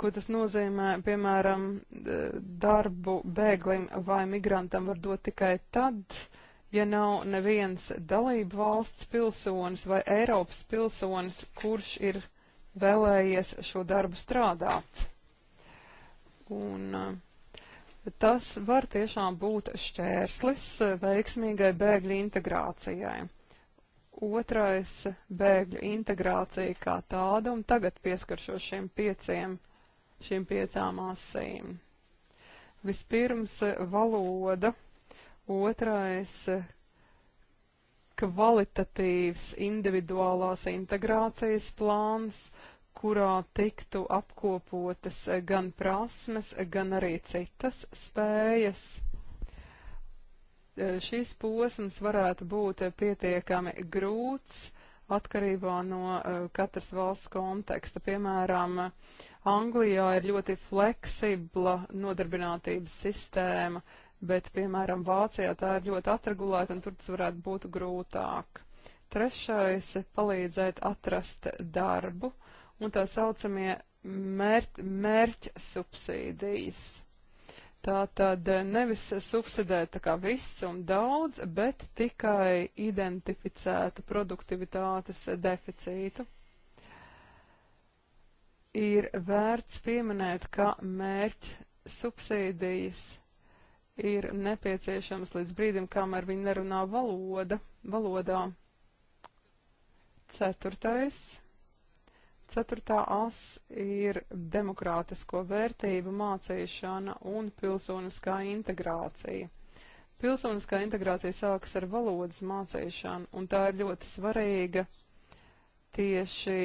ko tas nozīmē, piemēram, darbu bēglim vai migrantam var dot tikai tad, ja nav neviens dalību valsts pilsonis vai Eiropas pilsonis, kurš ir vēlējies šo darbu strādāt. Un, uh, tas var tiešām būt šķērslis veiksmīgai bēgļu integrācijai. Otrais - bēgļu integrācija kā tāda, un tagad pieskaršos šiem pieciem, šiem piecām asīm. Vispirms valoda, otrais kvalitatīvs individuālās integrācijas plāns, kurā tiktu apkopotas gan prasmes, gan arī citas spējas. E, šis posms varētu būt pietiekami grūts atkarībā no e, katras valsts konteksta. Piemēram, Anglijā ir ļoti fleksibla nodarbinātības sistēma, bet, piemēram, Vācijā tā ir ļoti atregulēta un tur tas varētu būt grūtāk. Trešais - palīdzēt atrast darbu. Uh, un tā saucamie mērķ, mērķ subsīdijas. Tā tad nevis subsidēt tā kā viss un daudz, bet tikai identificētu produktivitātes deficītu. Ir vērts pieminēt, ka mērķ subsīdijas ir nepieciešams līdz brīdim, kamēr viņi nerunā valoda, valodā. Ceturtais Ceturtā as ir demokrātisko vērtību mācīšana un pilsoniskā integrācija. Pilsoniskā integrācija sākas ar valodas mācīšanu, un tā ir ļoti svarīga tieši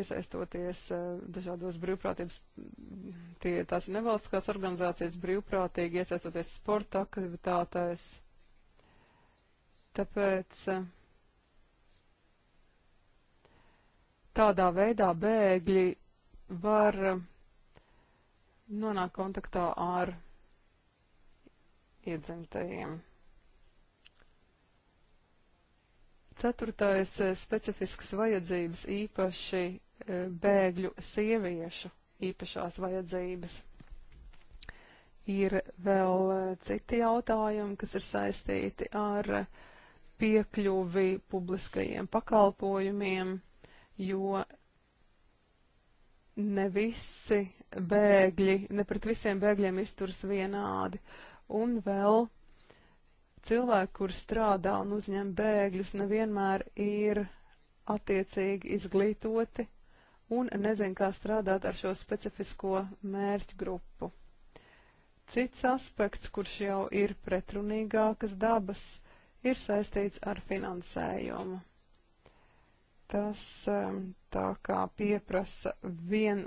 iesaistoties eh, dažādos brīvprātības, tie tās ir nevalstiskās organizācijas brīvprātīgi, iesaistoties sporta aktivitātēs. Tāpēc eh, Tādā veidā bēgļi var nonākt kontaktā ar iedzimtajiem. Ceturtais eh, - specifiskas vajadzības, īpaši eh, bēgļu sieviešu īpašās vajadzības. Ir vēl eh, citi jautājumi, kas ir saistīti ar piekļuvi publiskajiem pakalpojumiem jo ne visi bēgļi, ne pret visiem bēgļiem izturs vienādi. Un vēl cilvēki, kur strādā un uzņem bēgļus, nevienmēr ir attiecīgi izglītoti un nezin, kā strādāt ar šo specifisko mērķu grupu. Cits aspekts, kurš jau ir pretrunīgākas dabas, ir saistīts ar finansējumu. Tas um, tā kā pieprasa vien,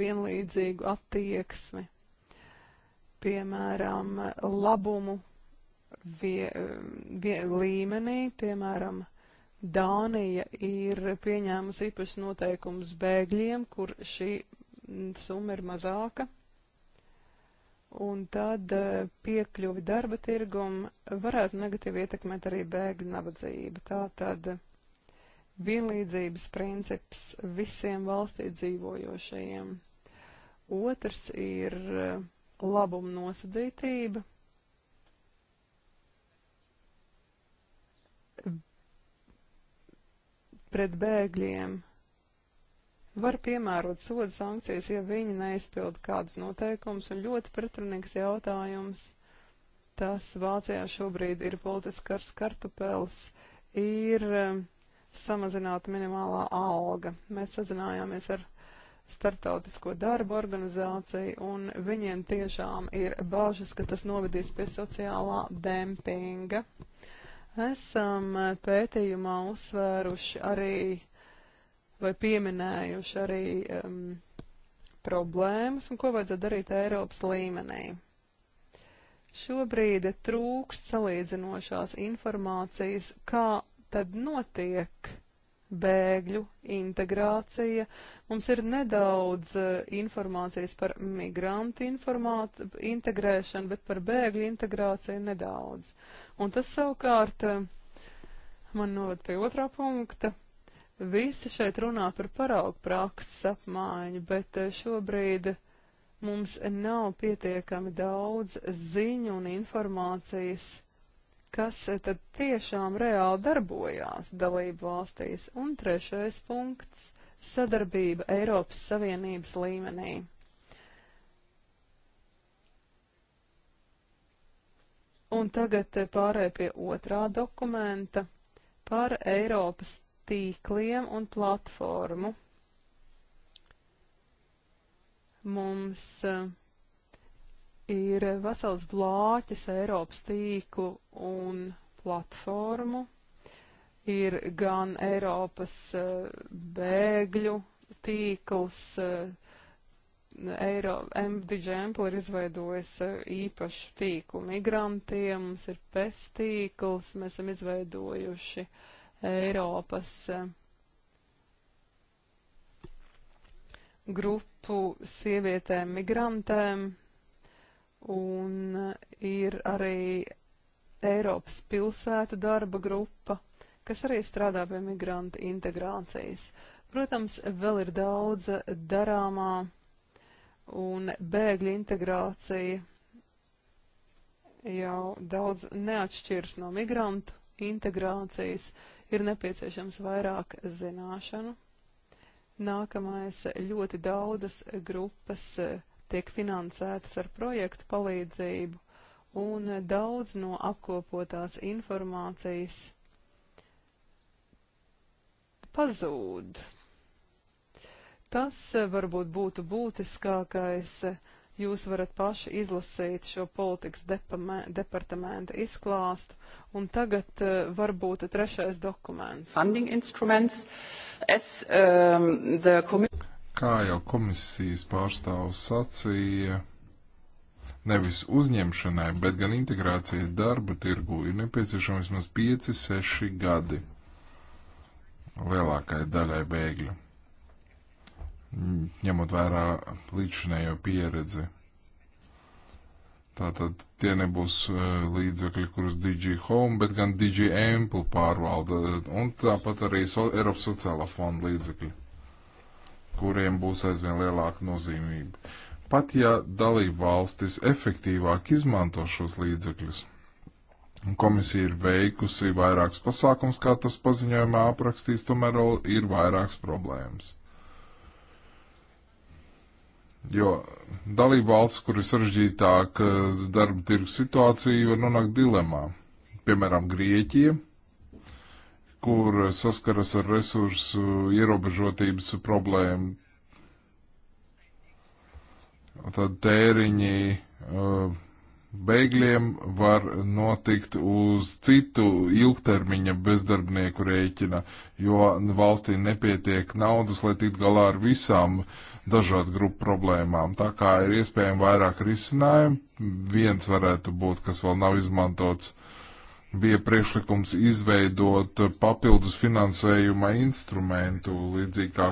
vienlīdzīgu attieksmi, piemēram, labumu vie, vie, līmenī, piemēram, Dānija ir pieņēmusi īpašs noteikums bēgļiem, kur šī summa ir mazāka. Un tad uh, piekļuvi darba tirgumu varētu negatīvi ietekmēt arī bēgļu nabadzību. Tā tad vienlīdzības princips visiem valstī dzīvojošajiem. Otrs ir eh, labuma nosadzītība. Pret bēgļiem var piemērot sodu sankcijas, ja viņi neizpild kādus noteikumus, un ļoti pretrunīgs jautājums tas Vācijā šobrīd ir politiskars kartupels, ir eh, samazināta minimālā alga. Mēs sazinājāmies ar Startautisko darbu organizāciju, un viņiem tiešām ir bažas, ka tas novedīs pie sociālā dempinga. Esam pētījumā uzsvēruši arī vai pieminējuši arī um, problēmas un ko vajadzētu darīt Eiropas līmenī. Šobrīd trūkst salīdzinošās informācijas, kā tad notiek bēgļu integrācija. Mums ir nedaudz eh, informācijas par migrantu integrēšanu, bet par bēgļu integrāciju nedaudz. Un tas savukārt eh, man noved pie otrā punkta. Visi šeit runā par paraugu prakses apmaiņu, bet eh, šobrīd mums nav pietiekami daudz ziņu un informācijas kas eh, tad tiešām reāli darbojās dalību valstīs. Un trešais punkts - sadarbība Eiropas Savienības līmenī. Un tagad eh, pārēj pie otrā dokumenta par Eiropas tīkliem un platformu. Mums uh, ir vesels blāķis Eiropas tīklu un platformu, ir gan Eiropas eh, bēgļu tīkls, eh, Eiro, MDGMPL ir izveidojis eh, īpašu tīklu migrantiem, mums ir PES tīkls, mēs esam izveidojuši Eiropas grupu sievietēm migrantēm un ir arī Eiropas pilsētu darba grupa, kas arī strādā pie migrantu integrācijas. Protams, vēl ir daudz darāmā un bēgļu integrācija jau daudz neatšķirs no migrantu integrācijas, ir nepieciešams vairāk zināšanu. Nākamais ļoti daudzas grupas uh, tiek finansētas ar projektu palīdzību, un daudz no apkopotās informācijas pazūd. Tas eh, varbūt būtu būtiskākais. Eh, jūs varat paši izlasīt šo politikas departamenta izklāstu. Un tagad eh, varbūt trešais dokuments. Funding instruments. As, um, ehm, the... Kā jau komisijas pārstāvs sacīja, nevis uzņemšanai, bet gan integrācijai darba tirgu ir nepieciešams vismaz 5-6 gadi lielākai daļai bēgļu, ņemot vērā līdzinējo pieredzi. Tātad tie nebūs uh, līdzekļi, kurus DG Home, bet gan DG Ample pārvalda, un tāpat arī so Eiropas sociālā fonda līdzekļi kuriem būs aizvien lielāka nozīmība. Pat ja dalība valstis efektīvāk izmanto šos līdzekļus, komisija ir veikusi vairākus pasākums, kā tas paziņojumā aprakstīts, tomēr ir vairākas problēmas. Jo dalība valsts, kur ir sarežģītāka eh, darba tirgus situācija, var nonākt dilemā. Piemēram, Grieķija kur saskaras ar resursu ierobežotības problēmu. Tad tēriņi uh, bēgļiem var notikt uz citu ilgtermiņa bezdarbnieku rēķina, jo valstī nepietiek naudas, lai tiktu galā ar visām dažādu grupu problēmām. Tā kā ir iespējami vairāk risinājumu, viens varētu būt, kas vēl nav izmantots bija priekšlikums izveidot papildus finansējuma instrumentu, līdzīgi kā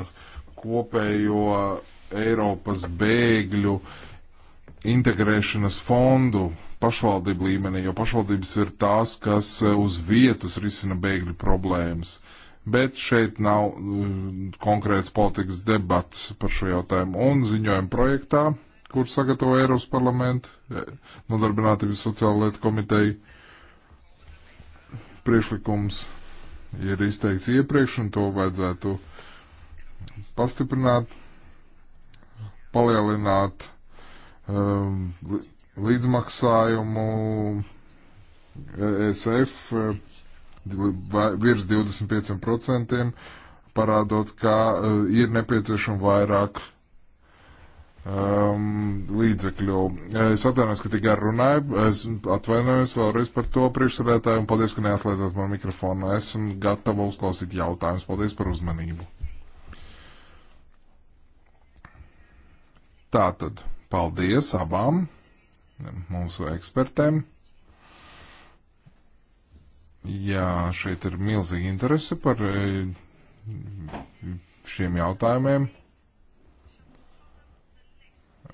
kopējo Eiropas bēgļu integrēšanas fondu pašvaldību līmenī, jo pašvaldības ir tās, kas uz vietas risina bēgļu problēmas. Bet šeit nav mm, konkrēts politikas debats par šo jautājumu. Un ziņojuma projektā, kur sagatavo Eiropas parlamentu, e, nodarbinātības sociāla lieta komiteja, priekšlikums ir izteikts iepriekš, un to vajadzētu pastiprināt, palielināt um, līdzmaksājumu ESF e e, virs 25%, parādot, ka e, ir nepieciešama vairāk um, līdzekļu. Es atvainojos, ka tikai runāju, es atvainojos vēlreiz par to priekšsēdētāju un paldies, ka neatslēdzat man mikrofonu. Esmu gatava uzklausīt jautājumus. Paldies par uzmanību. Tātad, paldies abām mūsu ekspertēm. Jā, šeit ir milzīga interese par eh, šiem jautājumiem.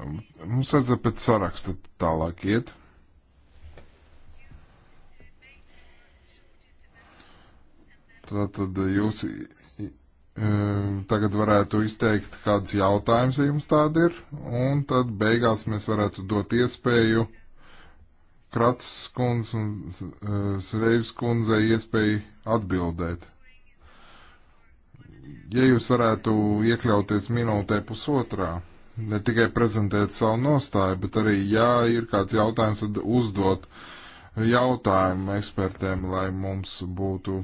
Mums vajadzētu pēc saraksta tālāk iet. Tātad jūs e, tagad varētu izteikt, kāds jautājums jums tāda ir, un tad beigās mēs varētu dot iespēju Kratas kundz un e, Sreivs kundzei iespēju atbildēt. Ja jūs varētu iekļauties minūtē pusotrā ne tikai prezentēt savu nostāju, bet arī, ja ir kāds jautājums, tad uzdot jautājumu ekspertiem, lai mums būtu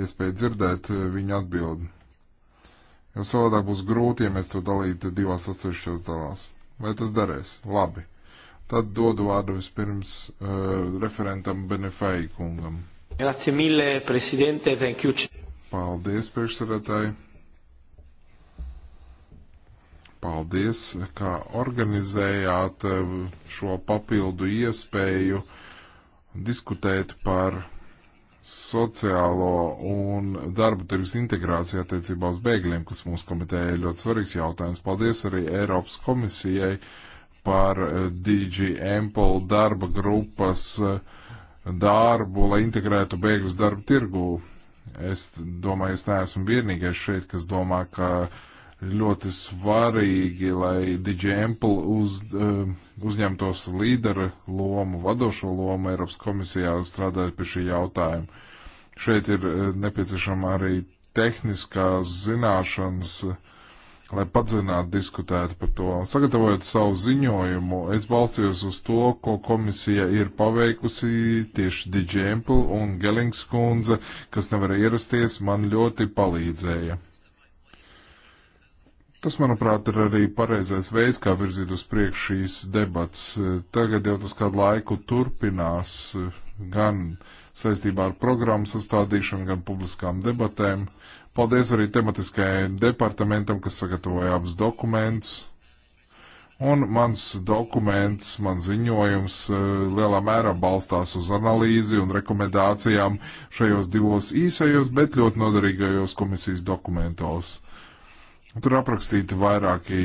iespēja dzirdēt viņu atbildi. Jo savādāk būs grūti, ja mēs to dalītu divās atsevišķās dalās. Vai tas darēs? Labi. Tad dodu vārdu vispirms uh, referentam Benefai kungam. Grazie mille, presidente, thank you. Paldies, priekšsarētāji. Paldies, kā organizējāt eh, šo papildu iespēju diskutēt par sociālo un darba tirgus integrāciju attiecībā uz bēgļiem, kas mūsu komitēja ir ļoti svarīgs jautājums. Paldies arī Eiropas komisijai par eh, DG Ample darba grupas eh, darbu, lai integrētu bēgļus darba tirgū. Es domāju, es neesmu vienīgais šeit, kas domā, ka uh, ļoti svarīgi, lai DigiEmple uz, eh, uzņemtos līdera lomu, vadošo lomu Eiropas komisijā strādājot pie šī jautājuma. Šeit ir eh, nepieciešama arī tehniskās zināšanas, lai padzinātu diskutēt par to. Sagatavojot savu ziņojumu, es balstījos uz to, ko komisija ir paveikusi tieši DigiEmple un Gelings kundze, kas nevar ierasties, man ļoti palīdzēja. Tas, manuprāt, ir arī pareizais veids, kā virzīt uz priekšu šīs debats. Tagad jau tas kādu laiku turpinās gan saistībā ar programmu sastādīšanu, gan publiskām debatēm. Paldies arī tematiskajai departamentam, kas sagatavoja abus dokumentus. Un mans dokuments, man ziņojums eh, lielā mērā balstās uz analīzi un rekomendācijām šajos divos īsajos, bet ļoti noderīgajos komisijas dokumentos. Tur aprakstīti vairāki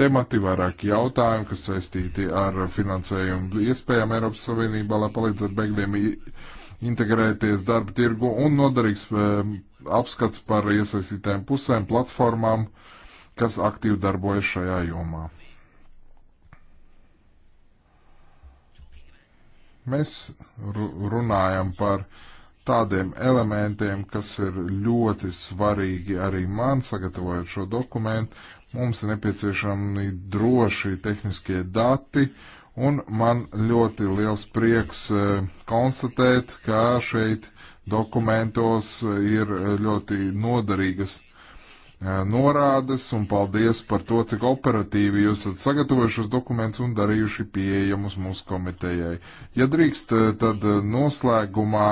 temati, vairāki jautājumi, kas saistīti ar finansējumu iespējām Eiropas Savienībā, lai palīdzētu bēgļiem integrēties darba tirgu un noderīgs e, apskats par iesaistītēm pusēm, platformām, kas aktīvi darbojas šajā jomā. Mēs runājam par uh, tādiem elementiem, kas ir ļoti svarīgi arī man sagatavojot šo dokumentu. Mums ir nepieciešami droši tehniskie dati, un man ļoti liels prieks e, konstatēt, ka šeit dokumentos ir e, ļoti noderīgas e, norādes, un paldies par to, cik operatīvi jūs esat sagatavojušos dokumentus un darījuši pieejamus mūsu komitejai. Ja drīkst, tad noslēgumā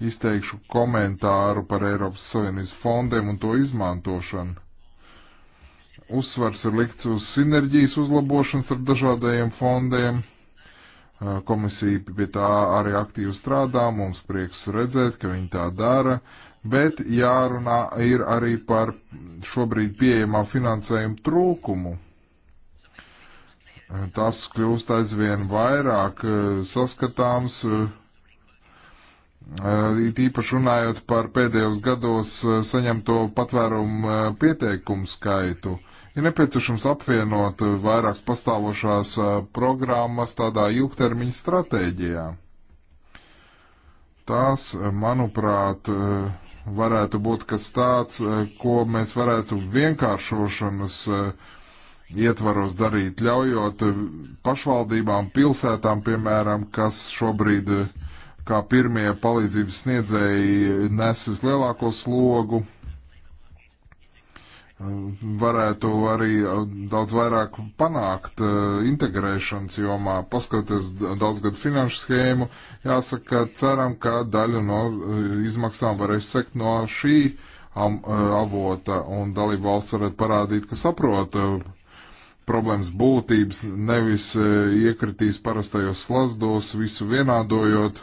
izteikšu komentāru par Eiropas Savienības fondiem un to izmantošanu. Uzsvars ir likts uz sinerģijas uzlabošanas ar dažādajiem fondiem. Komisija pie tā arī aktīvi strādā, mums prieks redzēt, ka viņi tā dara, bet jārunā ir arī par šobrīd pieejamā finansējuma trūkumu. Tas kļūst aizvien vairāk saskatāms, Īpaši runājot par pēdējos gados saņemto patvērumu pieteikumu skaitu, ir nepieciešams apvienot vairākas pastāvošās programmas tādā ilgtermiņa stratēģijā. Tās, manuprāt, varētu būt kas tāds, ko mēs varētu vienkāršošanas ietvaros darīt, ļaujot pašvaldībām, pilsētām, piemēram, kas šobrīd uh, kā pirmie palīdzības sniedzēji nes vislielāko slogu. Varētu arī daudz vairāk panākt eh, integrēšanas jomā, paskatoties daudzgadu finanšu schēmu. Jāsaka, ceram, ka daļu no eh, izmaksām varēs sekt no šī eh, avota un dalību valsts varētu parādīt, ka saprota problēmas būtības, nevis iekritīs parastajos slazdos, visu vienādojot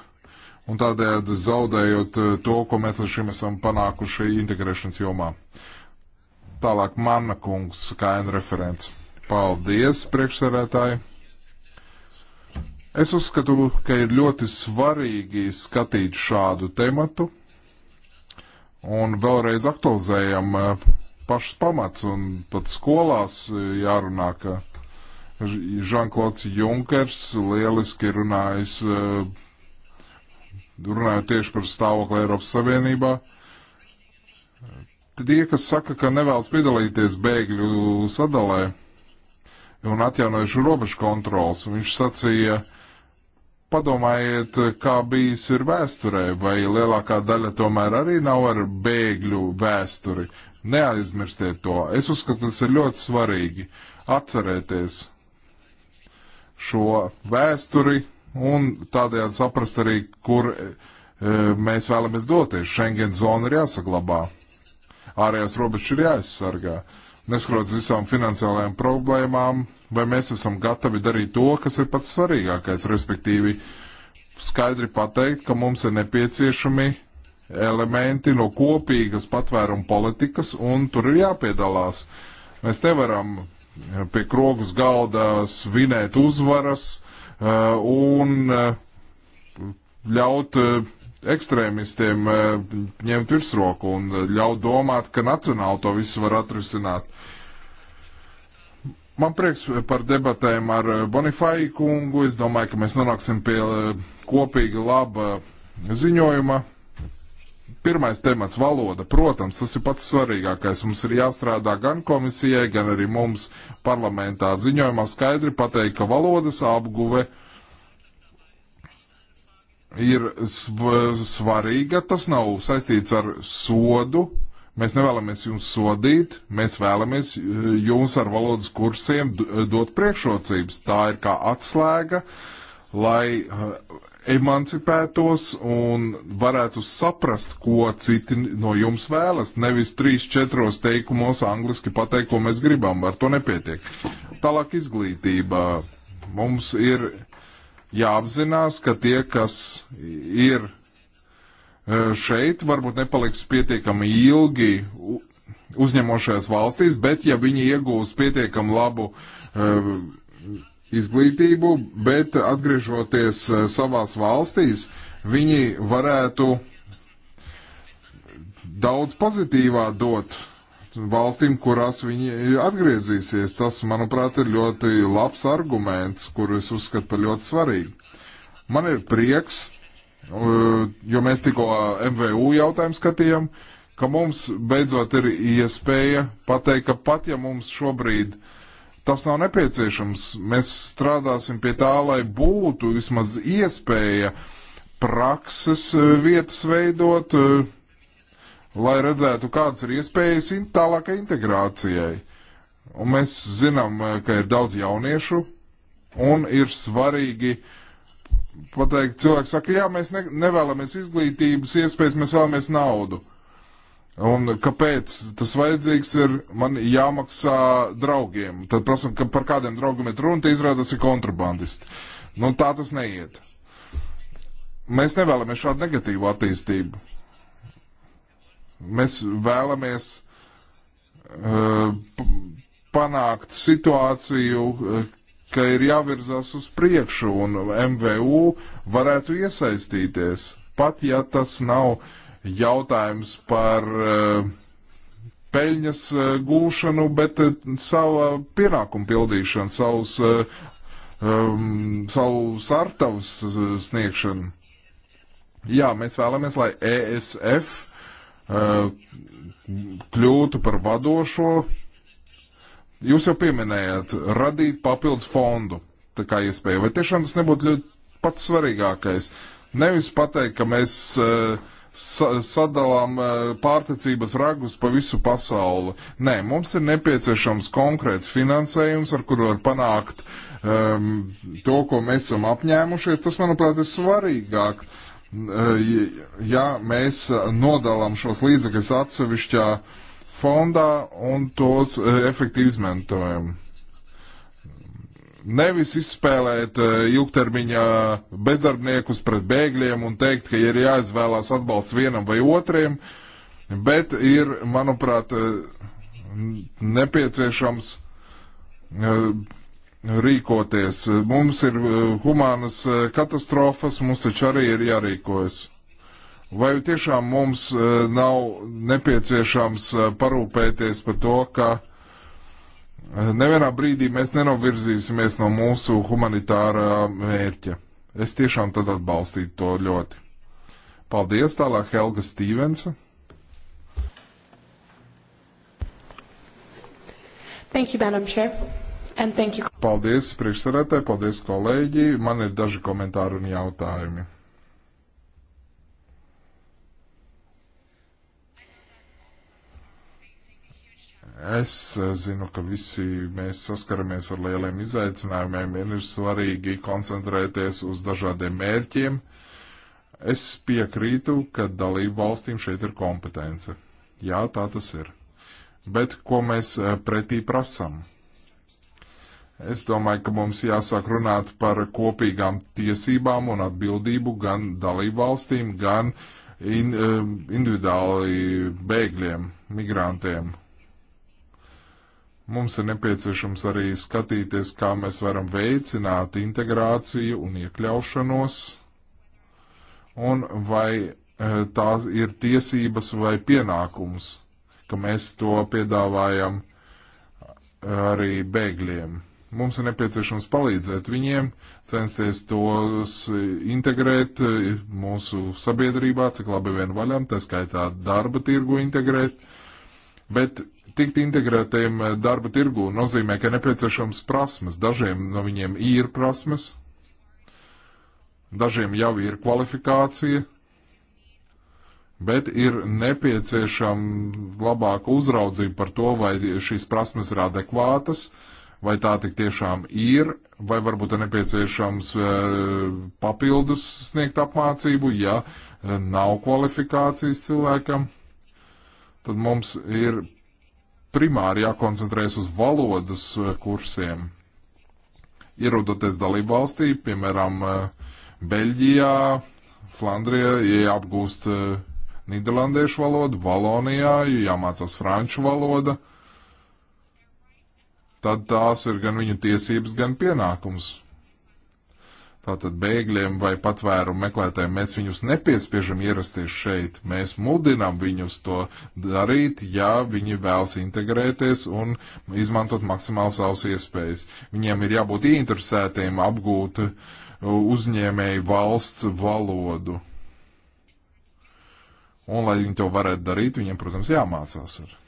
un tādējādi zaudējot eh, to, ko mēs līdz šim esam panākuši integrēšanas jomā. Tālāk mana kungs, kā N referents. Paldies, priekšsarētāji! Es uzskatu, ka ir ļoti svarīgi skatīt šādu tematu un vēlreiz aktualizējam eh, pašas pamats un pat skolās eh, jārunā, ka Žanklots Junkers lieliski runājis runājot tieši par stāvokli Eiropas Savienībā. Tad tie, kas saka, ka nevēlas piedalīties bēgļu sadalē un atjaunojuši robežu kontrols, viņš sacīja, padomājiet, kā bijis ir vēsturē, vai lielākā daļa tomēr arī nav ar bēgļu vēsturi. Neaizmirstiet to. Es uzskatu, tas ir ļoti svarīgi atcerēties šo vēsturi, un tādējādi saprast arī, kur e, e, mēs vēlamies doties. Schengen zona ir jāsaglabā, ārējās robežas ir jāaizsargā. Neskrot visām finansiālajām problēmām, vai mēs esam gatavi darīt to, kas ir pats svarīgākais, respektīvi skaidri pateikt, ka mums ir nepieciešami elementi no kopīgas patvērumu politikas, un tur ir jāpiedalās. Mēs nevaram pie krogus galda svinēt uzvaras Uh, un uh, ļaut uh, ekstrēmistiem ņemt virsroku un ļaut domāt, ka nacionāli to visu var atrisināt. Man prieks par debatēm ar Bonifāju kungu. Es domāju, ka mēs nonāksim pie kopīga laba ziņojuma. Pirmais temats - valoda. Protams, tas ir pats svarīgākais. Mums ir jāstrādā gan komisijai, gan arī mums parlamentā ziņojumā skaidri pateikt, ka valodas apguve ir sv svarīga. Tas nav saistīts ar sodu. Mēs nevēlamies jums sodīt, mēs vēlamies eh, jums ar valodas kursiem dot priekšrocības. Tā ir kā atslēga, lai eh, emancipētos un varētu saprast, ko citi no jums vēlas. Nevis trīs, četros teikumos angliski pateikt, ko mēs gribam, ar to nepietiek. Tālāk izglītība. Mums ir jāapzinās, ka tie, kas ir e, šeit, varbūt nepaliks pietiekami ilgi uzņemošajās valstīs, bet ja viņi iegūs pietiekami labu uh, izglītību, bet atgriežoties eh, savās valstīs, viņi varētu daudz pozitīvā dot valstīm, kurās viņi atgriezīsies. Tas, manuprāt, ir ļoti labs arguments, kuru es uzskatu par ļoti svarīgu. Man ir prieks, eh, jo mēs tikko MVU jautājumu skatījām, ka mums beidzot ir iespēja pateikt, ka pat ja mums šobrīd uh, Tas nav nepieciešams. Mēs strādāsim pie tā, lai būtu vismaz iespēja prakses e, vietas veidot, e, lai redzētu, kādas ir iespējas tālākai integrācijai. Un mēs zinām, e, ka ir daudz jauniešu, un ir svarīgi pateikt, cilvēki saka, jā, mēs ne, nevēlamies izglītības iespējas, mēs vēlamies naudu. Un kāpēc tas vajadzīgs ir, man jāmaksā draugiem. Tad prasam, ka par kādiem draugiem ir runa, izrādās ir kontrabandisti. Nu, tā tas neiet. Mēs nevēlamies šādu negatīvu attīstību. Mēs vēlamies uh, panākt situāciju, uh, ka ir jāvirzās uz priekšu un MVU varētu iesaistīties, pat ja tas nav uh, jautājums par eh, peļņas eh, gūšanu, bet eh, savu pienākumu pildīšanu, savus, um, savu sartavas sniegšanu. Jā, mēs vēlamies, lai ESF uh, kļūtu par vadošo. Jūs jau pieminējāt, radīt papildus fondu, tā kā iespēja. Vai tiešām tas nebūtu ļoti pats svarīgākais? Nevis pateikt, ka mēs uh, sa sadalām eh, pārticības ragus pa visu pasauli. Nē, mums ir nepieciešams konkrēts finansējums, ar kuru var panākt um, to, ko mēs esam apņēmušies. Tas, manuprāt, ir svarīgāk. Eh, ja mēs nodalām šos līdzekļus atsevišķā fondā un tos eh, efektīvi izmantojam. Nevis izspēlēt eh, ilgtermiņā bezdarbniekus pret bēgļiem un teikt, ka ir jāizvēlās atbalsts vienam vai otriem, bet ir, manuprāt, eh, nepieciešams eh, rīkoties. Mums ir humānas katastrofas, mums taču arī ir jārīkojas. Vai tiešām mums nav nepieciešams parūpēties par to, ka uh, Nevienā brīdī mēs nenovirzīsimies no mūsu humanitārā mērķa. Es tiešām tad atbalstītu to ļoti. Paldies, tālāk Helga Stīvensa. Thank you, Madam Chair. And thank you. Paldies, priekšsarētāji, paldies, kolēģi. Man ir daži komentāri un jautājumi. Es eh, zinu, ka visi mēs saskaramies ar lieliem izaicinājumiem, un ir svarīgi koncentrēties uz dažādiem mērķiem. Es piekrītu, ka dalību valstīm šeit ir kompetence. Jā, tā tas ir. Bet ko mēs eh, pretī prasam? Es domāju, ka mums jāsāk runāt par kopīgām tiesībām un atbildību gan dalībvalstīm, gan in, eh, individuāli bēgļiem, migrantiem. Mums ir nepieciešams arī skatīties, kā mēs varam veicināt integrāciju un iekļaušanos, un vai e, tās ir tiesības vai pienākums, ka mēs to piedāvājam e, arī bēgļiem. Mums ir nepieciešams palīdzēt viņiem, censties tos integrēt e, mūsu sabiedrībā, cik labi vien vaļam, tā skaitā darba tirgu integrēt, bet tikt integrētiem eh, darba tirgu nozīmē, ka nepieciešams prasmes. Dažiem no viņiem ir prasmes, dažiem jau ir kvalifikācija, bet ir nepieciešama labāka uzraudzība par to, vai šīs prasmes ir adekvātas, vai tā tik tiešām ir, vai varbūt ir nepieciešams eh, papildus sniegt apmācību, ja eh, nav kvalifikācijas cilvēkam. Tad mums ir primāri jākoncentrējas uz valodas eh, kursiem. Ierodoties dalību valstī, piemēram, eh, Beļģijā, Flandrijā, ja jāapgūst eh, nīderlandiešu valodu, Valonijā, ja jāmācās franču valoda, tad tās ir gan viņu tiesības, gan pienākums. Tātad bēgļiem vai patvērumu meklētājiem mēs viņus nepiespiežam ierasties šeit. Mēs mudinām viņus to darīt, ja viņi vēlas integrēties un izmantot maksimāli savas iespējas. Viņiem ir jābūt ieinteresētiem apgūt uh, uzņēmēju valsts valodu. Un, lai viņi to varētu darīt, viņiem, protams, jāmācās arī.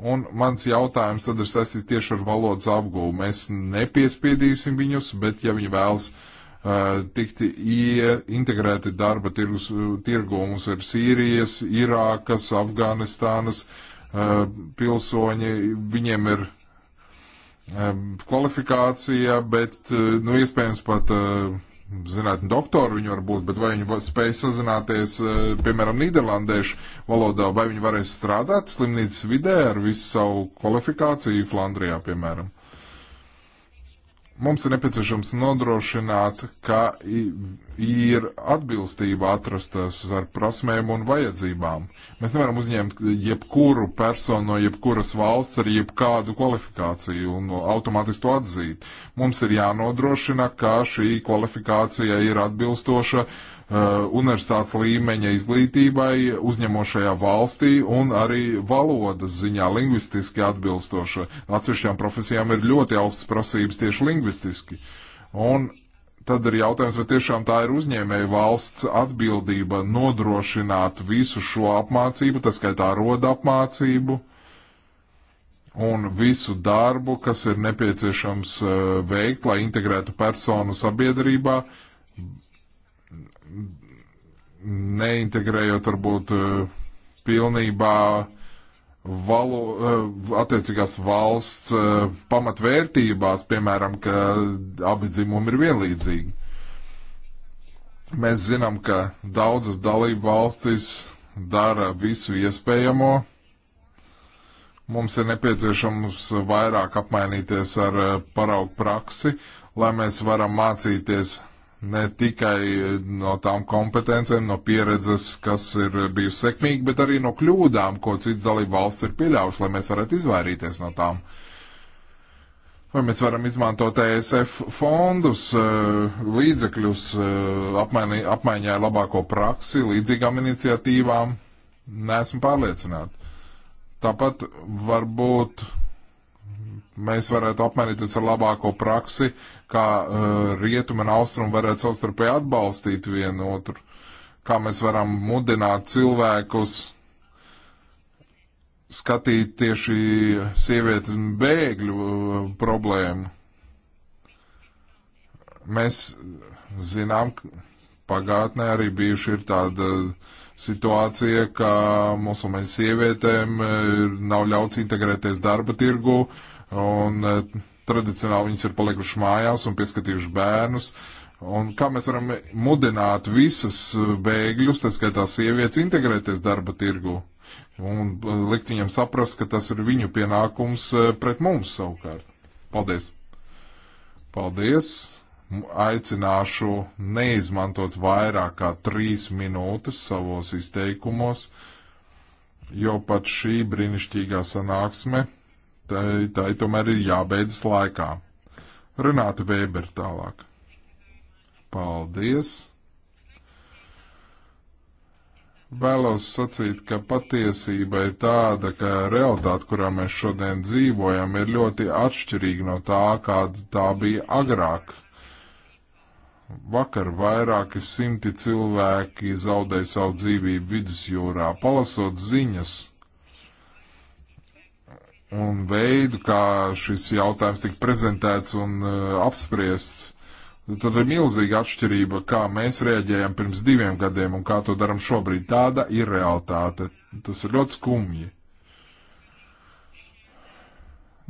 Un mans jautājums tad ir saistīts tieši ar valodas apgūvu. Mēs nepiespiedīsim viņus, bet ja viņi vēlas uh, tikt integrēti darba tirgus, tirgu, mums ir Sīrijas, Irākas, Afganistānas uh, pilsoņi, viņiem ir uh, kvalifikācija, bet, nu, iespējams pat. Uh, zinātni doktori viņi var būt, bet vai viņi spēj sazināties, e, piemēram, nīderlandiešu valodā, vai viņi varēs strādāt slimnīcas vidē ar visu savu kvalifikāciju Flandrijā, piemēram? Mums ir nepieciešams nodrošināt, ka ir atbilstība atrastas ar prasmēm un vajadzībām. Mēs nevaram uzņemt jebkuru personu no jebkuras valsts ar jebkādu kvalifikāciju un automātiski to atzīt. Mums ir jānodrošina, ka šī kvalifikācija ir atbilstoša uh, Uh, universitātes līmeņa izglītībai uzņemošajā valstī un arī valodas ziņā lingvistiski atbilstoša. Atsevišķām profesijām ir ļoti augstas prasības tieši lingvistiski. Un tad ir jautājums, vai tiešām tā ir uzņēmēja valsts atbildība nodrošināt visu šo apmācību, tā skaitā roda apmācību un visu darbu, kas ir nepieciešams uh, veikt, lai integrētu personu sabiedrībā neintegrējot varbūt e, pilnībā valo, e, attiecīgās valsts e, pamatvērtībās, piemēram, ka abi dzimumi ir vienlīdzīgi. Mēs zinām, ka daudzas dalību valstis dara visu iespējamo. Mums ir nepieciešams vairāk apmainīties ar paraugu praksi, lai mēs varam mācīties ne tikai no tām kompetencēm, no pieredzes, kas ir bijusi sekmīga, bet arī no kļūdām, ko cits dalība valsts ir pieļāvusi, lai mēs varētu izvairīties no tām. Vai mēs varam izmantot ESF fondus, eh, līdzekļus eh, apmaiņai, apmaiņai labāko praksi, līdzīgām iniciatīvām? Nesmu pārliecināti. Tāpat varbūt mēs varētu apmainīties ar labāko praksi kā uh, rietumi un austrumi varētu savstarpēji atbalstīt vienu otru, kā mēs varam mudināt cilvēkus skatīt tieši sievietes un bēgļu uh, problēmu. Mēs zinām, pagātnē arī bijuši ir tāda situācija, ka musulmaņu sievietēm uh, nav ļauts integrēties darba tirgu, un uh, tradicionāli viņas ir palikuši mājās un pieskatījuši bērnus. Un kā mēs varam mudināt visas bēgļus, tā skaitā sievietes, integrēties darba tirgu un uh, likt viņam saprast, ka tas ir viņu pienākums uh, pret mums savukārt. Paldies! Paldies! Aicināšu neizmantot vairāk kā trīs minūtes savos izteikumos, jo pat šī brīnišķīgā sanāksme Tā, tā tomēr ir jābeidzas laikā. Renāta Vēber tālāk. Paldies! Vēlos sacīt, ka patiesība ir tāda, ka realitāte, kurā mēs šodien dzīvojam, ir ļoti atšķirīga no tā, kāda tā bija agrāk. Vakar vairāki simti cilvēki zaudēja savu dzīvību vidusjūrā, palasot ziņas un veidu, kā šis jautājums tika prezentēts un uh, apspriests, tad ir milzīga atšķirība, kā mēs reaģējam pirms diviem gadiem un kā to darām šobrīd. Tāda ir realitāte. Tas ir ļoti skumji.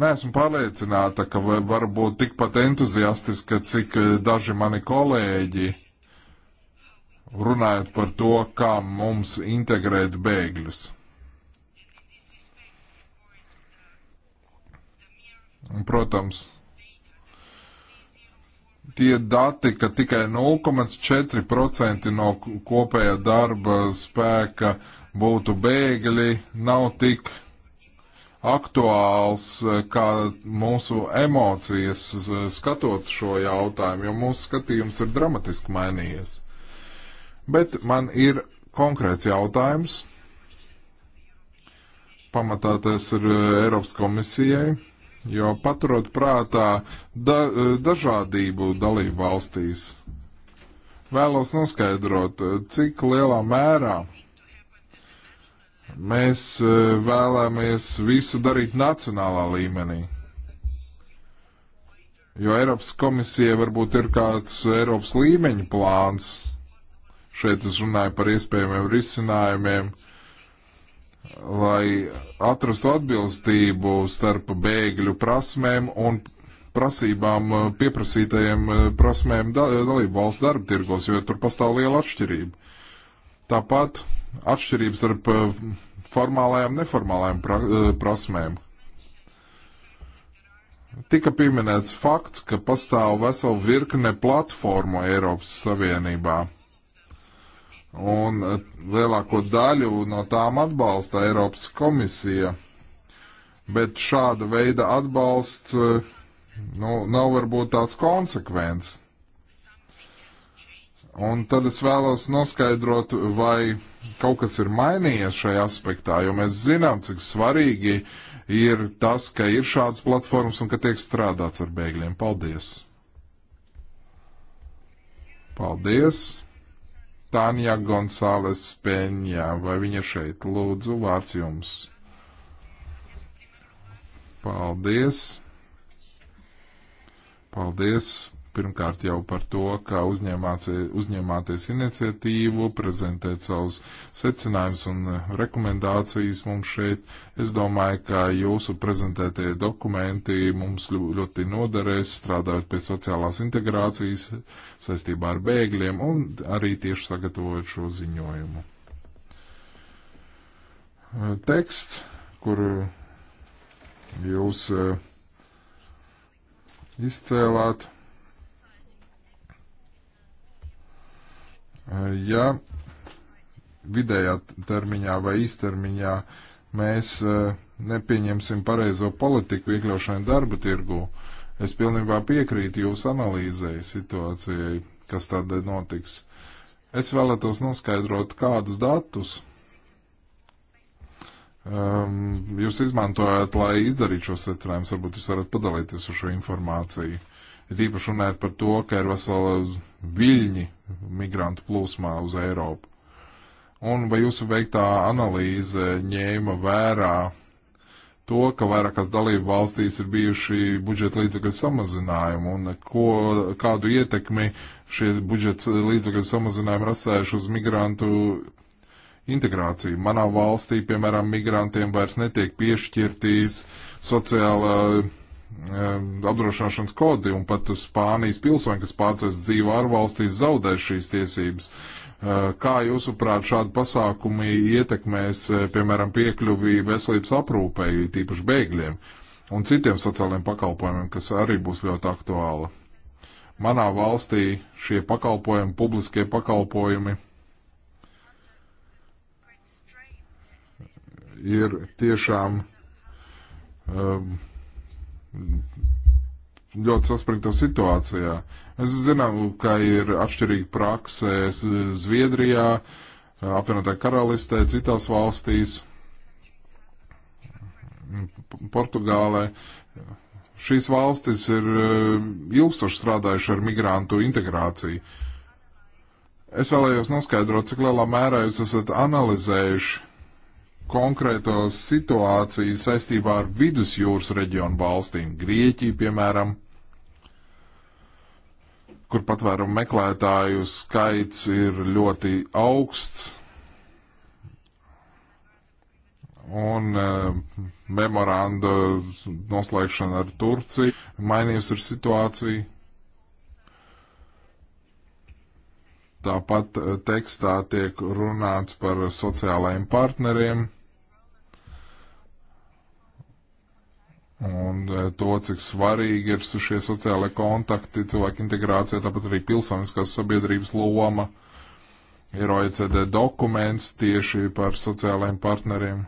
Nē, esmu pārliecināta, ka var būt tikpat entuziastiska, cik uh, daži mani kolēģi runājot par to, kā mums integrēt bēgļus. Un, protams, tie dati, ka tikai 0,4% no kopējā darba spēka būtu bēgļi, nav tik aktuāls eh, kā mūsu emocijas eh, skatot šo jautājumu, jo mūsu skatījums ir dramatiski mainījies. Bet man ir konkrēts jautājums. Pamatā tas ir eh, Eiropas komisijai jo paturot prātā da, dažādību dalību valstīs, vēlos noskaidrot, cik lielā mērā mēs e, vēlamies visu darīt nacionālā līmenī. Jo Eiropas komisija varbūt ir kāds Eiropas līmeņa plāns. Šeit es runāju par iespējamiem risinājumiem. Uh, lai atrastu atbilstību starp bēgļu prasmēm un prasībām, eh, pieprasītajiem eh, prasmēm dalību valsts darba tirgos, jo tur pastāv liela atšķirība. Tāpat atšķirības starp eh, formālajām, neformālajām pra, prasmēm. Tika pieminēts fakts, ka pastāv vesela virkne platformu Eiropas Savienībā un eh, lielāko daļu no tām atbalsta Eiropas komisija. Bet šāda veida atbalsts eh, nu, nav varbūt tāds konsekvents. Un tad es vēlos noskaidrot, vai kaut kas ir mainījies šajā aspektā, jo mēs zinām, cik svarīgi ir tas, ka ir šāds platformas un ka tiek strādāts ar bēgļiem. Paldies! Paldies! Tānija Gonzāles Peņā. Vai viņa šeit? Lūdzu, vārds jums. Paldies. Paldies pirmkārt jau par to, kā uzņēmāties iniciatīvu, prezentēt savus secinājumus un rekomendācijas mums šeit. Es domāju, ka jūsu prezentētie dokumenti mums ļoti noderēs strādājot pie sociālās integrācijas saistībā ar bēgļiem un arī tieši sagatavojot šo ziņojumu. Teksts, kur jūs eh, izcēlāt. Ja vidējā termiņā vai īstermiņā mēs e, nepieņemsim pareizo politiku iekļaušanai darba tirgu, es pilnībā piekrītu jūsu analīzei situācijai, kas tādēļ notiks. Es vēlētos noskaidrot, kādus datus um, jūs izmantojāt, lai izdarītu šos secinājumus. Varbūt jūs varat padalīties ar šo informāciju. Ir īpaši runājot par to, ka ir vesela viļņi migrantu plūsmā uz Eiropu. Un vai jūsu veiktā analīze ņēma vērā to, ka vairākās dalību valstīs ir bijuši budžeta līdzekļu samazinājumi un ko, kādu ietekmi šie budžeta līdzekļu samazinājumi rasējuši uz migrantu integrāciju. Manā valstī, piemēram, migrantiem vairs netiek piešķirtīs sociāla Um, apdrošināšanas kodi, un pat Spānijas pilsoņi, kas pārcēs dzīvo ārvalstīs, zaudēs šīs tiesības. Uh, kā jūsuprāt šādi pasākumi ietekmēs, uh, piemēram, piekļuvi veselības aprūpei, tīpaši bēgļiem un citiem sociālajiem pakalpojumiem, kas arī būs ļoti aktuāli? Manā valstī šie pakalpojumi, publiskie pakalpojumi ir tiešām um, ļoti saspringtā situācijā. Es zinu, ka ir atšķirīga prakse Zviedrijā, apvienotā karalistē, citās valstīs, Portugālē. Šīs valstis ir eh, ilgstoši strādājuši ar migrantu integrāciju. Es vēlējos noskaidrot, cik lielā mērā jūs esat analizējuši konkrēto situāciju saistībā ar vidusjūras reģionu valstīm, Grieķiju, piemēram, kur patvērumu meklētāju skaits ir ļoti augsts. Un e, memoranda noslēgšana ar Turciju mainījusi ir situācija. Tāpat eh, tekstā tiek runāts par sociālajiem partneriem. un e, to, cik svarīgi ir šie sociālai kontakti, cilvēku integrācija, tāpat arī pilsoniskās sabiedrības loma. Ir OECD dokuments tieši par sociālajiem partneriem.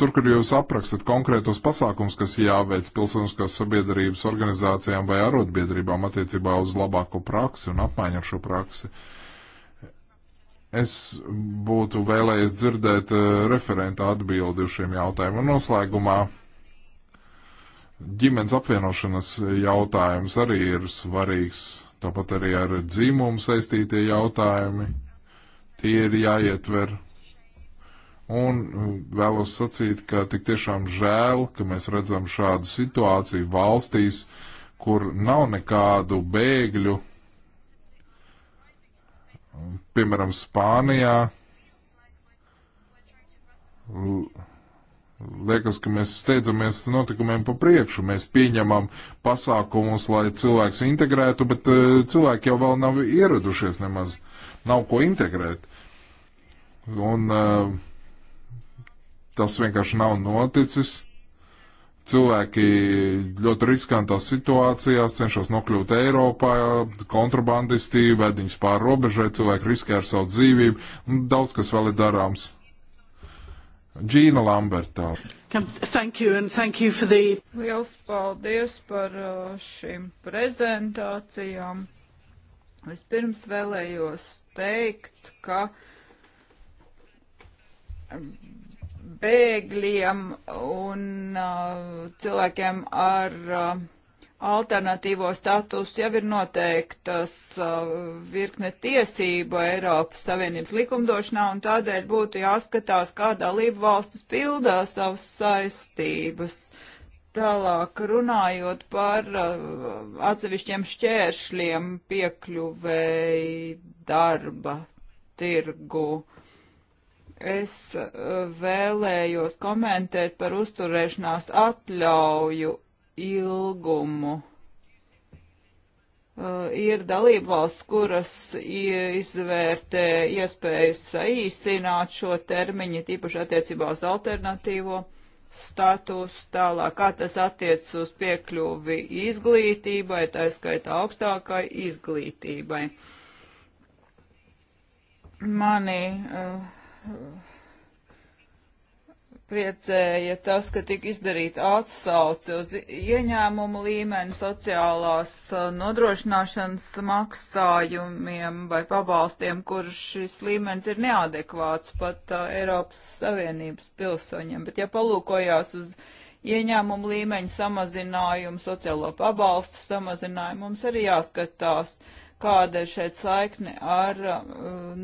Tur, kur jūs aprakstat konkrētos pasākums, kas jāveic pilsoniskās sabiedrības organizācijām vai arotbiedrībām attiecībā uz labāko praksi un apmaiņu ar šo praksi, uh, Es būtu vēlējies dzirdēt eh, referenta atbildi uz šiem jautājumiem. Un noslēgumā ģimenes apvienošanas jautājums arī ir svarīgs, tāpat arī ar dzīmumu saistītie jautājumi. Tie ir jāietver. Un eh, vēlos sacīt, ka tik tiešām žēl, ka mēs redzam šādu situāciju valstīs, kur nav nekādu bēgļu Piemēram, Spānijā liekas, ka mēs steidzamies notikumiem pa priekšu. Mēs pieņemam pasākumus, lai cilvēks integrētu, bet eh, cilvēki jau vēl nav ieradušies nemaz. Nav ko integrēt. Un eh, tas vienkārši nav noticis cilvēki ļoti riskantās situācijās cenšas nokļūt Eiropā, kontrabandisti ved viņus pāri robežai, cilvēki riskē ar savu dzīvību, un daudz kas vēl ir darāms. Džīna Lambertā. Thank you and thank you for the... Liels paldies par uh, šīm prezentācijām. Vispirms vēlējos teikt, ka bēgļiem un uh, cilvēkiem ar uh, alternatīvo statusu jau ir noteiktas uh, virkne tiesību Eiropas Savienības likumdošanā, un tādēļ būtu jāskatās, kā dalību valstis pildā savas saistības. Tālāk runājot par atsevišķiem šķēršļiem piekļuvēji darba tirgu. Uh, es eh, vēlējos komentēt par uzturēšanās atļauju ilgumu. Eh, ir dalībvalsts, kuras izvērtē iespējas saīsināt šo termiņu, tīpaši attiecībā uz alternatīvo status, tālāk kā tas attiec uz piekļuvi izglītībai, tā skaitā augstākai izglītībai. Mani uh, priecēja tas, ka tika izdarīta atsauce uz ieņēmumu līmeni, sociālās uh, nodrošināšanas maksājumiem vai pabalstiem, kur šis līmenis ir neadekvāts pat uh, Eiropas Savienības pilsoņiem. Bet ja palūkojās uz ieņēmumu līmeņu samazinājumu, sociālo pabalstu samazinājumu, mums arī jāskatās. Uh, kāda ir šeit saikne ar uh,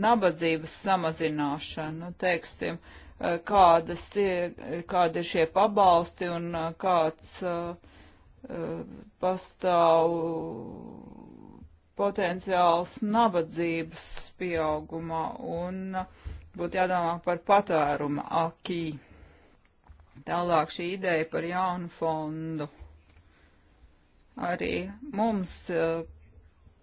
nabadzības samazināšanu, nu, teiksim, uh, kādas ir, kādi ir šie pabalsti un uh, kāds pastāv potenciāls nabadzības pieaugumā un būtu jādomā par patvēruma akī. Tālāk šī ideja par jaunu fondu. Arī mums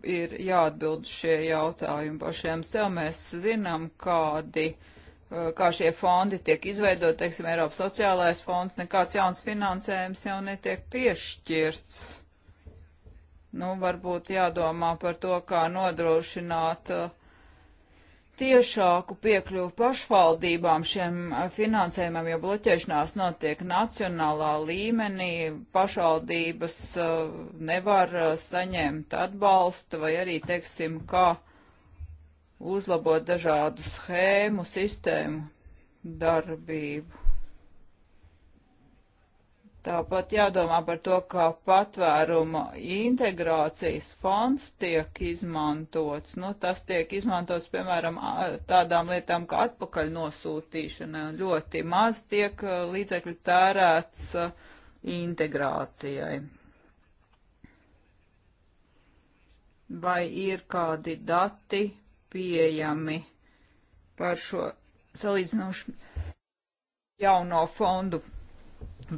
ir jāatbild šie jautājumi pašiem sev. Mēs zinām, kādi, eh, kā šie fondi tiek izveidot, teiksim, Eiropas sociālais fonds, nekāds jauns finansējums jau netiek piešķirts. Nu, varbūt jādomā par to, kā nodrošināt uh, tiešāku piekļuvu pašvaldībām šiem finansējumam, jo bloķēšanās notiek nacionālā līmenī, pašvaldības nevar saņemt atbalsta vai arī, teiksim, kā uzlabot dažādu schēmu, sistēmu darbību. Tāpat jādomā par to, kā patvēruma integrācijas fonds tiek izmantots. Nu, tas tiek izmantots, piemēram, tādām lietām kā atpakaļ nosūtīšana. Ļoti maz tiek līdzekļu tērēts integrācijai. Vai ir kādi dati pieejami par šo salīdzinošu jauno fondu?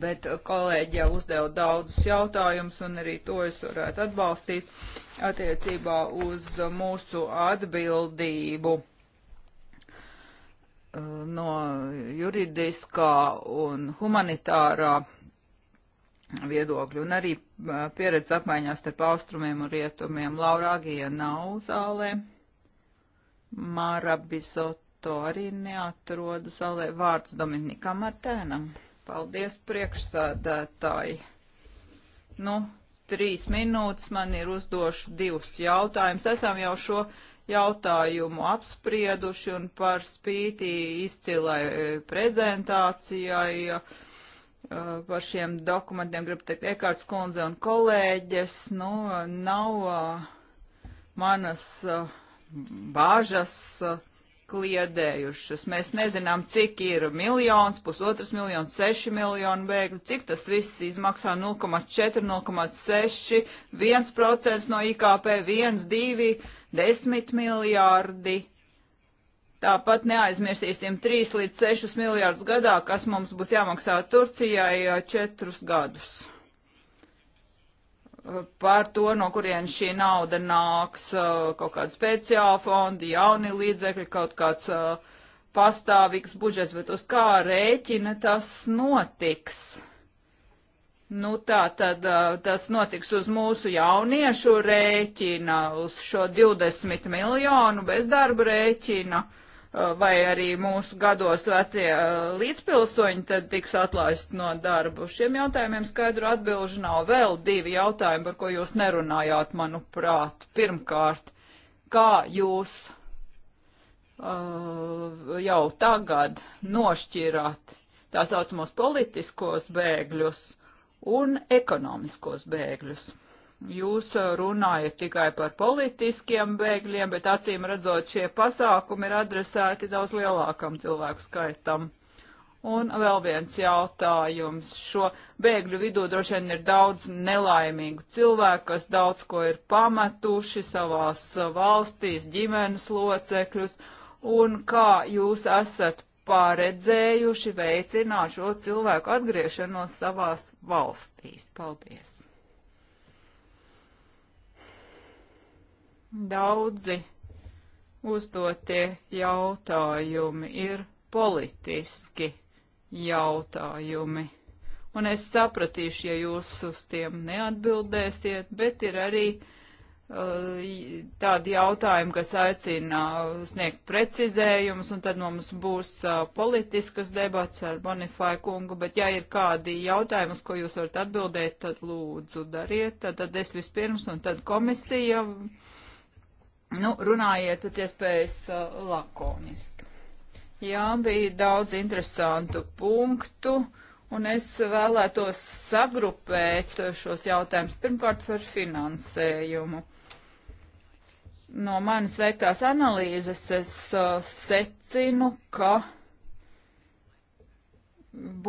Bet uh, kolēģi jau uzdeva daudzus jautājumus, un arī to es varētu atbalstīt attiecībā uz uh, mūsu atbildību uh, no juridiskā un humanitārā viedokļa, un arī pieredze apmaiņās starp austrumiem un rietumiem. Laura Agija nav zālē, Māra Bizoto arī neatrodas zālē, vārds Dominikam Martēnam. Paldies, priekšsēdētāji. Nu, trīs minūtes man ir uzdošu divus jautājumus. Esam jau šo jautājumu apsprieduši un par spītī izcilai prezentācijai eh, par šiem dokumentiem, gribu teikt, Ekārts kundze un kolēģis, nu, nav eh, manas eh, bāžas. Uh, kliedējušas. Mēs nezinām, cik ir miljons, pusotras miljonus, seši miljoni bēgļu, cik tas viss izmaksā 0,4, 0,6, 1% no IKP, 1, 2, 10 miljārdi. Tāpat neaizmirsīsim 3 līdz 6 miljārdus gadā, kas mums būs jāmaksā Turcijai 4 eh, gadus par to, no kurien šī nauda nāks, kaut kāda speciāla fondi, jauni līdzekļi, kaut kāds pastāvīgs budžets, bet uz kā rēķina tas notiks. Nu tā tad tas notiks uz mūsu jauniešu rēķina, uz šo 20 miljonu bezdarba rēķina. Uh, Eh, vai arī mūsu gados vecie eh, līdzpilsoņi tad tiks atlaisti no darbu. Šiem jautājumiem skaidru atbilžu nav. Vēl divi jautājumi, par ko jūs nerunājāt, manuprāt. Pirmkārt, kā jūs uh, jau tagad nošķirāt tā saucamos politiskos bēgļus un ekonomiskos bēgļus? jūs uh, runājat tikai par politiskiem bēgļiem, bet acīm redzot šie pasākumi ir adresēti daudz lielākam cilvēku skaitam. Un vēl viens jautājums. Šo bēgļu vidū droši vien ir daudz nelaimīgu cilvēku, kas daudz ko ir pametuši savās uh, valstīs, ģimenes locekļus. Un kā jūs esat paredzējuši veicināt šo cilvēku atgriešanos savās valstīs? Paldies! Daudzi uzdotie jautājumi ir politiski jautājumi. Un es sapratīšu, ja jūs uz tiem neatbildēsiet, bet ir arī uh, tādi jautājumi, kas aicina sniegt precizējumus, un tad mums būs uh, politiskas debats ar Bonifai kungu, bet ja ir kādi jautājumi, uz ko jūs varat atbildēt, tad lūdzu dariet, tad, tad es vispirms un tad komisija. Uh, Nu, runājiet pēc iespējas uh, lakoniski. Jā, bija daudz interesantu punktu, un es vēlētos sagrupēt šos jautājumus. Pirmkārt, par finansējumu. No manis veiktās analīzes es uh, secinu, ka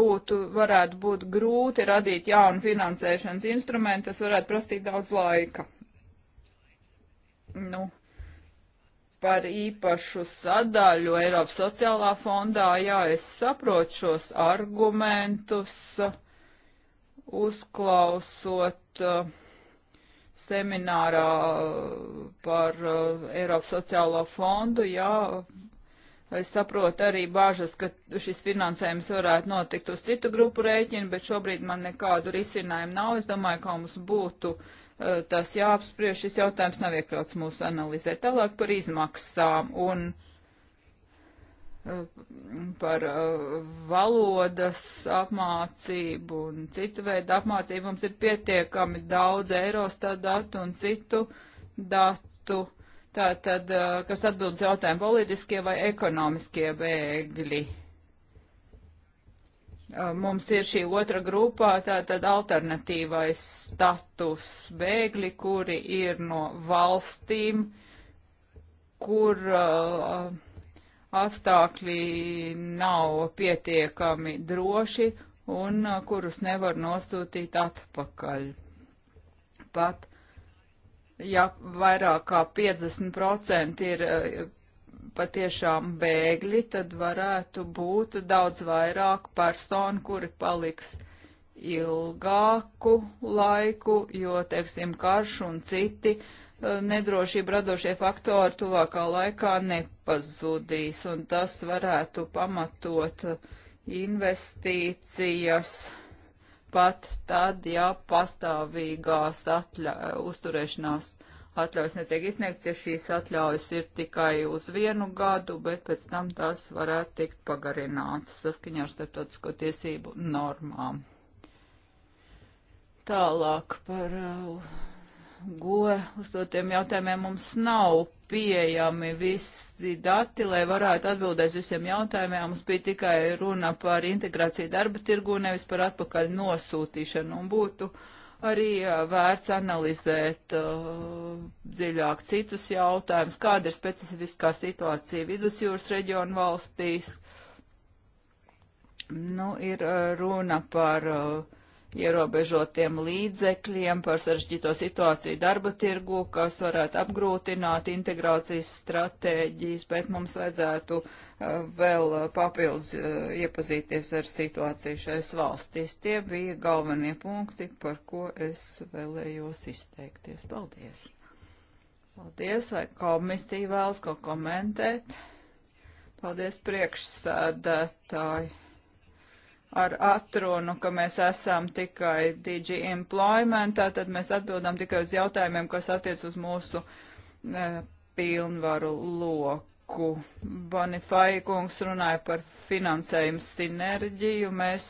būtu, varētu būt grūti radīt jaunu finansēšanas instrumentu, tas varētu prasīt daudz laika. Nu, uh, par īpašu sadaļu Eiropas sociālā fondā. Jā, es saprotu šos argumentus, uzklausot uh, seminārā uh, par uh, Eiropas sociālo fondu. Jā, Es saprotu arī bāžas, ka šis finansējums varētu notikt uz citu grupu rēķinu, bet šobrīd man nekādu risinājumu nav. Es domāju, ka mums būtu Eh, tas jāapspriež, šis jautājums nav iekļauts mūsu analizē. Tālāk par izmaksām un eh, par eh, valodas apmācību un citu veidu apmācību. Mums ir pietiekami daudz Eurostat datu un citu datu. Tātad, kas atbildes jautājumu politiskie vai ekonomiskie bēgļi. Uh, mums ir šī otra grupā, tātad alternatīvais status bēgļi, kuri ir no valstīm, kur uh, apstākļi nav pietiekami droši un uh, kurus nevar nostūtīt atpakaļ. Pat, ja vairāk kā 50% ir uh, patiešām bēgļi, tad varētu būt daudz vairāk personu, kuri paliks ilgāku laiku, jo, teiksim, karš un citi e, nedrošība radošie faktori tuvākā laikā nepazudīs, un tas varētu pamatot investīcijas pat tad, ja pastāvīgās atļa, uzturēšanās atļaujas netiek izsniegts, ja šīs atļaujas ir tikai uz vienu gadu, bet pēc tam tās varētu tikt pagarinātas saskaņā ar starptautisko tiesību normām. Tālāk par uh, go uzdotiem jautājumiem mums nav pieejami visi dati, lai varētu atbildēt visiem jautājumiem. Mums bija tikai runa par integrāciju darba tirgu, nevis par atpakaļ nosūtīšanu. Un būtu uh, arī vērts analizēt uh, dziļāk citus jautājumus, kāda ir specifiskā situācija vidusjūras reģionu valstīs. Nu, ir runa par uh, ierobežotiem līdzekļiem, par sarežģīto situāciju darba tirgu, kas varētu apgrūtināt integrācijas stratēģijas, bet mums vajadzētu uh, vēl papildus uh, iepazīties ar situāciju šais valstīs. Tie bija galvenie punkti, par ko es vēlējos izteikties. Paldies! Paldies, vai komisija vēlas ko komentēt? Paldies priekšsēdētāji! ar atrunu, ka mēs esam tikai DG employment, tātad mēs atbildam tikai uz jautājumiem, kas attiec uz mūsu e, pilnvaru loku. Bonifai kungs runāja par finansējumu sinerģiju. Mēs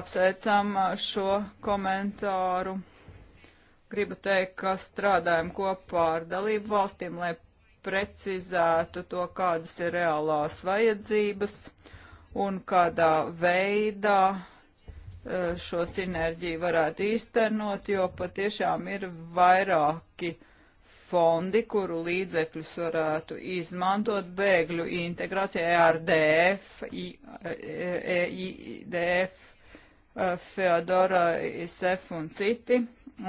apsveicam e, šo komentāru. Gribu teikt, ka strādājam kopā ar dalību valstīm, lai precizētu to, kādas ir reālās vajadzības. Uh, un kādā veidā e, šo sinerģiju varētu īstenot, jo patiešām ir vairāki fondi, kuru līdzekļus varētu izmantot bēgļu integrācijai ar DF, EIDF, Feodora, ISF un citi.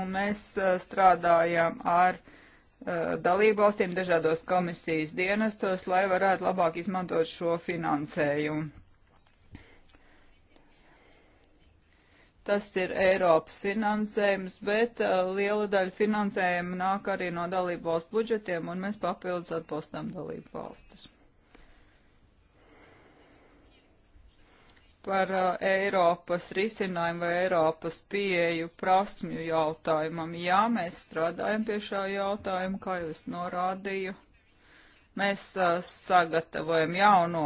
Un mēs e, strādājām ar e, dalību valstīm dažādos komisijas dienestos, lai varētu labāk izmantot šo finansējumu tas ir Eiropas finansējums, bet uh, liela daļa finansējuma nāk arī no dalību valstu budžetiem, un mēs papildus atbalstām dalību valstis. Par uh, Eiropas risinājumu vai Eiropas pieeju prasmju jautājumam. Jā, mēs strādājam pie šā jautājuma, kā jau es norādīju. Mēs uh, sagatavojam jauno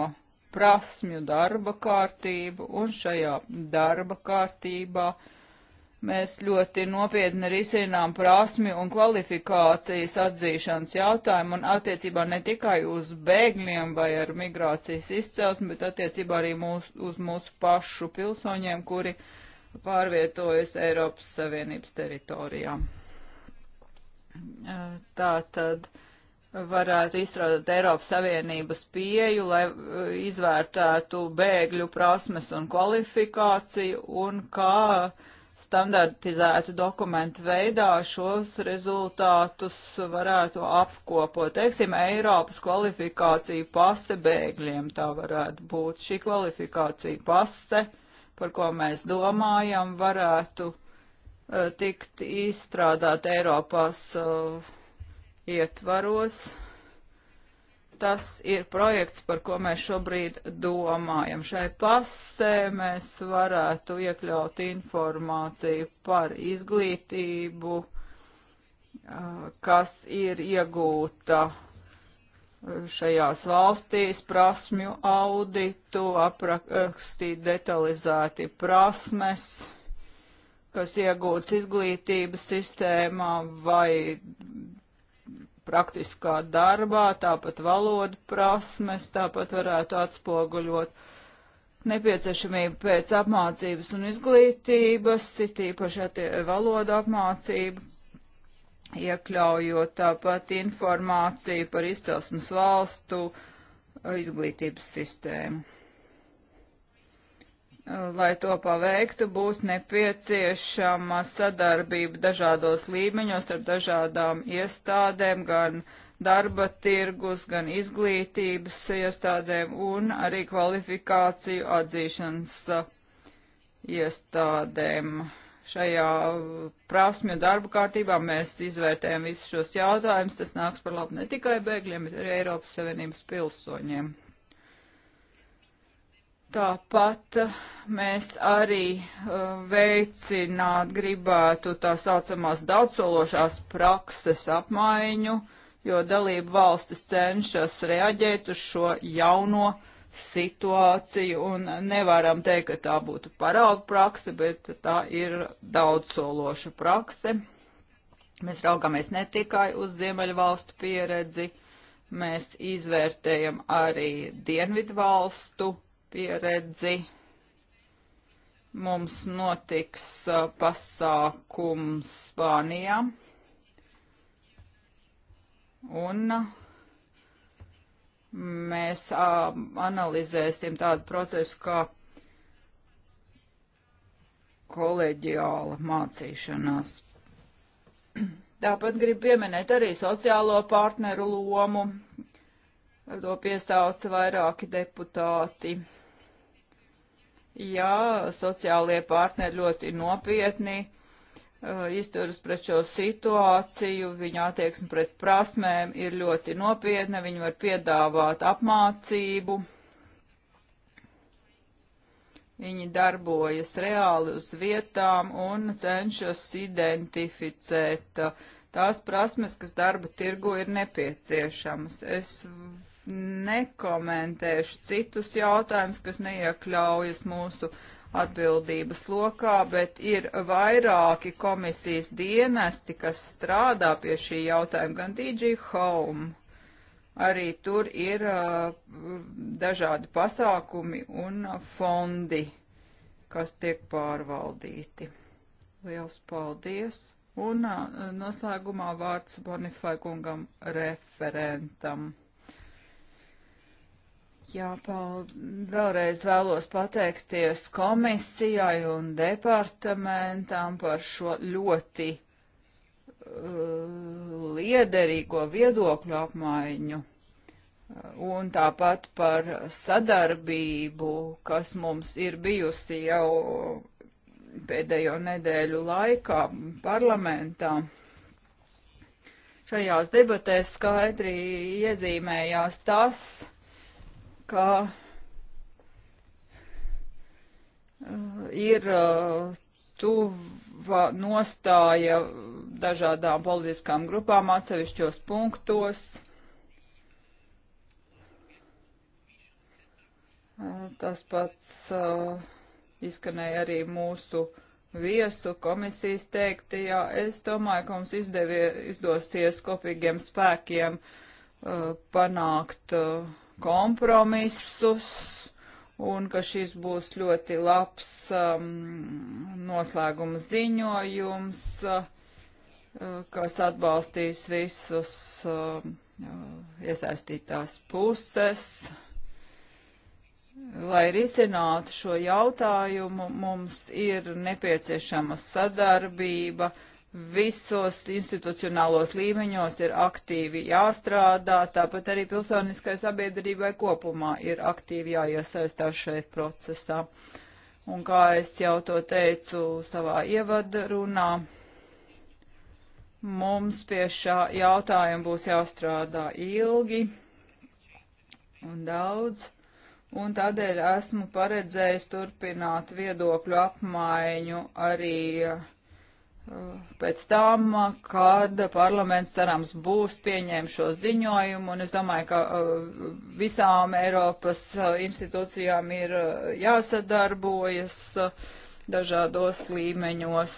prasmju darba kārtību, un šajā darba kārtībā mēs ļoti nopietni risinām prasmju un kvalifikācijas atzīšanas jautājumu, un attiecībā ne tikai uz bēgļiem vai ar migrācijas izcelsmi, bet attiecībā arī mūs, uz mūsu pašu pilsoņiem, kuri pārvietojas Eiropas Savienības teritorijā. Tā tad. Uh, varētu izstrādāt Eiropas Savienības pieju, lai eh, izvērtētu bēgļu prasmes un kvalifikāciju un kā standartizētu dokumentu veidā šos rezultātus varētu apkopot. Teiksim, Eiropas kvalifikācija pase bēgļiem tā varētu būt. Šī kvalifikācija pase, par ko mēs domājam, varētu uh, tikt izstrādāt Eiropas uh, ietvaros. Tas ir projekts, par ko mēs šobrīd domājam. Šai pasē mēs varētu iekļaut informāciju par izglītību, kas ir iegūta šajās valstīs prasmju auditu, aprakstīt detalizēti prasmes, kas iegūts izglītības sistēmā vai praktiskā darbā, tāpat valodu prasmes, tāpat varētu atspoguļot nepieciešamību pēc apmācības un izglītības, it īpaši valodu apmācību, iekļaujot tāpat informāciju par izcelsmes valstu eh, izglītības sistēmu. Lai to paveiktu, būs nepieciešama sadarbība dažādos līmeņos ar dažādām iestādēm, gan darba tirgus, gan izglītības iestādēm un arī kvalifikāciju atzīšanas iestādēm. Šajā prasmju darba kārtībā mēs izvērtējam visus šos jautājumus. Tas nāks par labu ne tikai bēgļiem, bet arī Eiropas Savienības pilsoņiem. Tāpat mēs arī uh, veicināt gribētu tā saucamās daudzsološās prakses apmaiņu, jo dalību valstis cenšas reaģēt uz šo jauno situāciju un nevaram teikt, ka tā būtu parauga prakse, bet tā ir daudzsološa prakse. Mēs raugamies ne tikai uz Ziemeļvalstu pieredzi, mēs izvērtējam arī Dienvidvalstu valstu pieredzi. Mums notiks pasākums Spānijā. Un mēs analizēsim tādu procesu kā koleģiāla mācīšanās. Tāpat gribu pieminēt arī sociālo partneru lomu. To piesauca vairāki deputāti ja sociālie partneri ļoti nopietni uh, izturas pret šo situāciju, viņa attieksme pret prasmēm ir ļoti nopietna, viņi var piedāvāt apmācību, viņi darbojas reāli uz vietām un cenšas identificēt uh, tās prasmes, kas darba tirgu ir nepieciešamas. Es nekomentēšu citus jautājumus, kas neiekļaujas mūsu atbildības lokā, bet ir vairāki komisijas dienesti, kas strādā pie šī jautājuma, gan DG Home. Arī tur ir uh, dažādi pasākumi un fondi, kas tiek pārvaldīti. Liels paldies! Un uh, noslēgumā vārds Bonifai kungam referentam. Jā, pal, vēlreiz vēlos pateikties komisijai un departamentam par šo ļoti uh, liederīgo viedokļu apmaiņu uh, un tāpat par sadarbību, kas mums ir bijusi jau pēdējo nedēļu laikā parlamentā. Šajās debatēs skaidri iezīmējās tas, ka ka ir uh, tuva nostāja dažādām politiskām grupām atsevišķos punktos. Uh, tas pats uh, izskanēja arī mūsu viesu komisijas teiktajā. Es domāju, ka mums izdevie, izdosies kopīgiem spēkiem panākt uh, kompromisus un ka šis būs ļoti labs um, noslēguma ziņojums, uh, kas atbalstīs visus um, uh, iesaistītās puses. Lai risinātu šo jautājumu, mums ir nepieciešama sadarbība uh, visos institucionālos līmeņos ir aktīvi jāstrādā, tāpat arī pilsoniskai sabiedrībai kopumā ir aktīvi jāiesaistās šeit procesā. Un kā es jau to teicu savā ievadrunā, mums pie šā jautājuma būs jāstrādā ilgi un daudz, un tādēļ esmu paredzējis turpināt viedokļu apmaiņu arī uh, pēc tam, kad parlaments cerams būs pieņēma šo ziņojumu, un es domāju, ka uh, visām Eiropas uh, institūcijām ir uh, jāsadarbojas dažādos līmeņos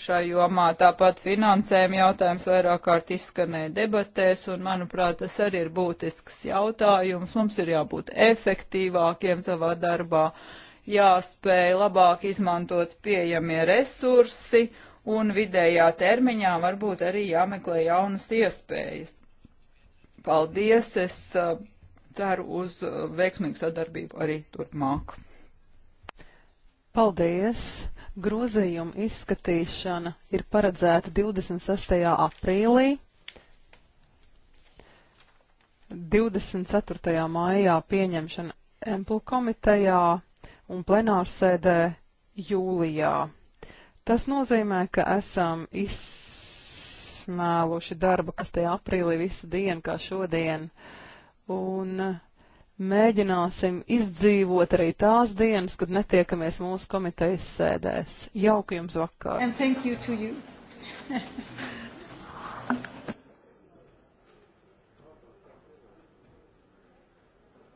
šai jomā. Tāpat finansējuma jautājums vairāk kārt izskanēja debatēs, un manuprāt, tas arī ir būtisks jautājums. Mums ir jābūt efektīvākiem savā darbā jāspēj labāk izmantot pieejamie resursi un vidējā termiņā varbūt arī jāmeklē jaunas iespējas. Paldies! Es uh, ceru uz uh, veiksmīgu sadarbību arī turpmāk. Paldies! Grozījuma izskatīšana ir paredzēta 26. aprīlī. 24. maijā pieņemšana Emplu komitejā un plenārsēdē jūlijā. Tas nozīmē, ka esam izsmēluši darba, kas te aprīlī visu dienu, kā šodien, un mēģināsim izdzīvot arī tās dienas, kad netiekamies mūsu komitejas sēdēs. Jauki jums vakar! And thank you to you!